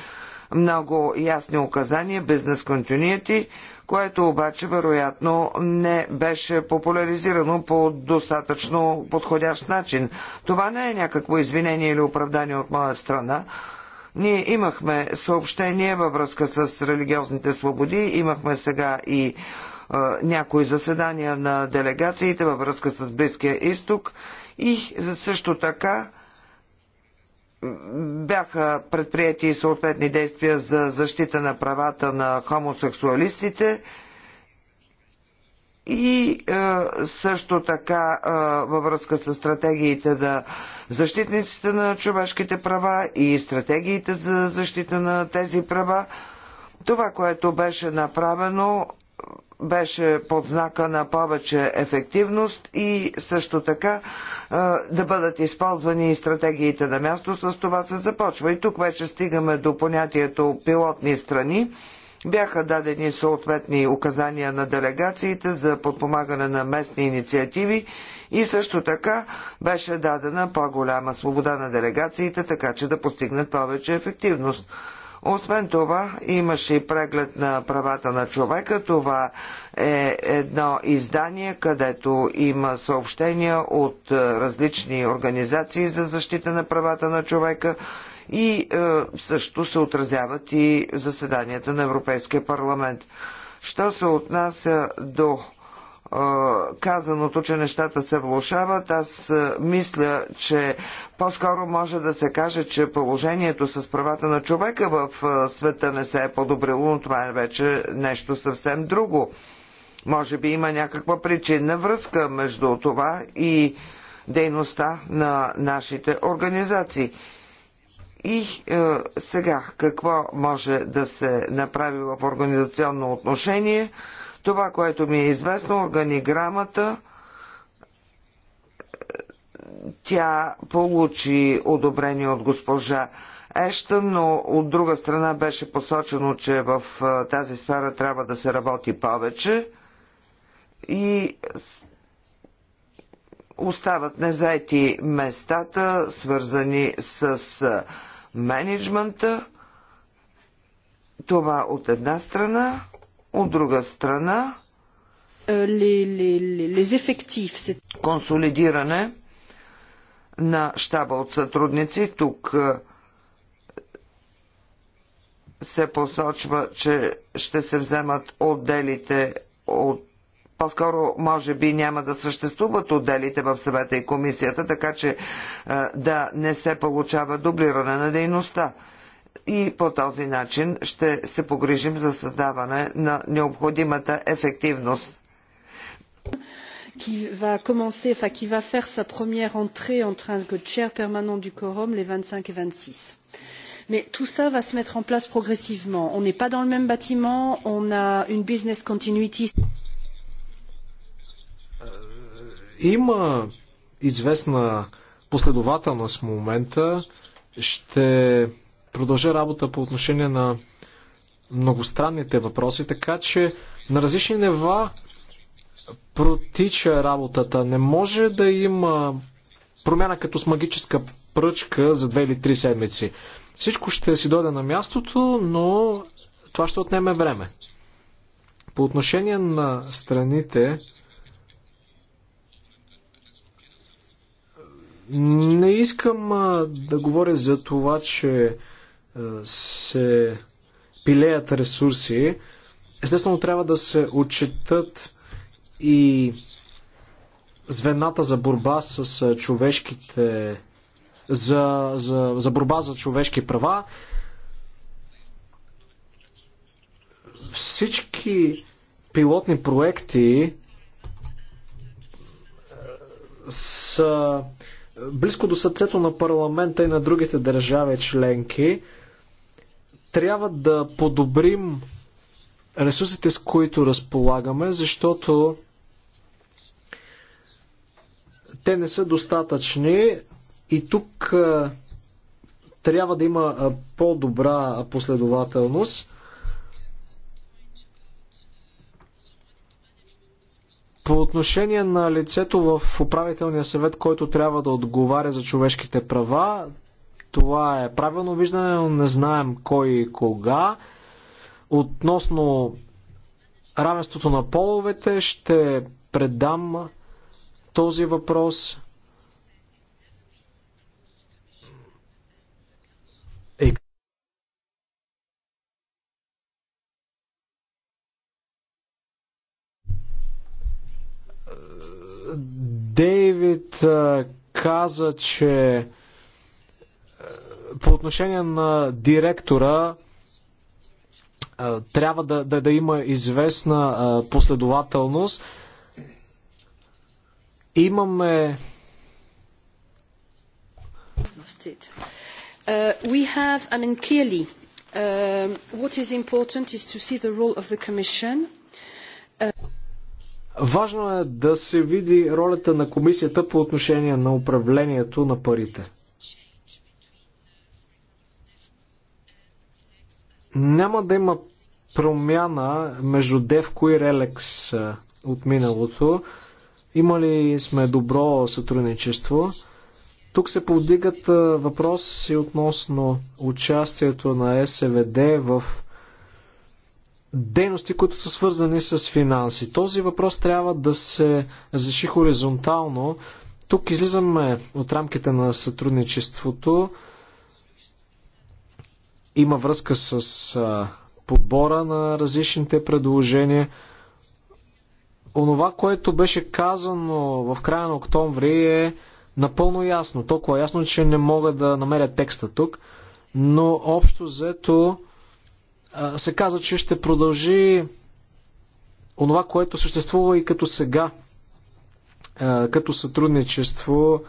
много ясни указания, бизнес континуити, което обаче вероятно не беше популяризирано по достатъчно подходящ начин. Това не е някакво извинение или оправдание от моя страна. Ние имахме съобщение във връзка с религиозните свободи, имахме сега и е, някои заседания на делегациите във връзка с Близкия изток и също така бяха предприяти съответни действия за защита на правата на хомосексуалистите и е, също така е, във връзка с стратегиите на защитниците на човешките права и стратегиите за защита на тези права. Това, което беше направено беше под знака на повече ефективност и също така да бъдат използвани и стратегиите на място. С това се започва. И тук вече стигаме до понятието пилотни страни. Бяха дадени съответни указания на делегациите за подпомагане на местни инициативи и също така беше дадена по-голяма свобода на делегациите, така че да постигнат повече ефективност. Освен това, имаше и преглед на правата на човека. Това е едно издание, където има съобщения от е, различни организации за защита на правата на човека и е, също се отразяват и заседанията на Европейския парламент. Що се отнася до казаното, че нещата се влушават. Аз мисля, че по-скоро може да се каже, че положението с правата на човека в света не се е подобрило, но това е вече нещо съвсем друго. Може би има някаква причинна връзка между това и дейността на нашите организации. И е, сега какво може да се направи в организационно отношение? Това, което ми е известно, органиграмата, тя получи одобрение от госпожа Еща, но от друга страна беше посочено, че в тази сфера трябва да се работи повече и остават незаети местата, свързани с менеджмента. Това от една страна. От друга страна, е, консолидиране на щаба от сътрудници. Тук е, се посочва, че ще се вземат отделите от по-скоро, може би, няма да съществуват отделите в съвета и комисията, така че е, да не се получава дублиране на дейността и по този начин ще се погрижим за създаване на необходимата ефективност. qui va commencer, enfin qui va faire sa première entrée en tant que chair permanent du quorum les 25 et 26. Mais tout ça va se mettre en place progressivement. On n'est pas dans le même bâtiment, on a une business continuity. Има известна последователност в момента. Ще продължа работа по отношение на многостранните въпроси, така че на различни нива протича работата. Не може да има промяна като с магическа пръчка за две или три седмици. Всичко ще си дойде на мястото, но това ще отнеме време. По отношение на страните, не искам да говоря за това, че се пилеят ресурси, естествено трябва да се отчитат и звената за борба с човешките за, за, за борба за човешки права. Всички пилотни проекти са близко до сърцето на парламента и на другите държави членки. Трябва да подобрим ресурсите, с които разполагаме, защото те не са достатъчни и тук трябва да има по-добра последователност. По отношение на лицето в управителния съвет, който трябва да отговаря за човешките права, това е правилно виждане, но не знаем кой и кога. Относно равенството на половете ще предам този въпрос. Е, Дейвид каза, че по отношение на директора, трябва да, да, да има известна последователност. Имаме. Uh, we have, I mean, clearly, uh, what is important is to see the role of the Commission. Uh... Важно е да се види ролята на комисията по отношение на управлението на парите. Няма да има промяна между Девко и Релекс от миналото. Имали сме добро сътрудничество. Тук се повдигат въпроси относно участието на СВД в дейности, които са свързани с финанси. Този въпрос трябва да се реши хоризонтално. Тук излизаме от рамките на сътрудничеството има връзка с подбора на различните предложения. Онова, което беше казано в края на октомври е напълно ясно. Толкова ясно, че не мога да намеря текста тук, но общо взето се каза, че ще продължи онова, което съществува и като сега, като сътрудничество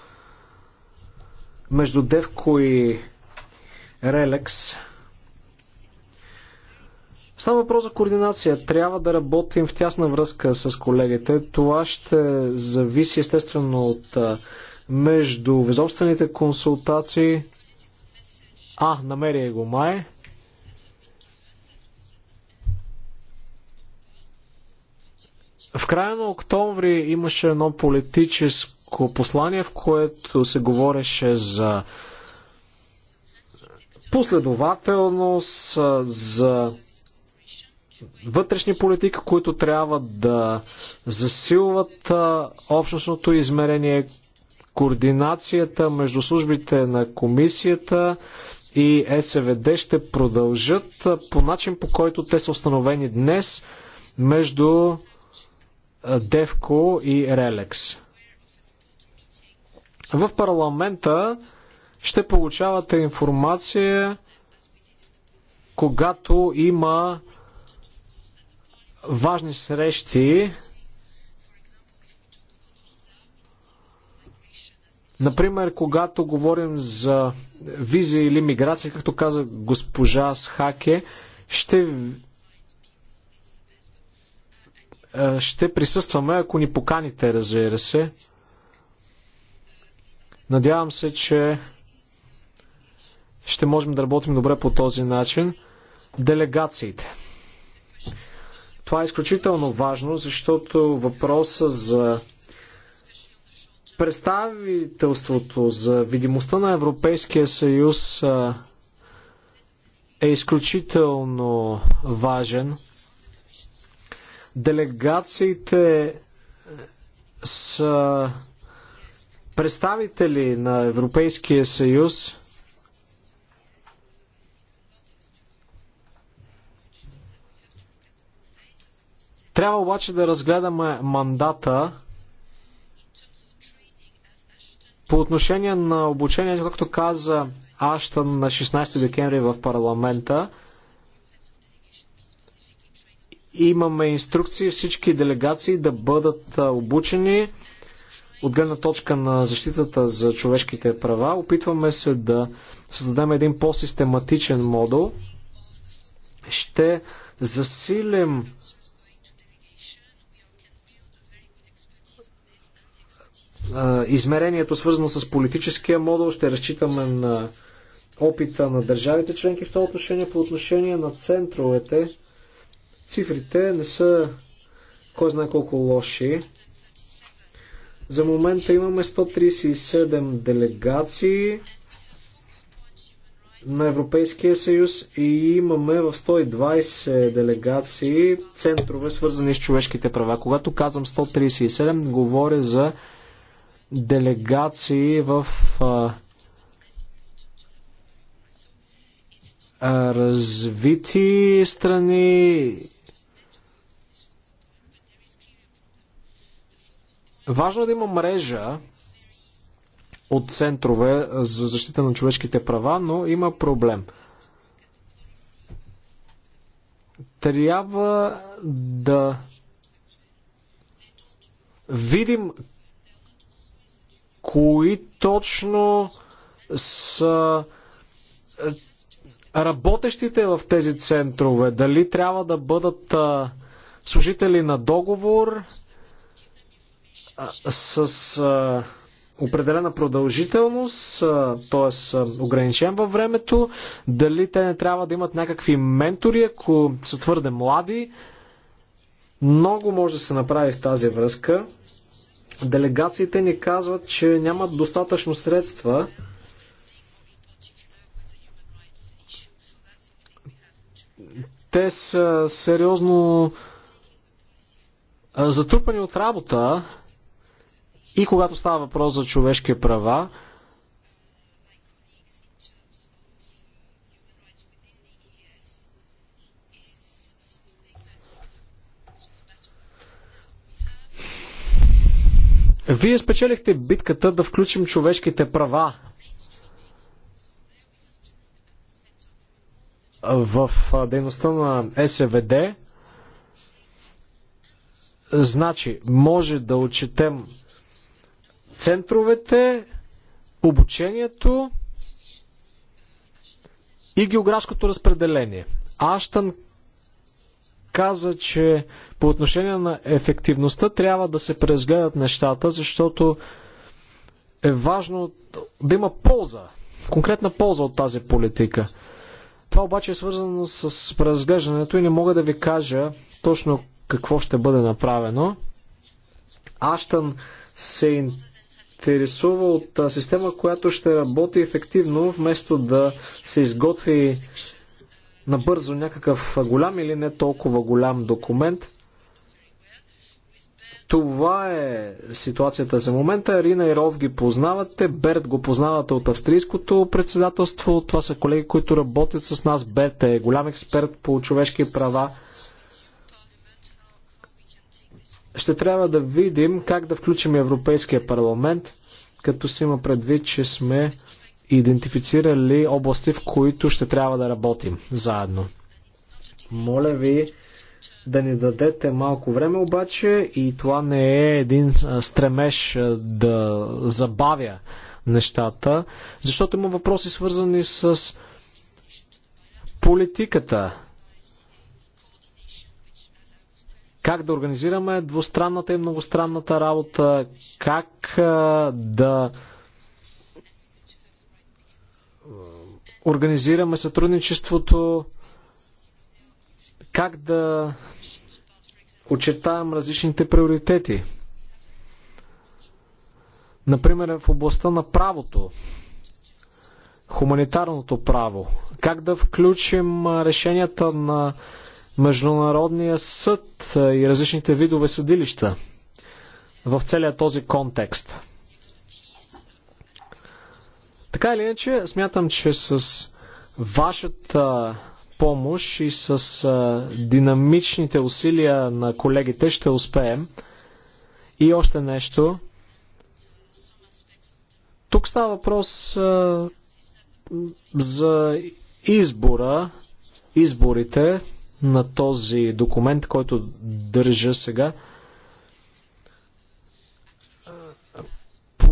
между Девко и Релекс Става въпрос за координация. Трябва да работим в тясна връзка с колегите. Това ще зависи естествено от между ведомствените консултации. А, намери го май. В края на октомври имаше едно политическо послание, в което се говореше за последователност, за вътрешни политики, които трябва да засилват общностното измерение, координацията между службите на комисията и СВД ще продължат по начин, по който те са установени днес между Девко и Релекс. В парламента ще получавате информация, когато има важни срещи. Например, когато говорим за визи или миграция, както каза госпожа Схаке, ще е, ще присъстваме, ако ни поканите, разбира се. Надявам се, че ще можем да работим добре по този начин. Делегациите. Това е изключително важно, защото въпроса за представителството, за видимостта на Европейския съюз е изключително важен. Делегациите са представители на Европейския съюз Трябва обаче да разгледаме мандата по отношение на обучението, както каза Аштън на 16 декември в парламента, имаме инструкции всички делегации да бъдат обучени от гледна точка на защитата за човешките права. Опитваме се да създадем един по-систематичен модул. Ще засилим измерението свързано с политическия модул. Ще разчитаме на опита на държавите членки в това отношение. По отношение на центровете, цифрите не са кой знае колко лоши. За момента имаме 137 делегации на Европейския съюз и имаме в 120 делегации центрове свързани с човешките права. Когато казвам 137, говоря за делегации в развити страни. Важно е да има мрежа от центрове за защита на човешките права, но има проблем. Трябва да видим кои точно са е, работещите в тези центрове? Дали трябва да бъдат е, служители на договор е, с определена продължителност, т.е. ограничен във времето, дали те не трябва да имат някакви ментори, ако са твърде млади. Много може да се направи в тази връзка. Делегациите ни казват, че нямат достатъчно средства. Те са сериозно затрупани от работа и когато става въпрос за човешки права, Вие спечелихте битката да включим човешките права в дейността на СВД. Значи, може да отчетем центровете, обучението и географското разпределение. Аштън каза, че по отношение на ефективността трябва да се преразгледат нещата, защото е важно да има полза, конкретна полза от тази политика. Това обаче е свързано с преразглеждането и не мога да ви кажа точно какво ще бъде направено. Аштън се интересува от система, която ще работи ефективно, вместо да се изготви набързо някакъв голям или не толкова голям документ. Това е ситуацията за момента. Рина и Ров ги познавате, Берт го познавате от австрийското председателство. Това са колеги, които работят с нас. Берт е голям експерт по човешки права. Ще трябва да видим как да включим Европейския парламент, като си има предвид, че сме идентифицирали области, в които ще трябва да работим заедно. Моля ви да ни дадете малко време обаче и това не е един стремеж да забавя нещата, защото има въпроси свързани с политиката. Как да организираме двустранната и многостранната работа, как да организираме сътрудничеството, как да очертаем различните приоритети. Например, в областта на правото, хуманитарното право, как да включим решенията на Международния съд и различните видове съдилища в целия този контекст – така или иначе, смятам, че с вашата помощ и с а, динамичните усилия на колегите ще успеем. И още нещо. Тук става въпрос а, за избора, изборите на този документ, който държа сега.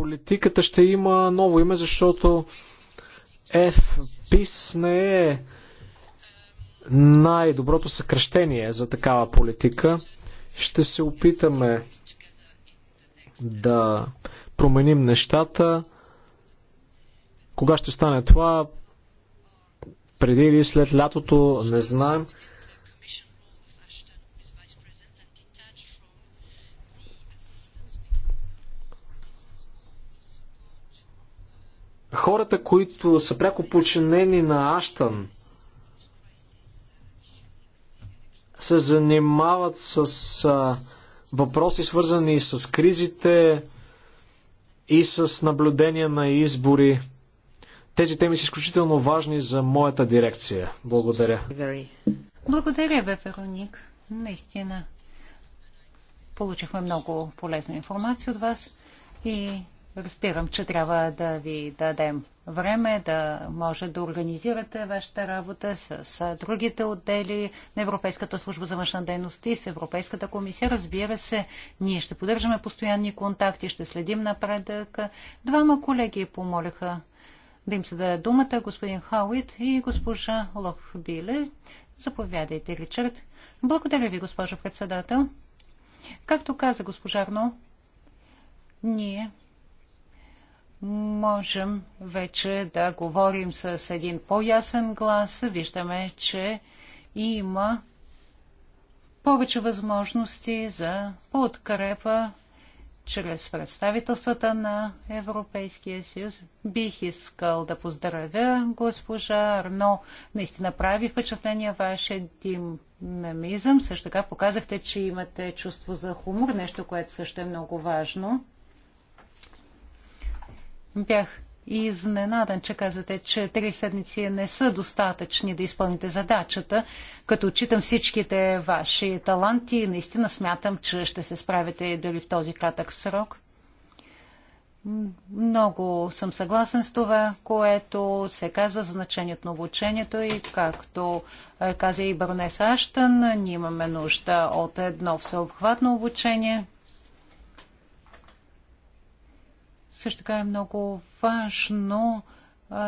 политиката ще има ново име, защото FPIS не е най-доброто съкрещение за такава политика. Ще се опитаме да променим нещата. Кога ще стане това? Преди или след лятото, не знаем. хората, които са пряко подчинени на Аштан, се занимават с а, въпроси, свързани с кризите и с наблюдения на избори. Тези теми са изключително важни за моята дирекция. Благодаря. Благодаря бе, Вероник. Наистина получихме много полезна информация от вас и Разбирам, че трябва да ви дадем време да може да организирате вашата работа с, с другите отдели на Европейската служба за външна дейност и с Европейската комисия. Разбира се, ние ще поддържаме постоянни контакти, ще следим напредък. Двама колеги помолиха да им се даде думата, господин Хауит и госпожа Лохбиле. Заповядайте, Ричард. Благодаря ви, госпожо председател. Както каза госпожа Арно, ние можем вече да говорим с един по-ясен глас. Виждаме, че има повече възможности за подкрепа чрез представителствата на Европейския съюз. Бих искал да поздравя госпожа Арно. Наистина прави впечатление вашия динамизъм. Също така показахте, че имате чувство за хумор, нещо, което също е много важно. Бях изненадан, че казвате, че три седмици не са достатъчни да изпълните задачата. Като отчитам всичките ваши таланти, наистина смятам, че ще се справите дори в този кратък срок. Много съм съгласен с това, което се казва за значението на обучението и както е, каза и баронеса Аштън, ние имаме нужда от едно всеобхватно обучение – Също така е много важно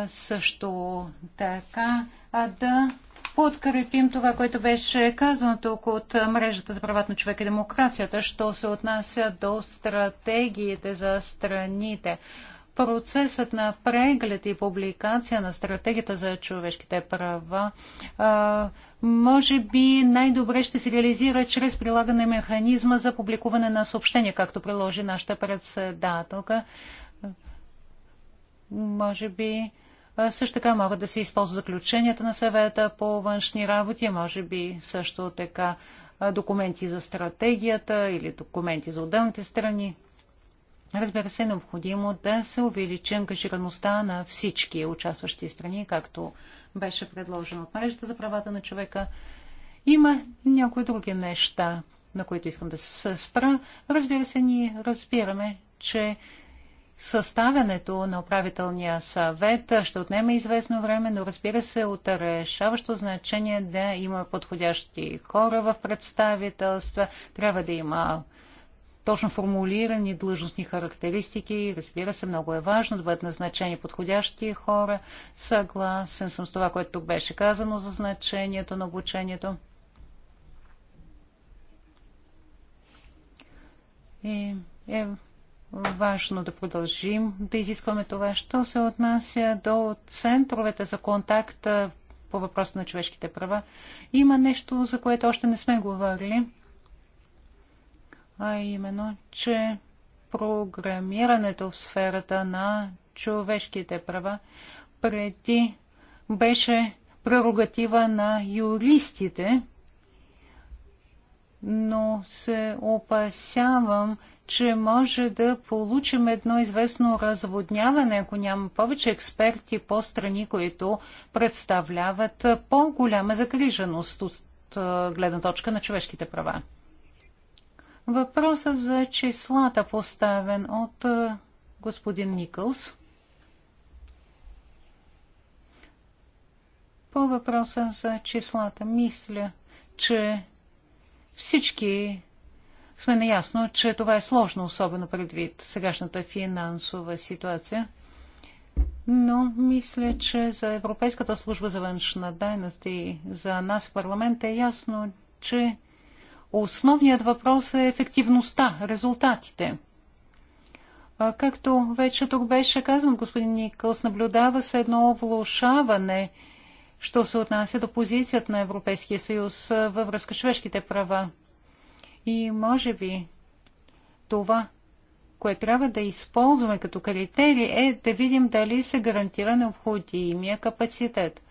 също така А да подкрепим това, което беше казано тук от мрежата за правата на човека и демокрацията, що се отнася до стратегиите за страните. Процесът на преглед и публикация на стратегията за човешките права може би най-добре ще се реализира чрез прилагане механизма за публикуване на съобщения, както приложи нашата председателка. Може би също така могат да се използват заключенията на съвета по външни работи, може би също така документи за стратегията или документи за отделните страни. Разбира се, необходимо да се увеличи ангажираността на всички участващи страни, както беше предложено от мрежата за правата на човека. Има някои други неща, на които искам да се спра. Разбира се, ние разбираме, че съставянето на управителния съвет ще отнеме известно време, но разбира се от решаващо значение да има подходящи хора в представителства, трябва да има точно формулирани длъжностни характеристики. Разбира се, много е важно да бъдат назначени подходящи хора. Съгласен съм с това, което тук беше казано за значението на обучението. И е важно да продължим да изискваме това. Що се отнася до центровете за контакт по въпроса на човешките права, има нещо, за което още не сме говорили а именно, че програмирането в сферата на човешките права преди беше прерогатива на юристите, но се опасявам, че може да получим едно известно разводняване, ако няма повече експерти по страни, които представляват по-голяма загриженост от гледна точка на човешките права. Въпросът за числата, поставен от е, господин Никълс, по въпроса за числата, мисля, че всички сме наясно, че това е сложно, особено предвид сегашната финансова ситуация. Но мисля, че за Европейската служба за външна дайност и за нас в парламента е ясно, че Основният въпрос е ефективността, резултатите. Както вече тук беше казано, господин Никълс, наблюдава се едно влушаване, що се отнася до позицията на Европейския съюз във връзка с човешките права. И може би това, което трябва да използваме като критерий, е да видим дали се гарантира необходимия капацитет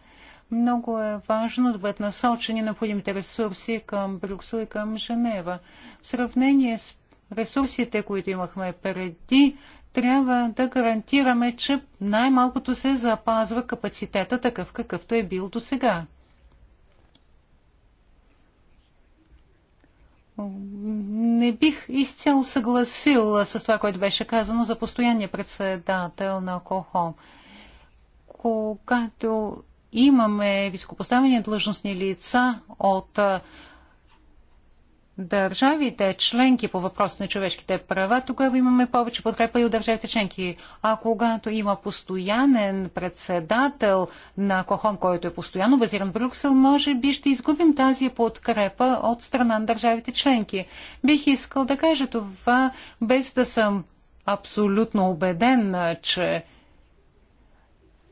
много е важно да бъдат насочени необходимите ресурси към Брюксел и към Женева. В сравнение с ресурсите, които имахме преди, трябва да гарантираме, че най-малкото се запазва капацитета такъв, какъвто е бил до сега. Не бих изцяло съгласил с това, което беше казано за постоянния председател на КОХО. Когато имаме високопоставени длъжностни лица от държавите членки по въпрос на човешките права, тогава имаме повече подкрепа и от държавите членки. А когато има постоянен председател на КОХОМ, който е постоянно базиран в Брюксел, може би ще изгубим тази подкрепа от страна на държавите членки. Бих искал да кажа това, без да съм абсолютно убеден, че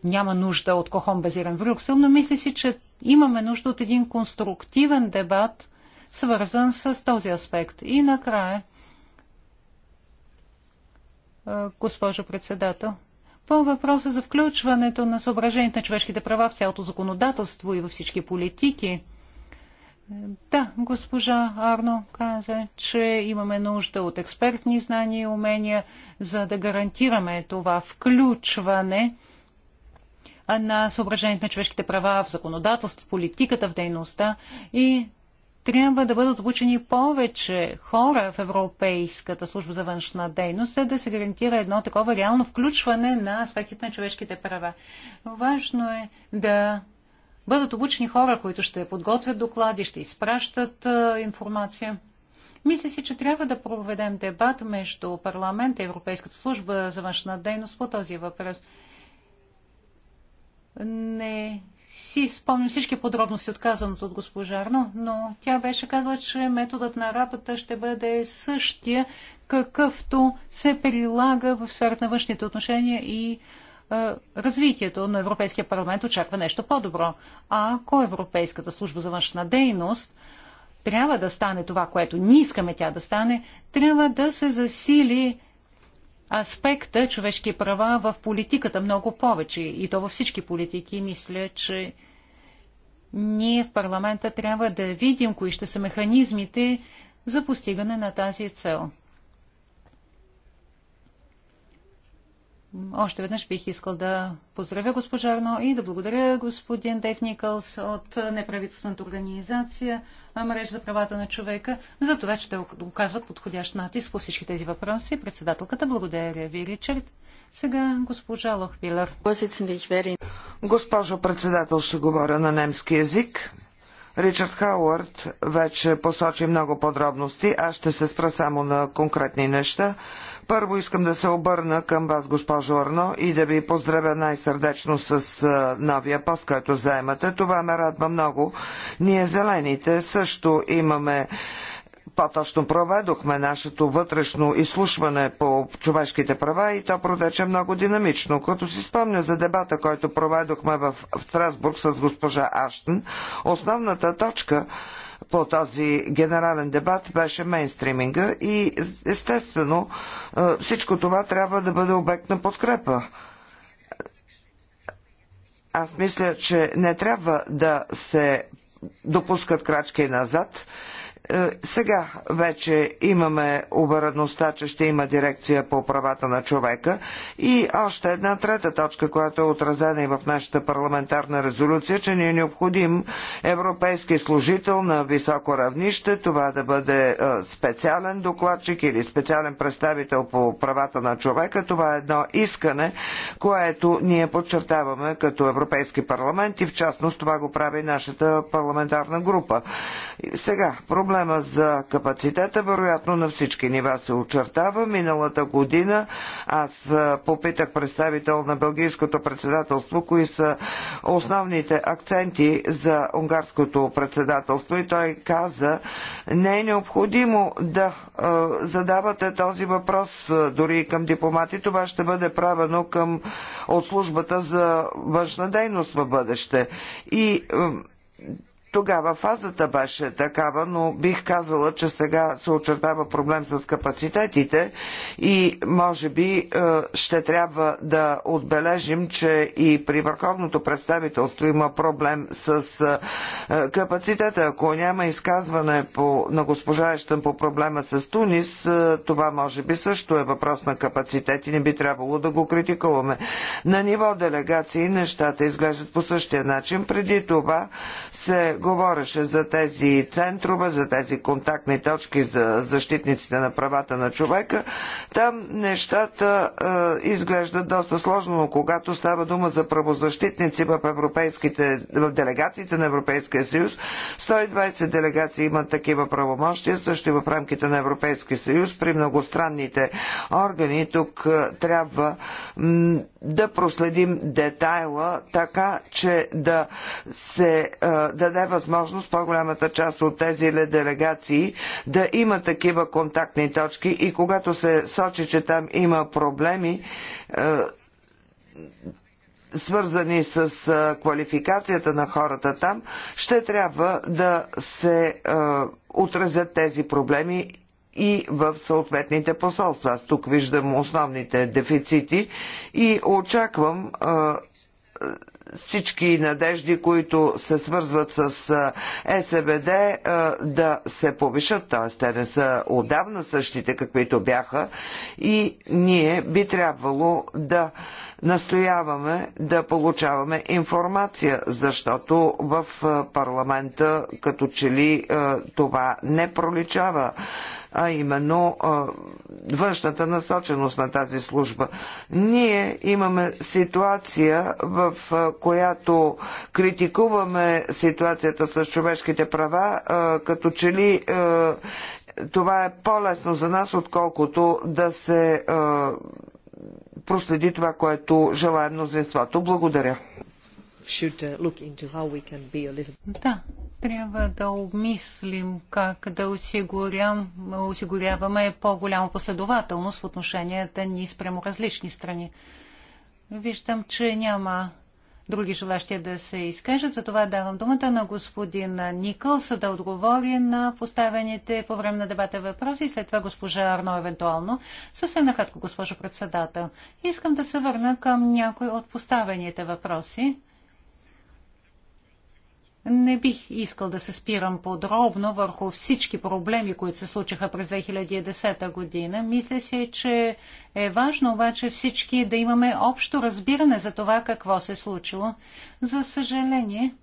няма нужда от кохом базиран в Брюксел, но мисля си, че имаме нужда от един конструктивен дебат, свързан с този аспект. И накрая, госпожо председател, по въпроса за включването на съображението на човешките права в цялото законодателство и във всички политики. Да, госпожа Арно каза, че имаме нужда от експертни знания и умения, за да гарантираме това включване на съображението на човешките права в законодателство, в политиката, в дейността и трябва да бъдат обучени повече хора в Европейската служба за външна дейност, за да се гарантира едно такова реално включване на аспектите на човешките права. Важно е да бъдат обучени хора, които ще подготвят доклади, ще изпращат информация. Мисля си, че трябва да проведем дебат между парламента и Европейската служба за външна дейност по този въпрос не си спомням всички подробности отказаното от госпожа Арно, но тя беше казала, че методът на работа ще бъде същия, какъвто се прилага в сферата на външните отношения и е, развитието на Европейския парламент очаква нещо по-добро. А ако Европейската служба за външна дейност трябва да стане това, което ние искаме тя да стане, трябва да се засили аспекта човешки права в политиката много повече и то във всички политики. Мисля, че ние в парламента трябва да видим кои ще са механизмите за постигане на тази цел. Още веднъж бих искал да поздравя госпожа Арно и да благодаря господин Дейв Никълс от неправителствената организация Мрежа за правата на човека за това, че те оказват подходящ натиск по всички тези въпроси. Председателката, благодаря ви, Ричард. Сега госпожа Лохпилър. Госпожо председател, ще говоря на немски язик. Ричард Хауърд вече посочи много подробности. Аз ще се спра само на конкретни неща. Първо искам да се обърна към вас, госпожо Орно, и да ви поздравя най-сърдечно с новия пост, който заемате. Това ме радва много. Ние, зелените, също имаме по-точно проведохме нашето вътрешно изслушване по човешките права и то протече много динамично. Като си спомня за дебата, който проведохме в Страсбург с госпожа Аштен, основната точка по този генерален дебат беше мейнстриминга и естествено е, всичко това трябва да бъде обект на подкрепа. Аз мисля, че не трябва да се допускат крачки назад. Е, сега вече имаме увереността, че ще има дирекция по правата на човека и още една трета точка, която е отразена и в нашата парламентарна резолюция, че ни е необходим европейски служител на високо равнище, това да бъде е, специален докладчик или специален представител по правата на човека. Това е едно искане, което ние подчертаваме като Европейски парламент и в частност това го прави нашата парламентарна група. Сега, проблем Проблема за капацитета, вероятно на всички нива се очертава. Миналата година аз попитах представител на Белгийското председателство, кои са основните акценти за унгарското председателство и той каза, не е необходимо да задавате този въпрос дори и към дипломати. Това ще бъде правено към, от службата за външна дейност в бъдеще. И тогава фазата беше такава, но бих казала, че сега се очертава проблем с капацитетите и може би е, ще трябва да отбележим, че и при върховното представителство има проблем с е, капацитета. Ако няма изказване по, на госпожа Ещен по проблема с Тунис, е, това може би също е въпрос на капацитет и не би трябвало да го критикуваме. На ниво делегации нещата изглеждат по същия начин. Преди това се говореше за тези центрове, за тези контактни точки за защитниците на правата на човека. Там нещата е, изглеждат доста сложно, но когато става дума за правозащитници в, европейските, в делегациите на Европейския съюз, 120 делегации имат такива правомощия, също и в рамките на Европейския съюз. При многостранните органи тук е, трябва да проследим детайла, така че да се е, даде възможност по-голямата част от тези делегации да има такива контактни точки и когато се сочи, че там има проблеми, е, свързани с е, квалификацията на хората там, ще трябва да се е, отразят тези проблеми и в съответните посолства. Аз тук виждам основните дефицити и очаквам всички надежди, които се свързват с СБД, е да се повишат, т.е. те не са отдавна същите, каквито бяха и ние би трябвало да настояваме да получаваме информация, защото в парламента като че ли това не проличава а именно външната насоченост на тази служба. Ние имаме ситуация, в която критикуваме ситуацията с човешките права, като че ли това е по-лесно за нас, отколкото да се проследи това, което желае мнозинството. Благодаря. Uh, little... Да, трябва да обмислим как да осигурям, осигуряваме по-голяма последователност в отношенията ни спрямо различни страни. Виждам, че няма други желащия да се изкажат, затова давам думата на господин Никълс да отговори на поставените по време на дебата въпроси и след това госпожа Арно евентуално. Съвсем накратко, госпожо председател, искам да се върна към някои от поставените въпроси. Не бих искал да се спирам подробно върху всички проблеми, които се случиха през 2010 година. Мисля се, че е важно обаче всички да имаме общо разбиране за това какво се е случило. За съжаление,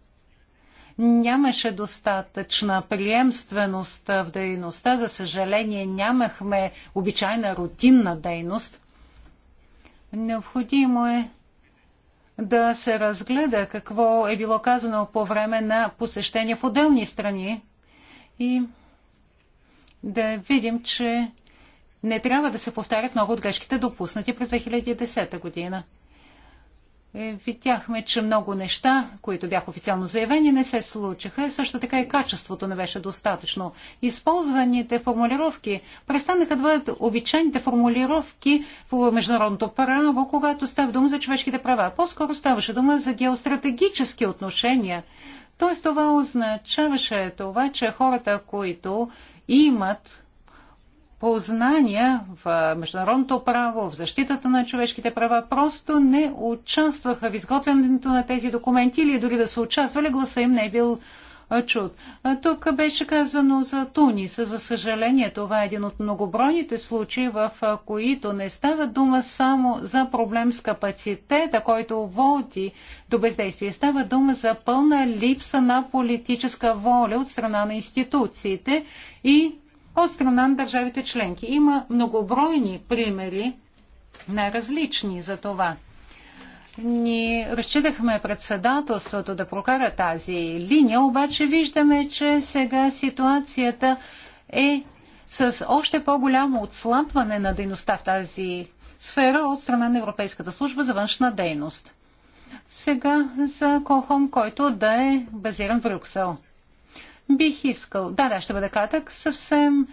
нямаше достатъчна приемственост в дейността. За съжаление, нямахме обичайна рутинна дейност. Необходимо е да се разгледа какво е било казано по време на посещения в отделни страни и да видим, че не трябва да се повтарят много от грешките, допуснати през 2010 година. Е, видяхме, че много неща, които бяха официално заявени, не се случиха. Е, също така и качеството не беше достатъчно. Използваните формулировки престанаха да бъдат обичайните формулировки в международното право, когато става дума за човешките права. По-скоро ставаше дума за геостратегически отношения. Тоест това означаваше това, че хората, които имат познания в международното право, в защитата на човешките права, просто не участваха в изготвянето на тези документи или дори да са участвали, гласа им не е бил чуд. Тук беше казано за Тунис. За съжаление, това е един от многобройните случаи, в които не става дума само за проблем с капацитета, който води до бездействие. Става дума за пълна липса на политическа воля от страна на институциите и от страна на държавите членки. Има многобройни примери на различни за това. Ние разчитахме председателството да прокара тази линия, обаче виждаме, че сега ситуацията е с още по-голямо отслабване на дейността в тази сфера от страна на Европейската служба за външна дейност. Сега за Кохом, който да е базиран в Брюксел. Бих искал... Да, да, ще бъда кратък. Съвсем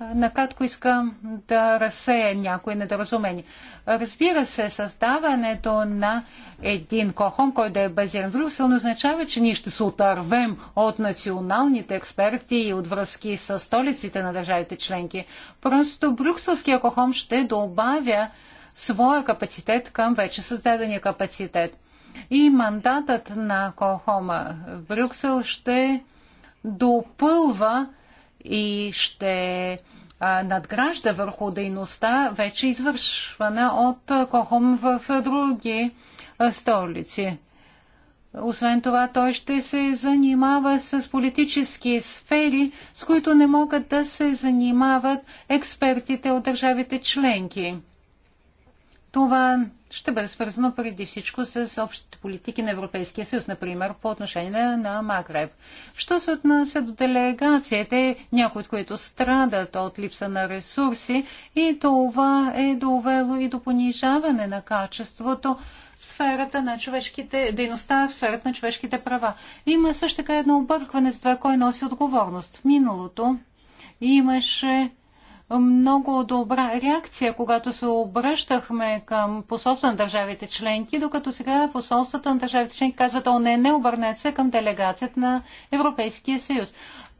накратко искам да разсея някои недоразумения. Разбира се, създаването на един кохон, който да е базиран в Брюксел, не означава, че ние ще се отървем от националните експерти и от връзки с столиците на държавите членки. Просто брюкселския кохон ще добавя своя капацитет към вече създадения капацитет. И мандатът на Кохома в Брюксел ще допълва и ще надгражда върху дейността, вече извършвана от Кохом в други столици. Освен това, той ще се занимава с политически сфери, с които не могат да се занимават експертите от държавите членки. Това ще бъде свързано преди всичко с общите политики на Европейския съюз, например по отношение на Магреб. Що се отнася до делегациите, някои от които страдат от липса на ресурси и това е довело и до понижаване на качеството в сферата на човешките, дейността в сферата на човешките права. Има също така едно объркване с това, кой носи отговорност. В миналото имаше много добра реакция, когато се обръщахме към посолства на държавите членки, докато сега посолствата на държавите членки казват, о не, не обърнете се към делегацията на Европейския съюз.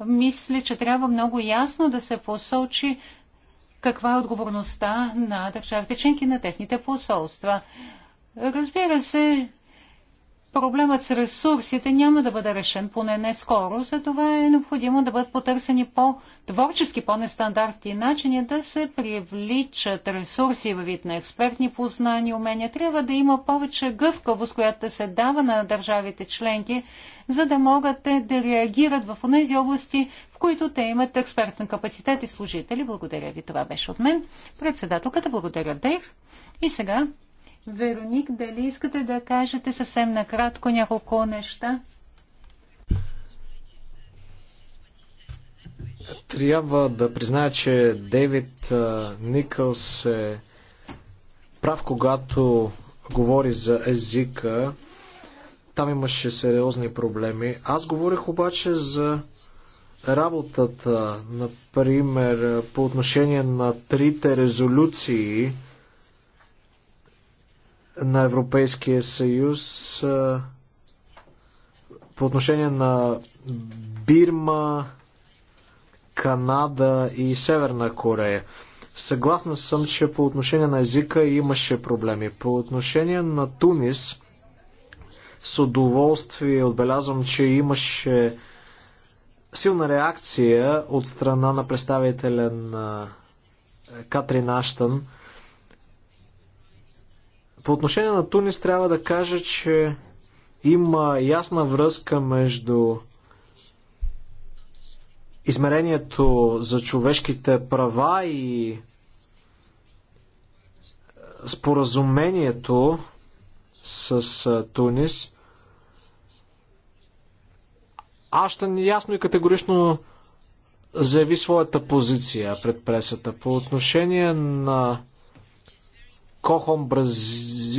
Мисля, че трябва много ясно да се посочи каква е отговорността на държавите членки на техните посолства. Разбира се, проблемът с ресурсите няма да бъде решен, поне не скоро, затова е необходимо да бъдат потърсени по-творчески, по-нестандартни начини да се привличат ресурси във вид на експертни познания, умения. Трябва да има повече гъвкавост, която да се дава на държавите членки, за да могат те да реагират в тези области, в които те имат експертен капацитет и служители. Благодаря ви. Това беше от мен. Председателката, благодаря Дейв. И сега Вероник, дали искате да кажете съвсем накратко няколко неща? Трябва да призная, че Дейвид Никълс е прав, когато говори за езика. Там имаше сериозни проблеми. Аз говорих обаче за работата, например, по отношение на трите резолюции – на Европейския съюз по отношение на Бирма, Канада и Северна Корея. Съгласна съм, че по отношение на езика имаше проблеми. По отношение на Тунис, с удоволствие отбелязвам, че имаше силна реакция от страна на представителя на Катрин Аштън. По отношение на Тунис трябва да кажа, че има ясна връзка между измерението за човешките права и споразумението с Тунис. Аз ще ясно и категорично заяви своята позиция пред пресата по отношение на Кохом,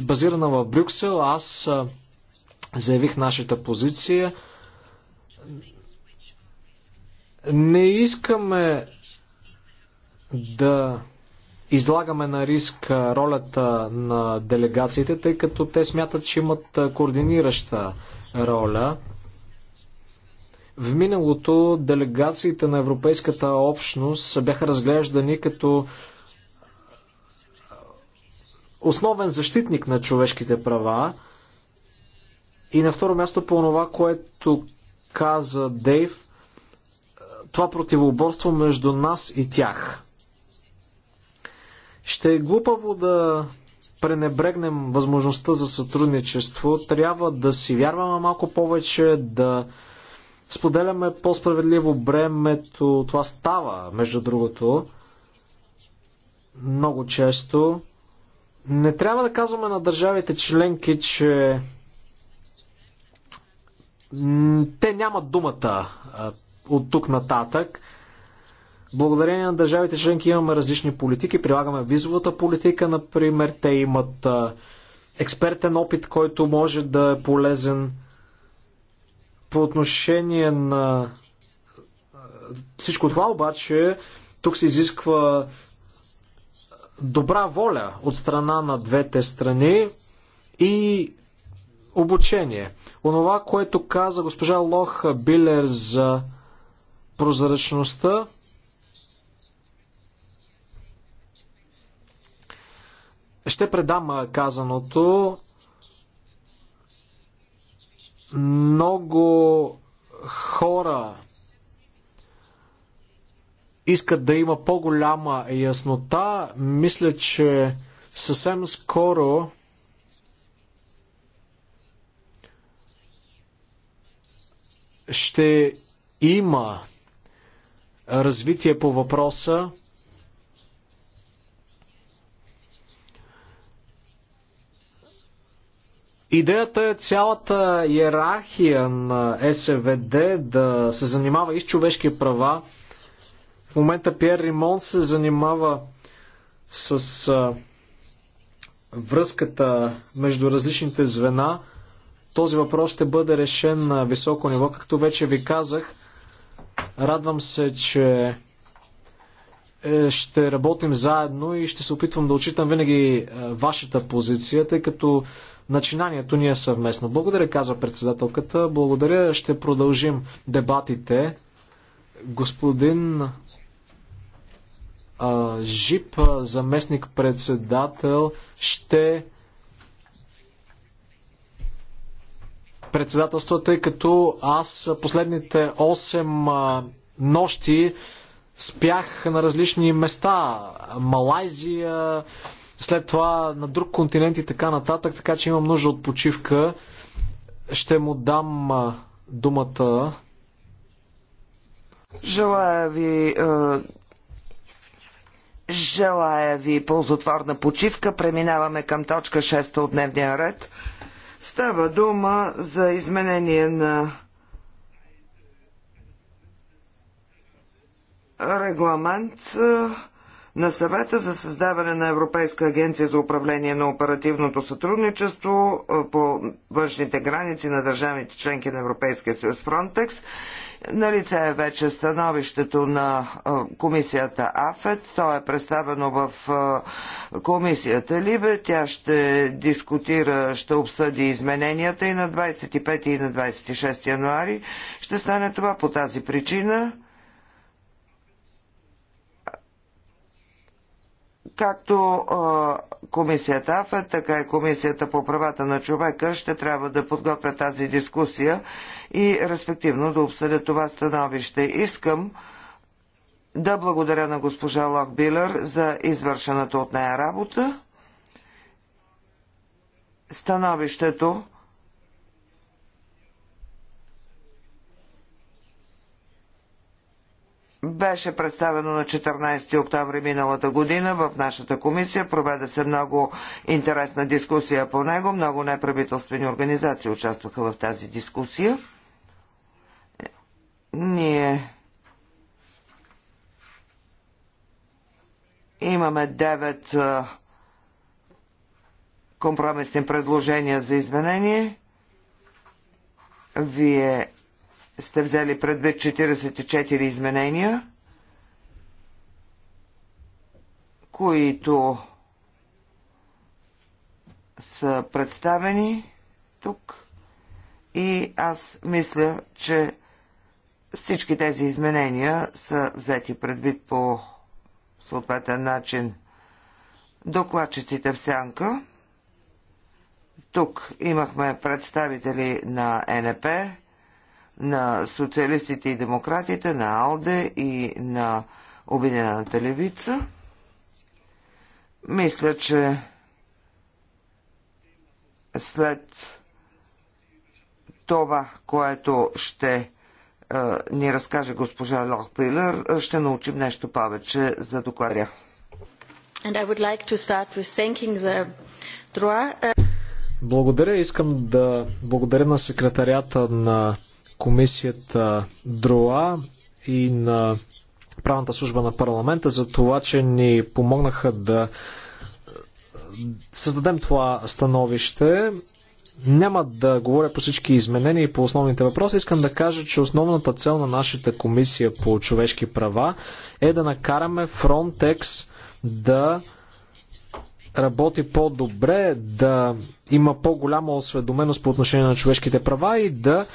базирана в Брюксел. Аз заявих нашата позиция. Не искаме да излагаме на риск ролята на делегациите, тъй като те смятат, че имат координираща роля. В миналото делегациите на Европейската общност бяха разглеждани като основен защитник на човешките права. И на второ място по това, което каза Дейв, това противоборство между нас и тях. Ще е глупаво да пренебрегнем възможността за сътрудничество. Трябва да си вярваме малко повече, да споделяме по-справедливо бремето. Това става, между другото, много често. Не трябва да казваме на държавите членки, че те нямат думата от тук нататък. Благодарение на държавите членки имаме различни политики. Прилагаме визовата политика, например. Те имат експертен опит, който може да е полезен по отношение на всичко това обаче, тук се изисква добра воля от страна на двете страни и обучение. Онова, което каза госпожа Лох Билер за прозрачността, ще предам казаното. Много хора искат да има по-голяма яснота. Мисля, че съвсем скоро ще има развитие по въпроса. Идеята е цялата иерархия на СВД да се занимава и с човешки права, момента Пьер Римон се занимава с а, връзката между различните звена. Този въпрос ще бъде решен на високо ниво. Както вече ви казах, радвам се, че е, ще работим заедно и ще се опитвам да отчитам винаги е, вашата позиция, тъй като начинанието ни е съвместно. Благодаря, казва председателката. Благодаря, ще продължим дебатите. Господин ЖИП, заместник-председател, ще председателства, тъй като аз последните 8 нощи спях на различни места. Малайзия, след това на друг континент и така нататък, така че имам нужда от почивка. Ще му дам думата. Желая ви Желая ви ползотворна почивка. Преминаваме към точка 6 от дневния ред. Става дума за изменение на регламент е, на съвета за създаване на Европейска агенция за управление на оперативното сътрудничество е, по външните граници на държавите членки на Европейския съюз Фронтекс Налице е вече становището на комисията АФЕТ. То е представено в комисията Либе. Тя ще дискутира, ще обсъди измененията и на 25 и на 26 януари. Ще стане това по тази причина. Както комисията АФЕ, така и комисията по правата на човека ще трябва да подготвя тази дискусия и респективно да обсъдя това становище. Искам да благодаря на госпожа Лохбилер за извършената от нея работа. Становището беше представено на 14 октомври миналата година в нашата комисия. Проведе се много интересна дискусия по него. Много неправителствени организации участваха в тази дискусия. Ние имаме 9 компромисни предложения за изменение. Вие сте взели предвид 44 изменения, които са представени тук. И аз мисля, че всички тези изменения са взети предвид по съответен начин. Докладчиците в сянка. Тук имахме представители на НП, на социалистите и демократите, на АЛДЕ и на Обединената левица. Мисля, че след това, което ще е, ни разкаже госпожа Лох Пилер, ще научим нещо повече за докладя. Е, благодаря. Искам да благодаря на секретарята на комисията ДРОА и на правната служба на парламента за това, че ни помогнаха да създадем това становище. Няма да говоря по всички изменения и по основните въпроси. Искам да кажа, че основната цел на нашата комисия по човешки права е да накараме Frontex да работи по-добре, да има по-голяма осведоменост по отношение на човешките права и да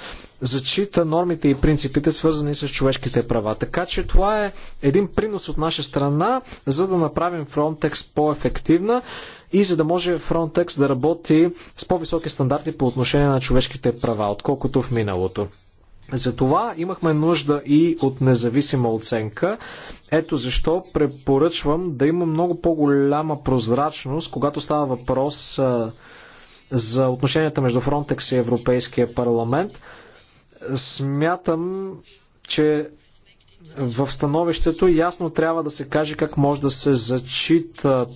зачита нормите и принципите, свързани с човешките права. Така че това е един принос от наша страна, за да направим Frontex по-ефективна и за да може Frontex да работи с по-високи стандарти по отношение на човешките права, отколкото в миналото. Затова имахме нужда и от независима оценка. Ето защо препоръчвам да има много по-голяма прозрачност, когато става въпрос за отношенията между Фронтекс и Европейския парламент. Смятам, че в становището ясно трябва да се каже как може да се зачитат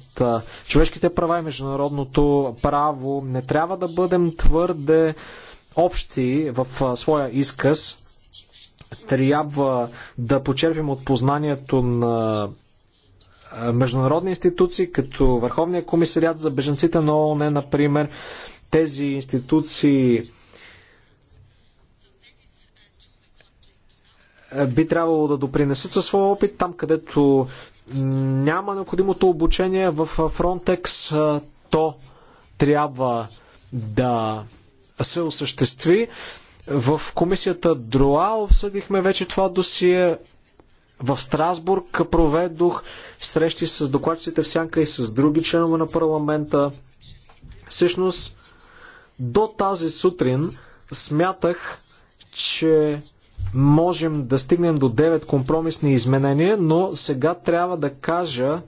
човешките права и международното право. Не трябва да бъдем твърде общи в своя изказ. Трябва да почерпим от познанието на международни институции, като Върховния комисарият за беженците на ООН, например. Тези институции би трябвало да допринесат със своя опит там, където няма необходимото обучение в Frontex, то трябва да се осъществи. В комисията ДРОА обсъдихме вече това досие. В Страсбург проведох срещи с докладчиците в Сянка и с други членове на парламента. Всъщност, до тази сутрин смятах, че можем да стигнем до 9 компромисни изменения, но сега трябва да кажа,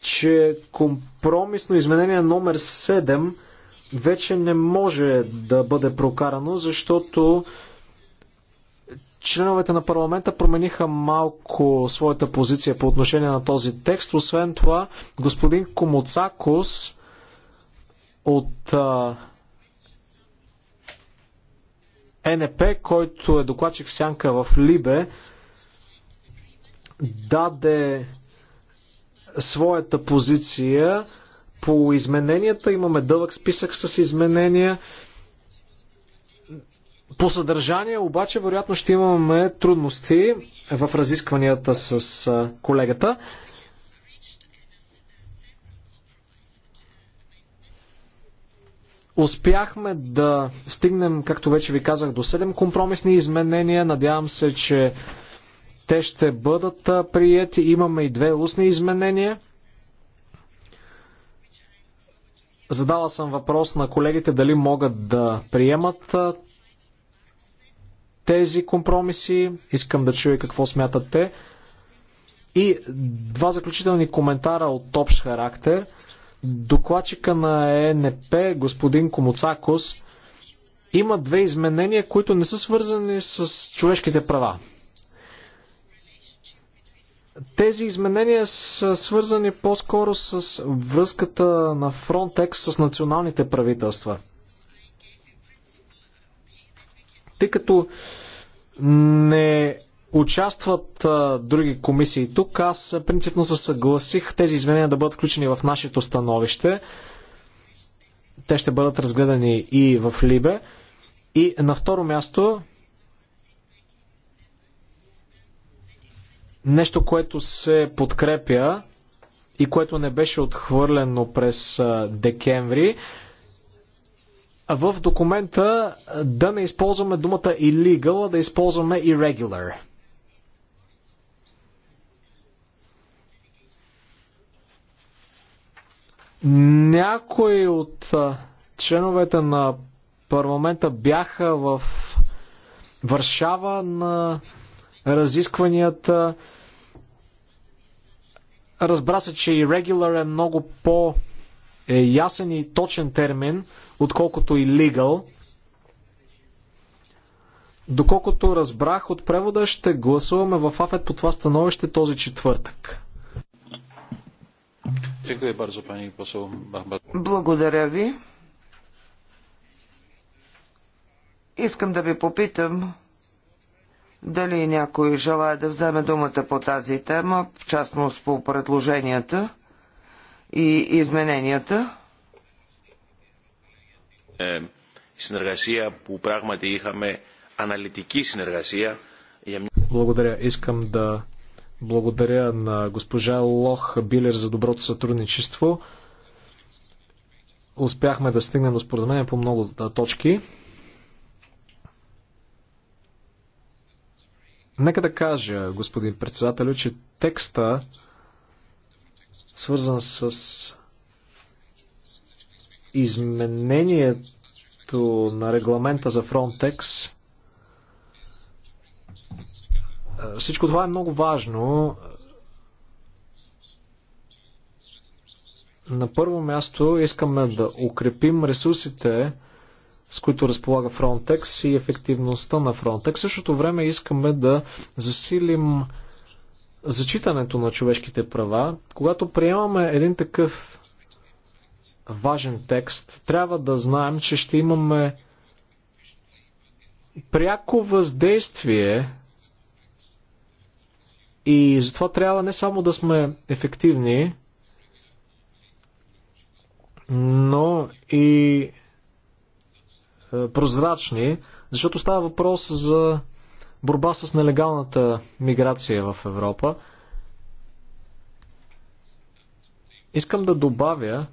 че компромисно изменение номер 7 вече не може да бъде прокарано, защото членовете на парламента промениха малко своята позиция по отношение на този текст. Освен това, господин Комоцакос от а, НП, който е докладчик сянка в Либе, даде своята позиция по измененията. Имаме дълъг списък с изменения. По съдържание обаче, вероятно ще имаме трудности в разискванията с колегата. Успяхме да стигнем, както вече ви казах, до 7 компромисни изменения. Надявам се, че те ще бъдат прияти. Имаме и две устни изменения. Задала съм въпрос на колегите дали могат да приемат тези компромиси. Искам да чуя какво смятат те. И два заключителни коментара от общ характер. Докладчика на ЕНП, господин Комуцакос, има две изменения, които не са свързани с човешките права. Тези изменения са свързани по-скоро с връзката на Frontex с националните правителства. Тъй като не участват а, други комисии тук, аз принципно се съгласих тези изменения да бъдат включени в нашето становище. Те ще бъдат разгледани и в Либе. И на второ място нещо, което се подкрепя и което не беше отхвърлено през декември. В документа да не използваме думата illegal, а да използваме irregular. Някои от членовете на парламента бяха в Варшава на разискванията. Разбра се, че и regular е много по- е ясен и точен термин, отколкото и legal. Доколкото разбрах от превода, ще гласуваме в АФЕТ по това становище този четвъртък. Благодаря ви. Искам да ви попитам дали някой желая да вземе думата по тази тема, в частност по предложенията и измененията? Ε, συνεργασία που πράγματι είχαμε, синергасия συνεργασία. Е благодаря. Искам да благодаря на госпожа Лох Билер за доброто сътрудничество. Успяхме да стигнем до споразумение по много точки. Нека да кажа, господин председател, че текста, свързан с изменението на регламента за Frontex, всичко това е много важно. На първо място искаме да укрепим ресурсите, с които разполага Frontex и ефективността на Frontex. В същото време искаме да засилим зачитането на човешките права. Когато приемаме един такъв важен текст, трябва да знаем, че ще имаме пряко въздействие и затова трябва не само да сме ефективни, но и е, прозрачни, защото става въпрос за борба с нелегалната миграция в Европа. Искам да добавя,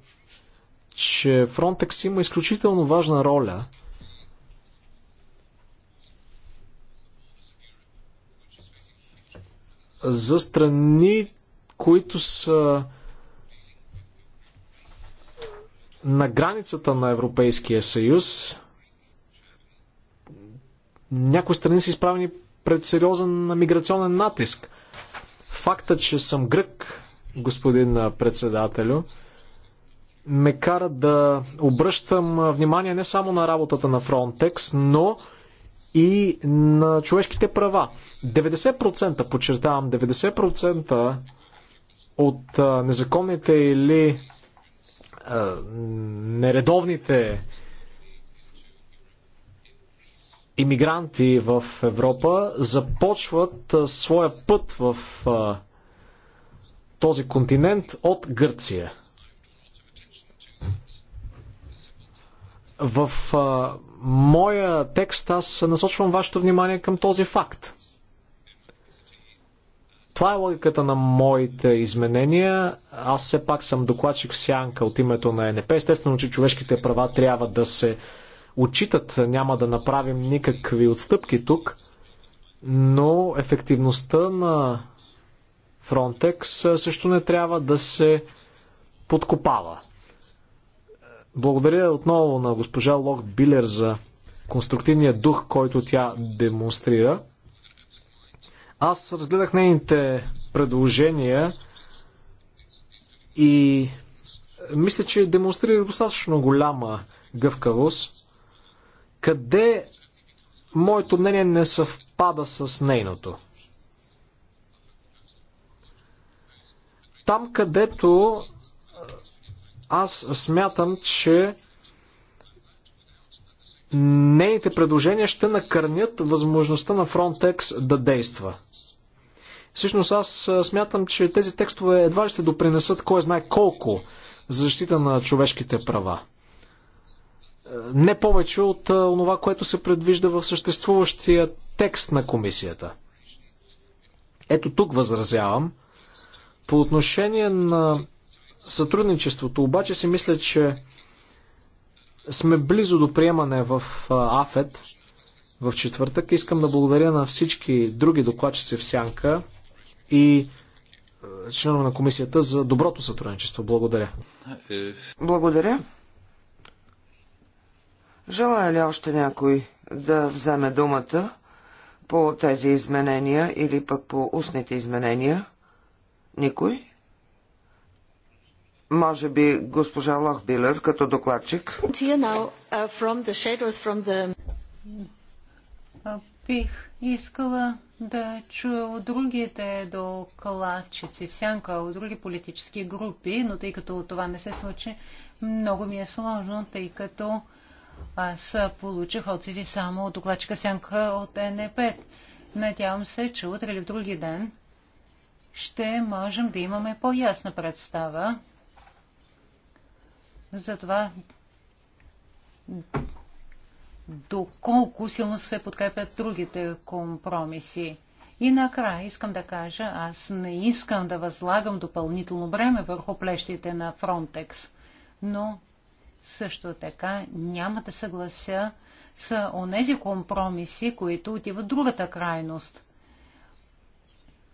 че Frontex има изключително важна роля за страни, които са на границата на Европейския съюз, някои страни са изправени пред сериозен миграционен натиск. Факта, че съм грък, господин председателю, ме кара да обръщам внимание не само на работата на Frontex, но и на човешките права. 90%, подчертавам, 90% от незаконните или нередовните иммигранти в Европа започват своя път в този континент от Гърция. В а, моя текст аз насочвам вашето внимание към този факт. Това е логиката на моите изменения. Аз все пак съм докладчик в сянка от името на ЕНП. Естествено, че човешките права трябва да се отчитат. Няма да направим никакви отстъпки тук, но ефективността на Frontex също не трябва да се подкопава. Благодаря отново на госпожа Лок Билер за конструктивния дух, който тя демонстрира. Аз разгледах нейните предложения и мисля, че демонстрира достатъчно голяма гъвкавост къде моето мнение не съвпада с нейното. Там, където аз смятам, че нейните предложения ще накърнят възможността на Frontex да действа. Всъщност аз смятам, че тези текстове едва ли ще допринесат кой знае колко за защита на човешките права не повече от това, което се предвижда в съществуващия текст на комисията. Ето тук възразявам. По отношение на сътрудничеството, обаче си мисля, че сме близо до приемане в АФЕД в четвъртък. Искам да благодаря на всички други докладчици в Сянка и членове на комисията за доброто сътрудничество. Благодаря. Благодаря. Желая ли още някой да вземе думата по тези изменения или пък по устните изменения? Никой? Може би госпожа Лохбилер като докладчик. Uh, бих искала да чуя от другите докладчици, всянка от други политически групи, но тъй като това не се случи, много ми е сложно, тъй като аз получих отзиви само от докладчика Сянка от НЕП. Надявам се, че утре или в други ден ще можем да имаме по-ясна представа за това доколко силно се подкрепят другите компромиси. И накрая искам да кажа, аз не искам да възлагам допълнително време върху плещите на Фронтекс, но също така няма да съглася с онези компромиси, които отиват другата крайност.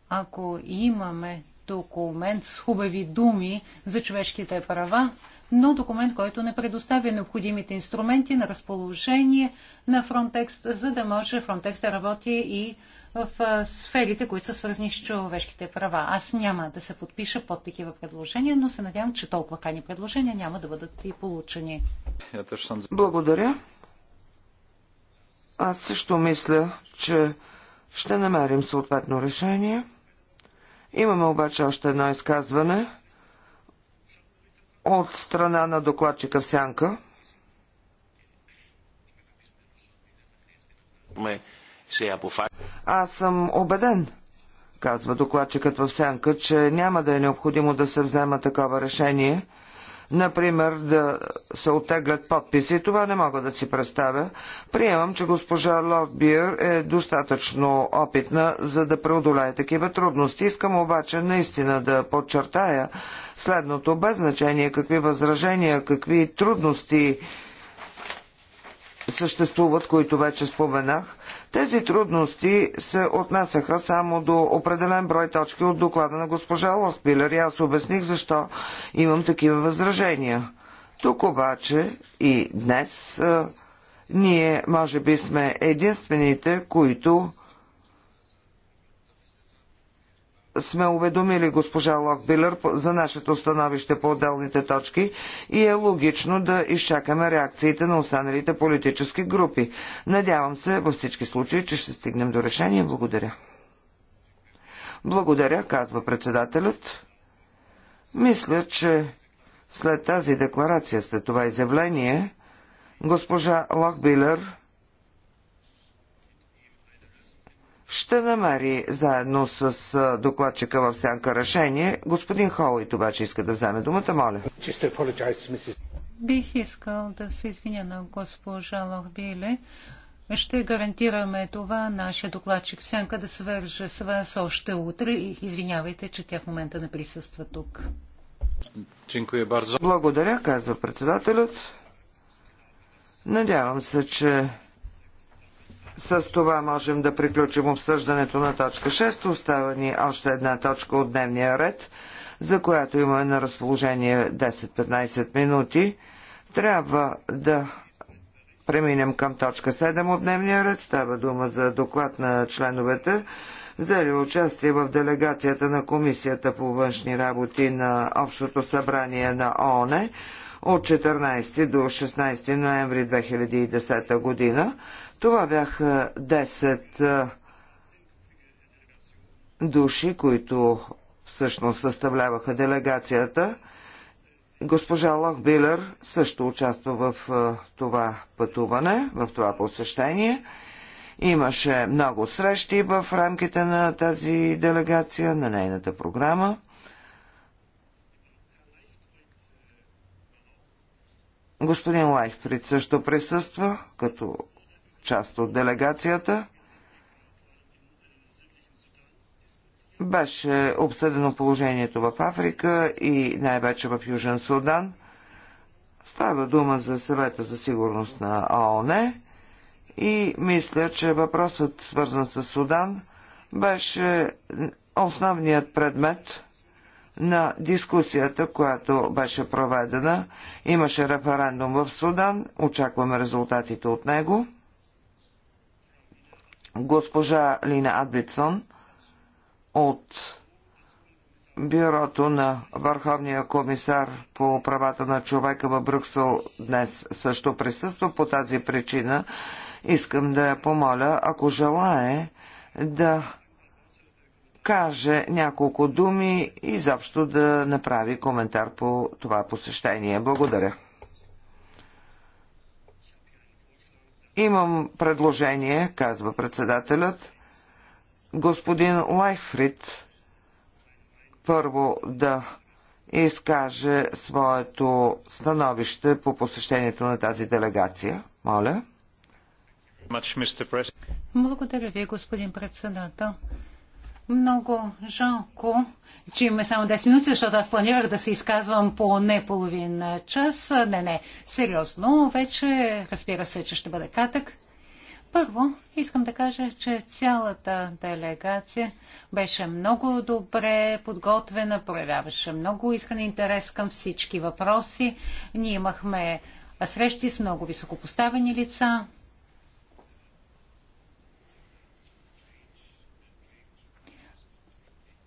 Ако имаме документ с хубави думи за човешките права, но документ, който не предоставя необходимите инструменти на разположение на фронтекст, за да може фронтекст да работи и в сферите, които са свързани с човешките права. Аз няма да се подпиша под такива предложения, но се надявам, че толкова кани предложения няма да бъдат и получени. Благодаря. Аз също мисля, че ще намерим съответно решение. Имаме обаче още едно изказване от страна на докладчика в сянка. Аз съм убеден, казва докладчикът в сянка, че няма да е необходимо да се взема такова решение, например да се отеглят подписи, това не мога да си представя. Приемам, че госпожа Лордбиер е достатъчно опитна, за да преодолее такива трудности. Искам обаче наистина да подчертая следното, без значение какви възражения, какви трудности съществуват, които вече споменах – тези трудности се отнасяха само до определен брой точки от доклада на госпожа Лохпилер и аз обясних защо имам такива възражения. Тук обаче и днес ние може би сме единствените, които сме уведомили госпожа Локбилер за нашето становище по отделните точки и е логично да изчакаме реакциите на останалите политически групи. Надявам се във всички случаи, че ще стигнем до решение. Благодаря. Благодаря, казва председателят. Мисля, че след тази декларация, след това изявление, госпожа Локбилер ще намери заедно с докладчика в сянка решение. Господин Холит обаче иска да вземе думата, моля. Бих искал да се извиня на госпожа Лохбиле. Ще гарантираме това нашия докладчик в сянка да свърже с вас още утре и извинявайте, че тя в момента не присъства тук. Благодаря, казва председателят. Надявам се, че с това можем да приключим обсъждането на точка 6. Остава ни още една точка от дневния ред, за която имаме на разположение 10-15 минути. Трябва да преминем към точка 7 от дневния ред. Става дума за доклад на членовете взели участие в делегацията на Комисията по външни работи на Общото събрание на ООН от 14 до 16 ноември 2010 година. Това бяха 10 души, които всъщност съставляваха делегацията. Госпожа Лох Билер също участва в това пътуване, в това посещение. Имаше много срещи в рамките на тази делегация, на нейната програма. Господин Лайфрид също присъства като част от делегацията. Беше обсъдено положението в Африка и най-вече в Южен Судан. Става дума за съвета за сигурност на ООН и мисля, че въпросът свързан с Судан беше основният предмет на дискусията, която беше проведена. Имаше референдум в Судан, очакваме резултатите от него госпожа Лина Адвидсон от Бюрото на Върховния комисар по правата на човека в Брюксел днес също присъства. По тази причина искам да я помоля, ако желае, да каже няколко думи и изобщо да направи коментар по това посещение. Благодаря. Имам предложение, казва председателят. Господин Лайфрид първо да изкаже своето становище по посещението на тази делегация. Моля. Благодаря ви, господин председател. Много жалко, че имаме само 10 минути, защото аз планирах да се изказвам по не половин час. Не, не, сериозно, вече разбира се, че ще бъде катък. Първо, искам да кажа, че цялата делегация беше много добре подготвена, проявяваше много искан интерес към всички въпроси. Ние имахме срещи с много високопоставени лица,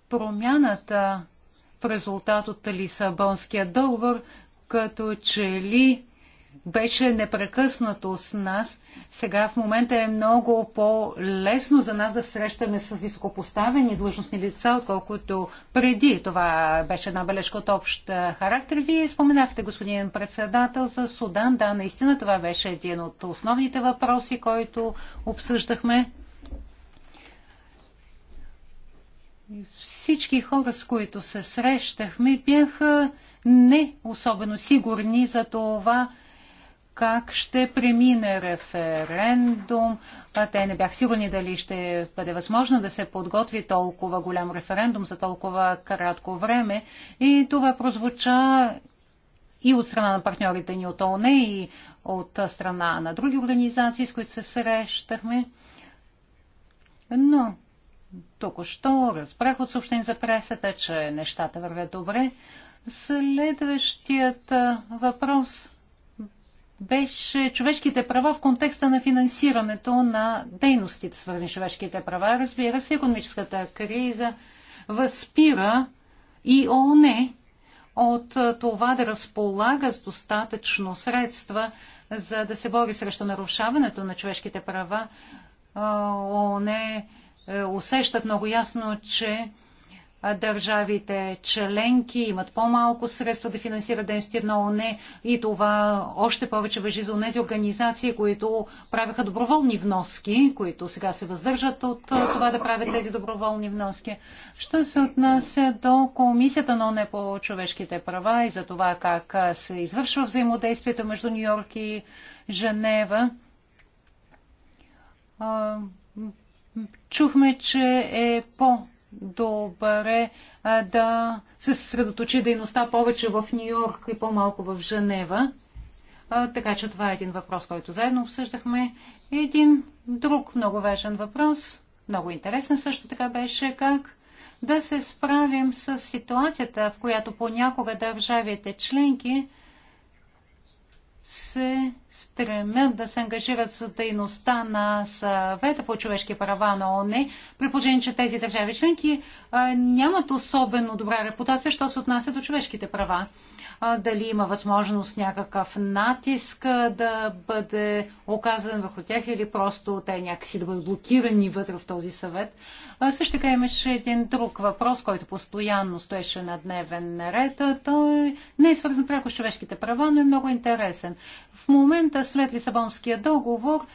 промяната в резултат от Лисабонския договор, като че ли беше непрекъснато с нас. Сега в момента е много по-лесно за нас да срещаме с високопоставени длъжностни лица, отколкото преди. Това беше една бележка от общ характер. Вие споменахте, господин председател, за Судан. Да, наистина това беше един от основните въпроси, който обсъждахме. всички хора, с които се срещахме, бяха не особено сигурни за това, как ще премине референдум. Те не бях сигурни дали ще бъде възможно да се подготви толкова голям референдум за толкова кратко време. И това прозвуча и от страна на партньорите ни от ОНЕ, и от страна на други организации, с които се срещахме. Но Току-що разбрах от съобщение за пресата, че нещата вървят добре. Следващият въпрос беше човешките права в контекста на финансирането на дейностите, свързани с човешките права. Разбира се, економическата криза възпира и ООН от това да разполага с достатъчно средства, за да се бори срещу нарушаването на човешките права. ООН е, усещат много ясно, че държавите членки имат по-малко средства да финансират дейности на ОНЕ и това още повече въжи за тези организации, които правяха доброволни вноски, които сега се въздържат от това да правят тези доброволни вноски. Що се отнася до Комисията на ОНЕ по човешките права и за това как се извършва взаимодействието между Нью Йорк и Женева, чухме, че е по-добре да се съсредоточи дейността повече в Нью-Йорк и по-малко в Женева. Така че това е един въпрос, който заедно обсъждахме. Един друг много важен въпрос, много интересен също така беше как да се справим с ситуацията, в която понякога държавите членки – се стремят да се ангажират с дейността на съвета по човешки права на ООН, при положение, че тези държави членки нямат особено добра репутация, що се отнася до човешките права дали има възможност някакъв натиск да бъде оказан върху тях или просто те някакси да бъдат блокирани вътре в този съвет. Също така имаше един друг въпрос, който постоянно стоеше на дневен ред. Той не е свързан пряко с човешките права, но е много интересен. В момента след Лисабонския договор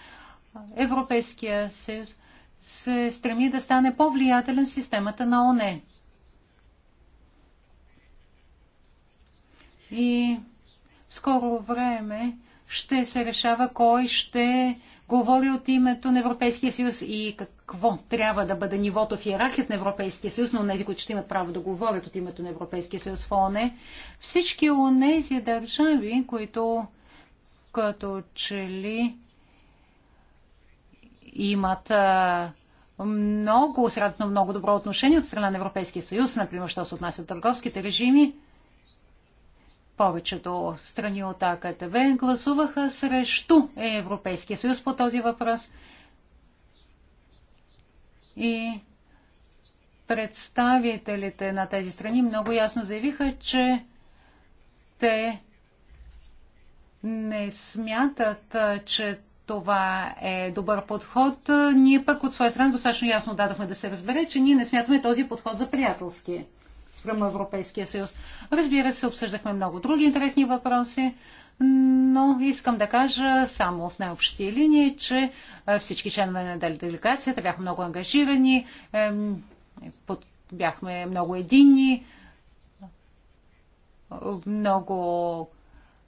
Европейския съюз се стреми да стане по-влиятелен в системата на ОНЕ. и в скоро време ще се решава кой ще говори от името на Европейския съюз и какво трябва да бъде нивото в иерархията на Европейския съюз, но тези, които ще имат право да говорят от името на Европейския съюз в ОНЕ. Всички онези държави, които като че ли имат а, много, средно много добро отношение от страна на Европейския съюз, например, що се отнася до търговските режими, повечето страни от АКТВ гласуваха срещу Европейския съюз по този въпрос. И представителите на тези страни много ясно заявиха, че те не смятат, че това е добър подход. Ние пък от своя страна достатъчно ясно дадохме да се разбере, че ние не смятаме този подход за приятелски спрямо Европейския съюз. Разбира се, обсъждахме много други интересни въпроси, но искам да кажа само в най-общи линии, че е, всички членове на делегацията бяха много ангажирани, е, бяхме много единни, много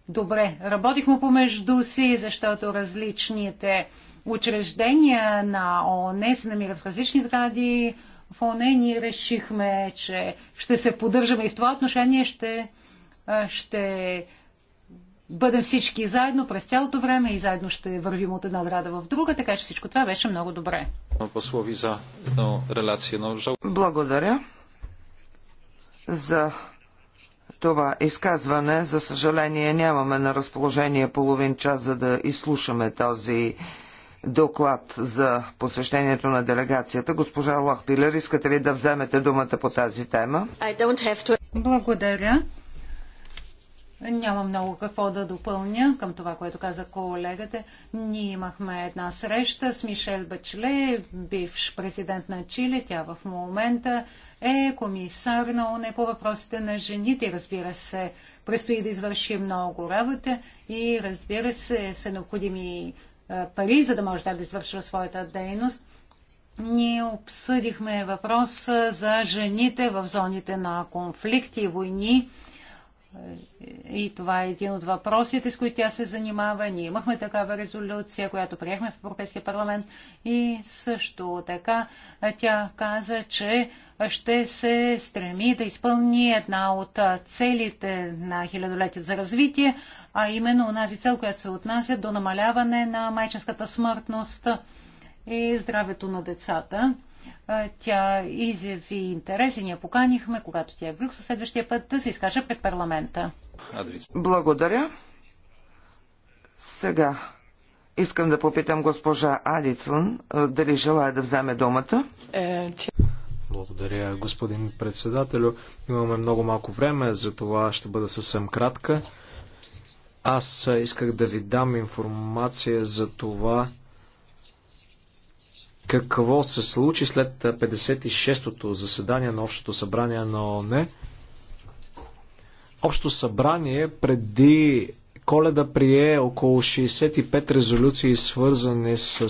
добре работихме помежду си, защото различните учреждения на ООН се намират в различни сгради, фоне ние решихме, че ще се поддържаме и в това отношение ще, ще бъдем всички заедно през цялото време и заедно ще вървим от една драда в друга, така че всичко това беше много добре. Благодаря за това изказване. За съжаление нямаме на разположение половин час, за да изслушаме този доклад за посещението на делегацията. Госпожа Лохпилер, искате ли да вземете думата по тази тема? Благодаря. Няма много какво да допълня към това, което каза колегата. Ние имахме една среща с Мишел Бачле, бивш президент на Чили. Тя в момента е комисар на ОНЕ по въпросите на жените. Разбира се, предстои да извърши много работа и разбира се, са необходими е, пари, за да може да извършва своята дейност. Ние обсъдихме въпрос е, за жените в зоните на конфликти и войни. Е, и това е един от въпросите, с които тя се занимава. Ние имахме такава резолюция, която приехме в Европейския парламент. И също така тя каза, че ще се стреми да изпълни една от целите на хилядолетието за развитие, а именно онази цел, която се отнася до намаляване на майчинската смъртност и здравето на децата. Тя изяви интерес и ние поканихме, когато тя е в Брюксел, следващия път да се изкаже пред парламента. Благодаря. Сега искам да попитам госпожа Адитвън дали желая да вземе думата. Е, Благодаря, господин председателю. Имаме много малко време, за това ще бъда съвсем кратка. Аз исках да ви дам информация за това, какво се случи след 56-тото заседание на Общото събрание на ООН. Общо събрание преди коледа прие около 65 резолюции, свързани с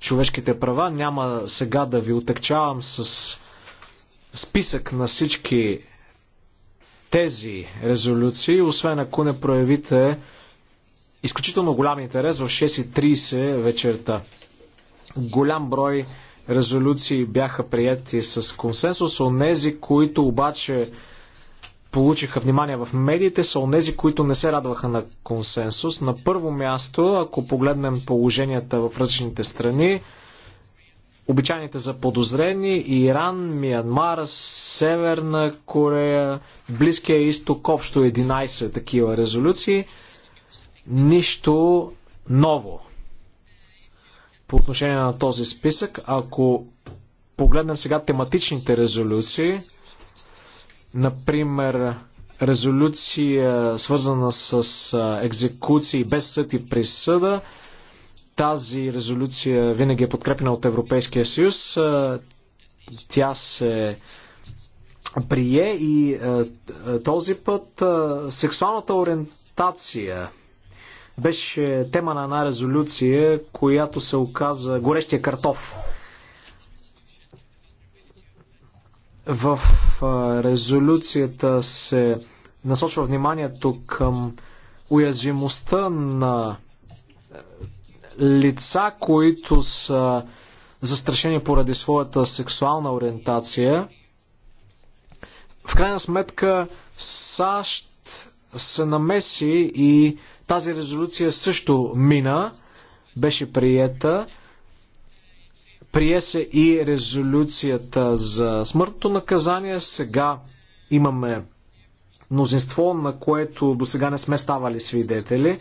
човешките права. Няма сега да ви отекчавам с списък на всички тези резолюции, освен ако не проявите изключително голям интерес в 6.30 вечерта. Голям брой резолюции бяха прияти с консенсус. Онези, които обаче получиха внимание в медиите, са онези, които не се радваха на консенсус. На първо място, ако погледнем положенията в различните страни, обичайните за подозрени Иран, Миянмар, Северна Корея, Близкия изток, общо 11 такива резолюции. Нищо ново по отношение на този списък. Ако погледнем сега тематичните резолюции, например резолюция свързана с екзекуции без съд и присъда, съда, тази резолюция винаги е подкрепена от Европейския съюз. Тя се прие и този път сексуалната ориентация беше тема на една резолюция, която се оказа горещия картоф. В резолюцията се насочва вниманието към уязвимостта на лица, които са застрашени поради своята сексуална ориентация. В крайна сметка САЩ се намеси и тази резолюция също мина, беше приета. Прие се и резолюцията за смъртното наказание. Сега имаме мнозинство, на което до сега не сме ставали свидетели.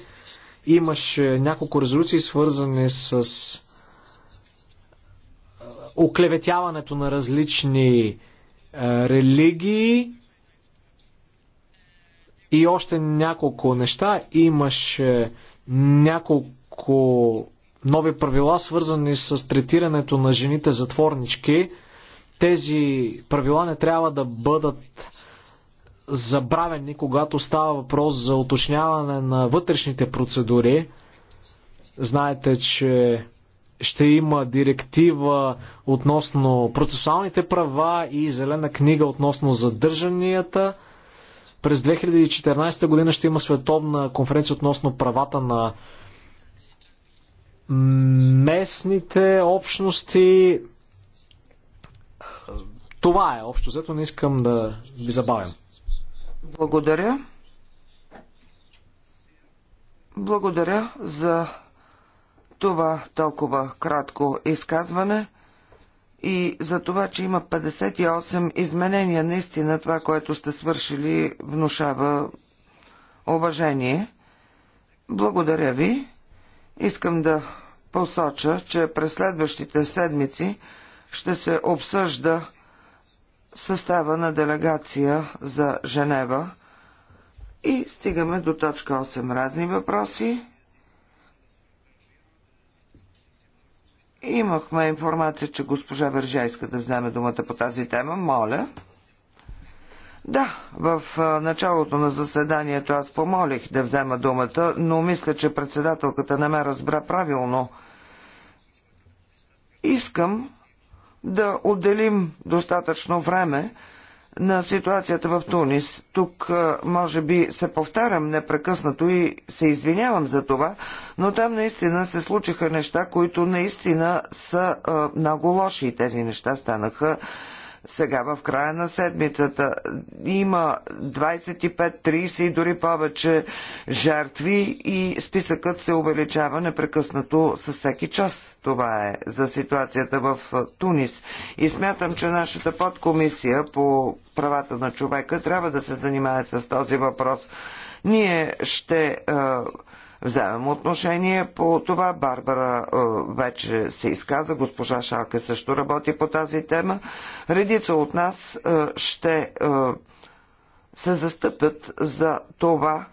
Имаше няколко резолюции, свързани с е, оклеветяването на различни е, религии и още няколко неща. Имаше няколко нови правила, свързани с третирането на жените затворнички. Тези правила не трябва да бъдат забравени, когато става въпрос за уточняване на вътрешните процедури. Знаете, че ще има директива относно процесуалните права и зелена книга относно задържанията. През 2014 година ще има световна конференция относно правата на местните общности. Това е общо, зато не искам да ви забавям. Благодаря. Благодаря за това толкова кратко изказване и за това, че има 58 изменения. Наистина това, което сте свършили, внушава уважение. Благодаря ви. Искам да посоча, че през следващите седмици ще се обсъжда състава на делегация за Женева и стигаме до точка 8 разни въпроси. Имахме информация, че госпожа Вържа иска да вземе думата по тази тема. Моля. Да, в началото на заседанието аз помолих да взема думата, но мисля, че председателката не ме разбра правилно. Искам да отделим достатъчно време на ситуацията в Тунис. Тук, може би, се повтарям непрекъснато и се извинявам за това, но там наистина се случиха неща, които наистина са много лоши и тези неща станаха сега в края на седмицата. Има 25-30 и дори повече жертви и списъкът се увеличава непрекъснато със всеки час. Това е за ситуацията в Тунис. И смятам, че нашата подкомисия по правата на човека трябва да се занимае с този въпрос. Ние ще е, вземем отношение по това. Барбара е, вече се изказа, госпожа Шалка също работи по тази тема. Редица от нас е, ще е, се застъпят за това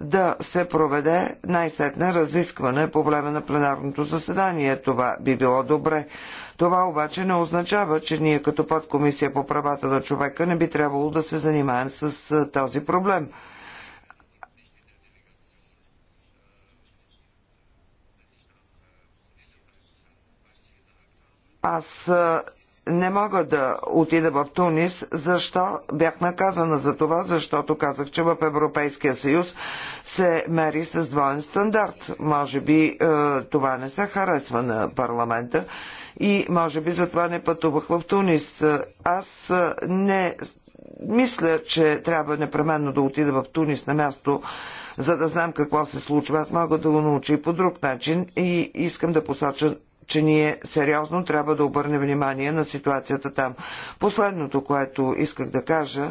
да се проведе най-сетне разискване по време на пленарното заседание. Това би било добре. Това обаче не означава, че ние като подкомисия по правата на човека не би трябвало да се занимаем с този проблем. Аз не мога да отида в Тунис. Защо? Бях наказана за това, защото казах, че в Европейския съюз се мери с двоен стандарт. Може би това не се харесва на парламента и може би затова не пътувах в Тунис. Аз не мисля, че трябва непременно да отида в Тунис на място, за да знам какво се случва. Аз мога да го науча и по друг начин и искам да посоча че ние сериозно трябва да обърнем внимание на ситуацията там. Последното, което исках да кажа,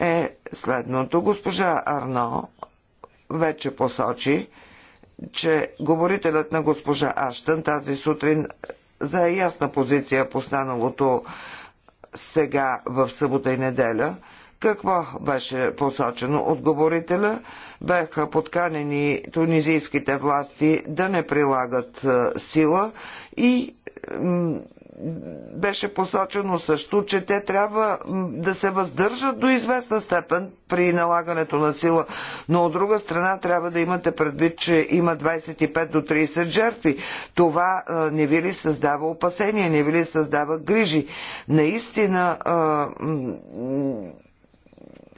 е следното. Госпожа Арно вече посочи, че говорителят на госпожа Аштън тази сутрин зае ясна позиция по станалото сега в събота и неделя – какво беше посочено? Отговорителя бяха подканени тунизийските власти да не прилагат е, сила и беше посочено също, че те трябва да се въздържат до известна степен при налагането на сила, но от друга страна трябва да имате предвид, че има 25 до 30 жертви. Това е, не ви ли създава опасения, не ви ли създава грижи? Наистина е,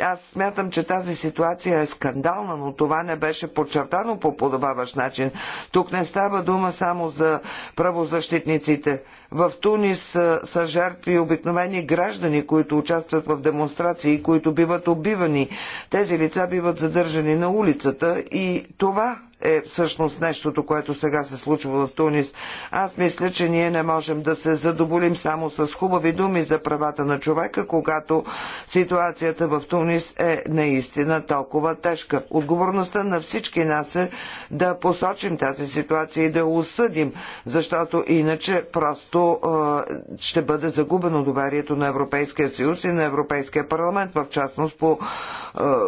аз смятам, че тази ситуация е скандална, но това не беше подчертано по подобаващ начин. Тук не става дума само за правозащитниците. В Тунис са, жертви обикновени граждани, които участват в демонстрации, които биват убивани. Тези лица биват задържани на улицата и това е всъщност нещото, което сега се случва в Тунис. Аз мисля, че ние не можем да се задоволим само с хубави думи за правата на човека, когато ситуацията в Тунис е наистина толкова тежка. Отговорността на всички нас е да посочим тази ситуация и да осъдим, защото иначе просто е, ще бъде загубено доверието на Европейския съюз и на Европейския парламент, в частност по е,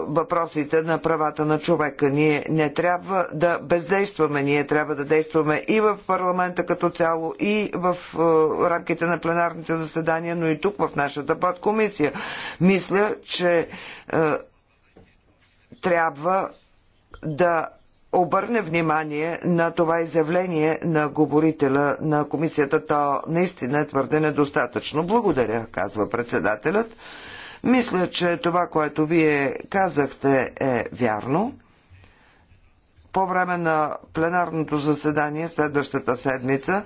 въпросите на правата на човека. Ние не трябва да бездействаме. Ние трябва да действаме и в парламента като цяло, и в е, рамките на пленарните заседания, но и тук в нашата подкомисия. Мисля, че е, трябва да обърне внимание на това изявление на говорителя на комисията. То наистина е твърде недостатъчно. Благодаря, казва председателят. Мисля, че това, което вие казахте е вярно по време на пленарното заседание следващата седмица.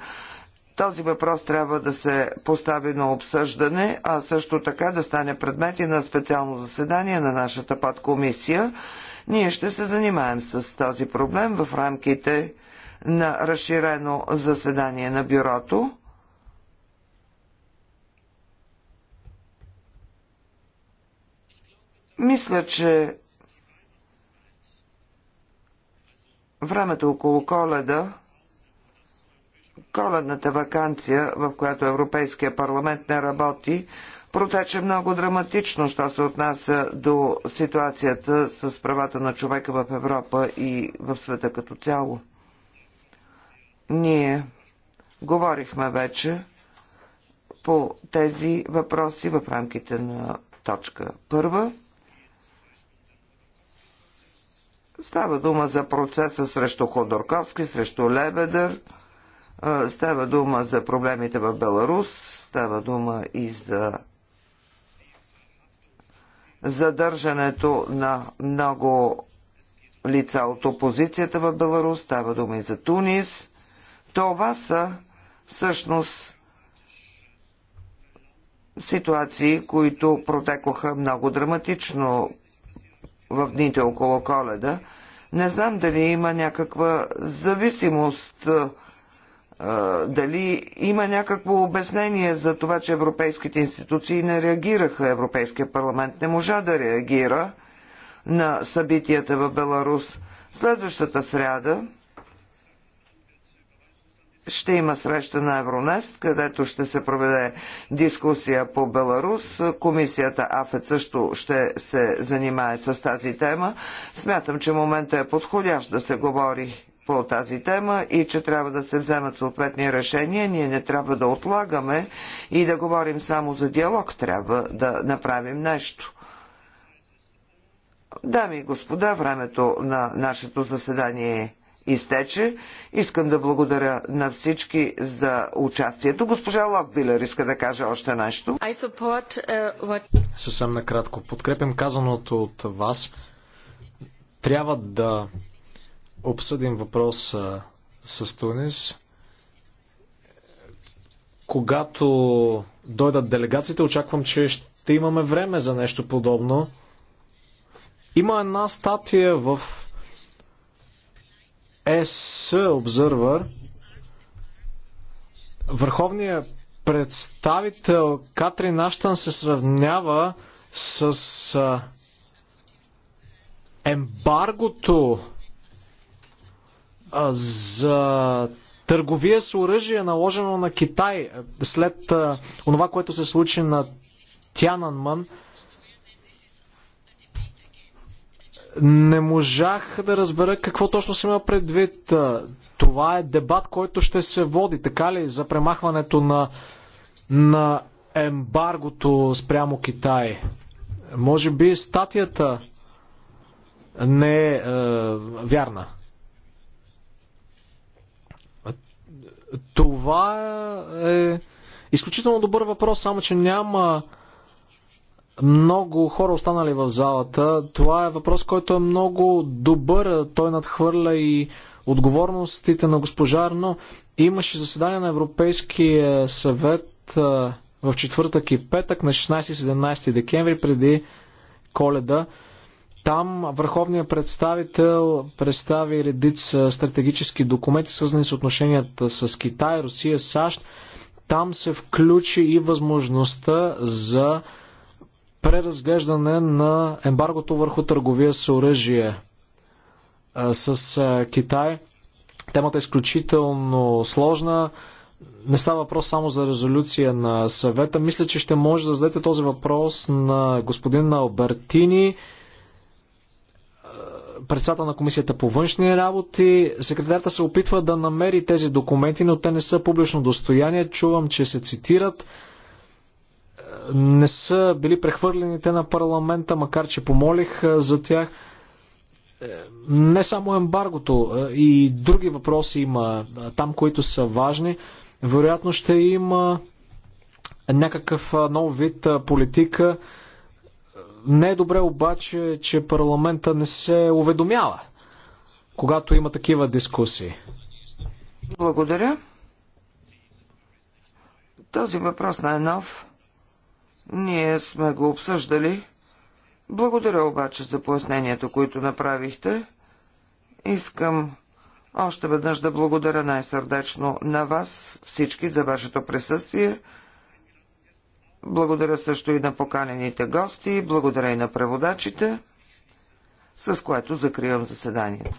Този въпрос трябва да се постави на обсъждане, а също така да стане предмет и на специално заседание на нашата подкомисия. Ние ще се занимаем с този проблем в рамките на разширено заседание на бюрото. Мисля, че времето около коледа, коледната вакансия, в която Европейския парламент не работи, протече много драматично, що се отнася до ситуацията с правата на човека в Европа и в света като цяло. Ние говорихме вече по тези въпроси в рамките на точка първа. Става дума за процеса срещу Ходорковски, срещу Лебедър. Става дума за проблемите в Беларус. Става дума и за задържането на много лица от опозицията в Беларус. Става дума и за Тунис. Това са всъщност ситуации, които протекоха много драматично в дните около коледа. Не знам дали има някаква зависимост, дали има някакво обяснение за това, че европейските институции не реагираха. Европейския парламент не можа да реагира на събитията в Беларус. Следващата сряда ще има среща на Евронест, където ще се проведе дискусия по Беларус. Комисията АФЕЦ също ще се занимае с тази тема. Смятам, че момента е подходящ да се говори по тази тема и че трябва да се вземат съответни решения. Ние не трябва да отлагаме и да говорим само за диалог. Трябва да направим нещо. Дами и господа, времето на нашето заседание изтече. Искам да благодаря на всички за участието. Госпожа Локбилер иска да каже още нещо. Support, uh, what... Съвсем накратко. Подкрепям казаното от вас. Трябва да обсъдим въпрос с Тунис. Когато дойдат делегациите, очаквам, че ще имаме време за нещо подобно. Има една статия в ЕС Обзървър, върховният представител Катрин Аштан се сравнява с ембаргото за търговия с оръжие, наложено на Китай след онова, което се случи на Тянанман. Не можах да разбера какво точно се има предвид. Това е дебат, който ще се води, така ли, за премахването на, на ембаргото спрямо Китай. Може би статията не е, е вярна. Това е изключително добър въпрос, само че няма много хора останали в залата. Това е въпрос, който е много добър. Той надхвърля и отговорностите на госпожа но Имаше заседание на Европейския съвет в четвъртък и петък на 16-17 декември преди коледа. Там върховният представител представи редица стратегически документи, свързани с отношенията с Китай, Русия, САЩ. Там се включи и възможността за преразглеждане на ембаргото върху търговия с оръжие с Китай. Темата е изключително сложна. Не става въпрос само за резолюция на съвета. Мисля, че ще може да зададете този въпрос на господин Албертини, председател на Комисията по външни работи. Секретарята се опитва да намери тези документи, но те не са публично достояние. Чувам, че се цитират не са били прехвърлените на парламента, макар че помолих за тях. Е, не само ембаргото, и други въпроси има там, които са важни. Вероятно ще има някакъв нов вид политика. Не е добре обаче, че парламента не се уведомява, когато има такива дискусии. Благодаря. Този въпрос не е нов. Ние сме го обсъждали. Благодаря обаче за пояснението, които направихте. Искам още веднъж да благодаря най-сърдечно на вас всички за вашето присъствие. Благодаря също и на поканените гости, благодаря и на преводачите, с което закривам заседанието.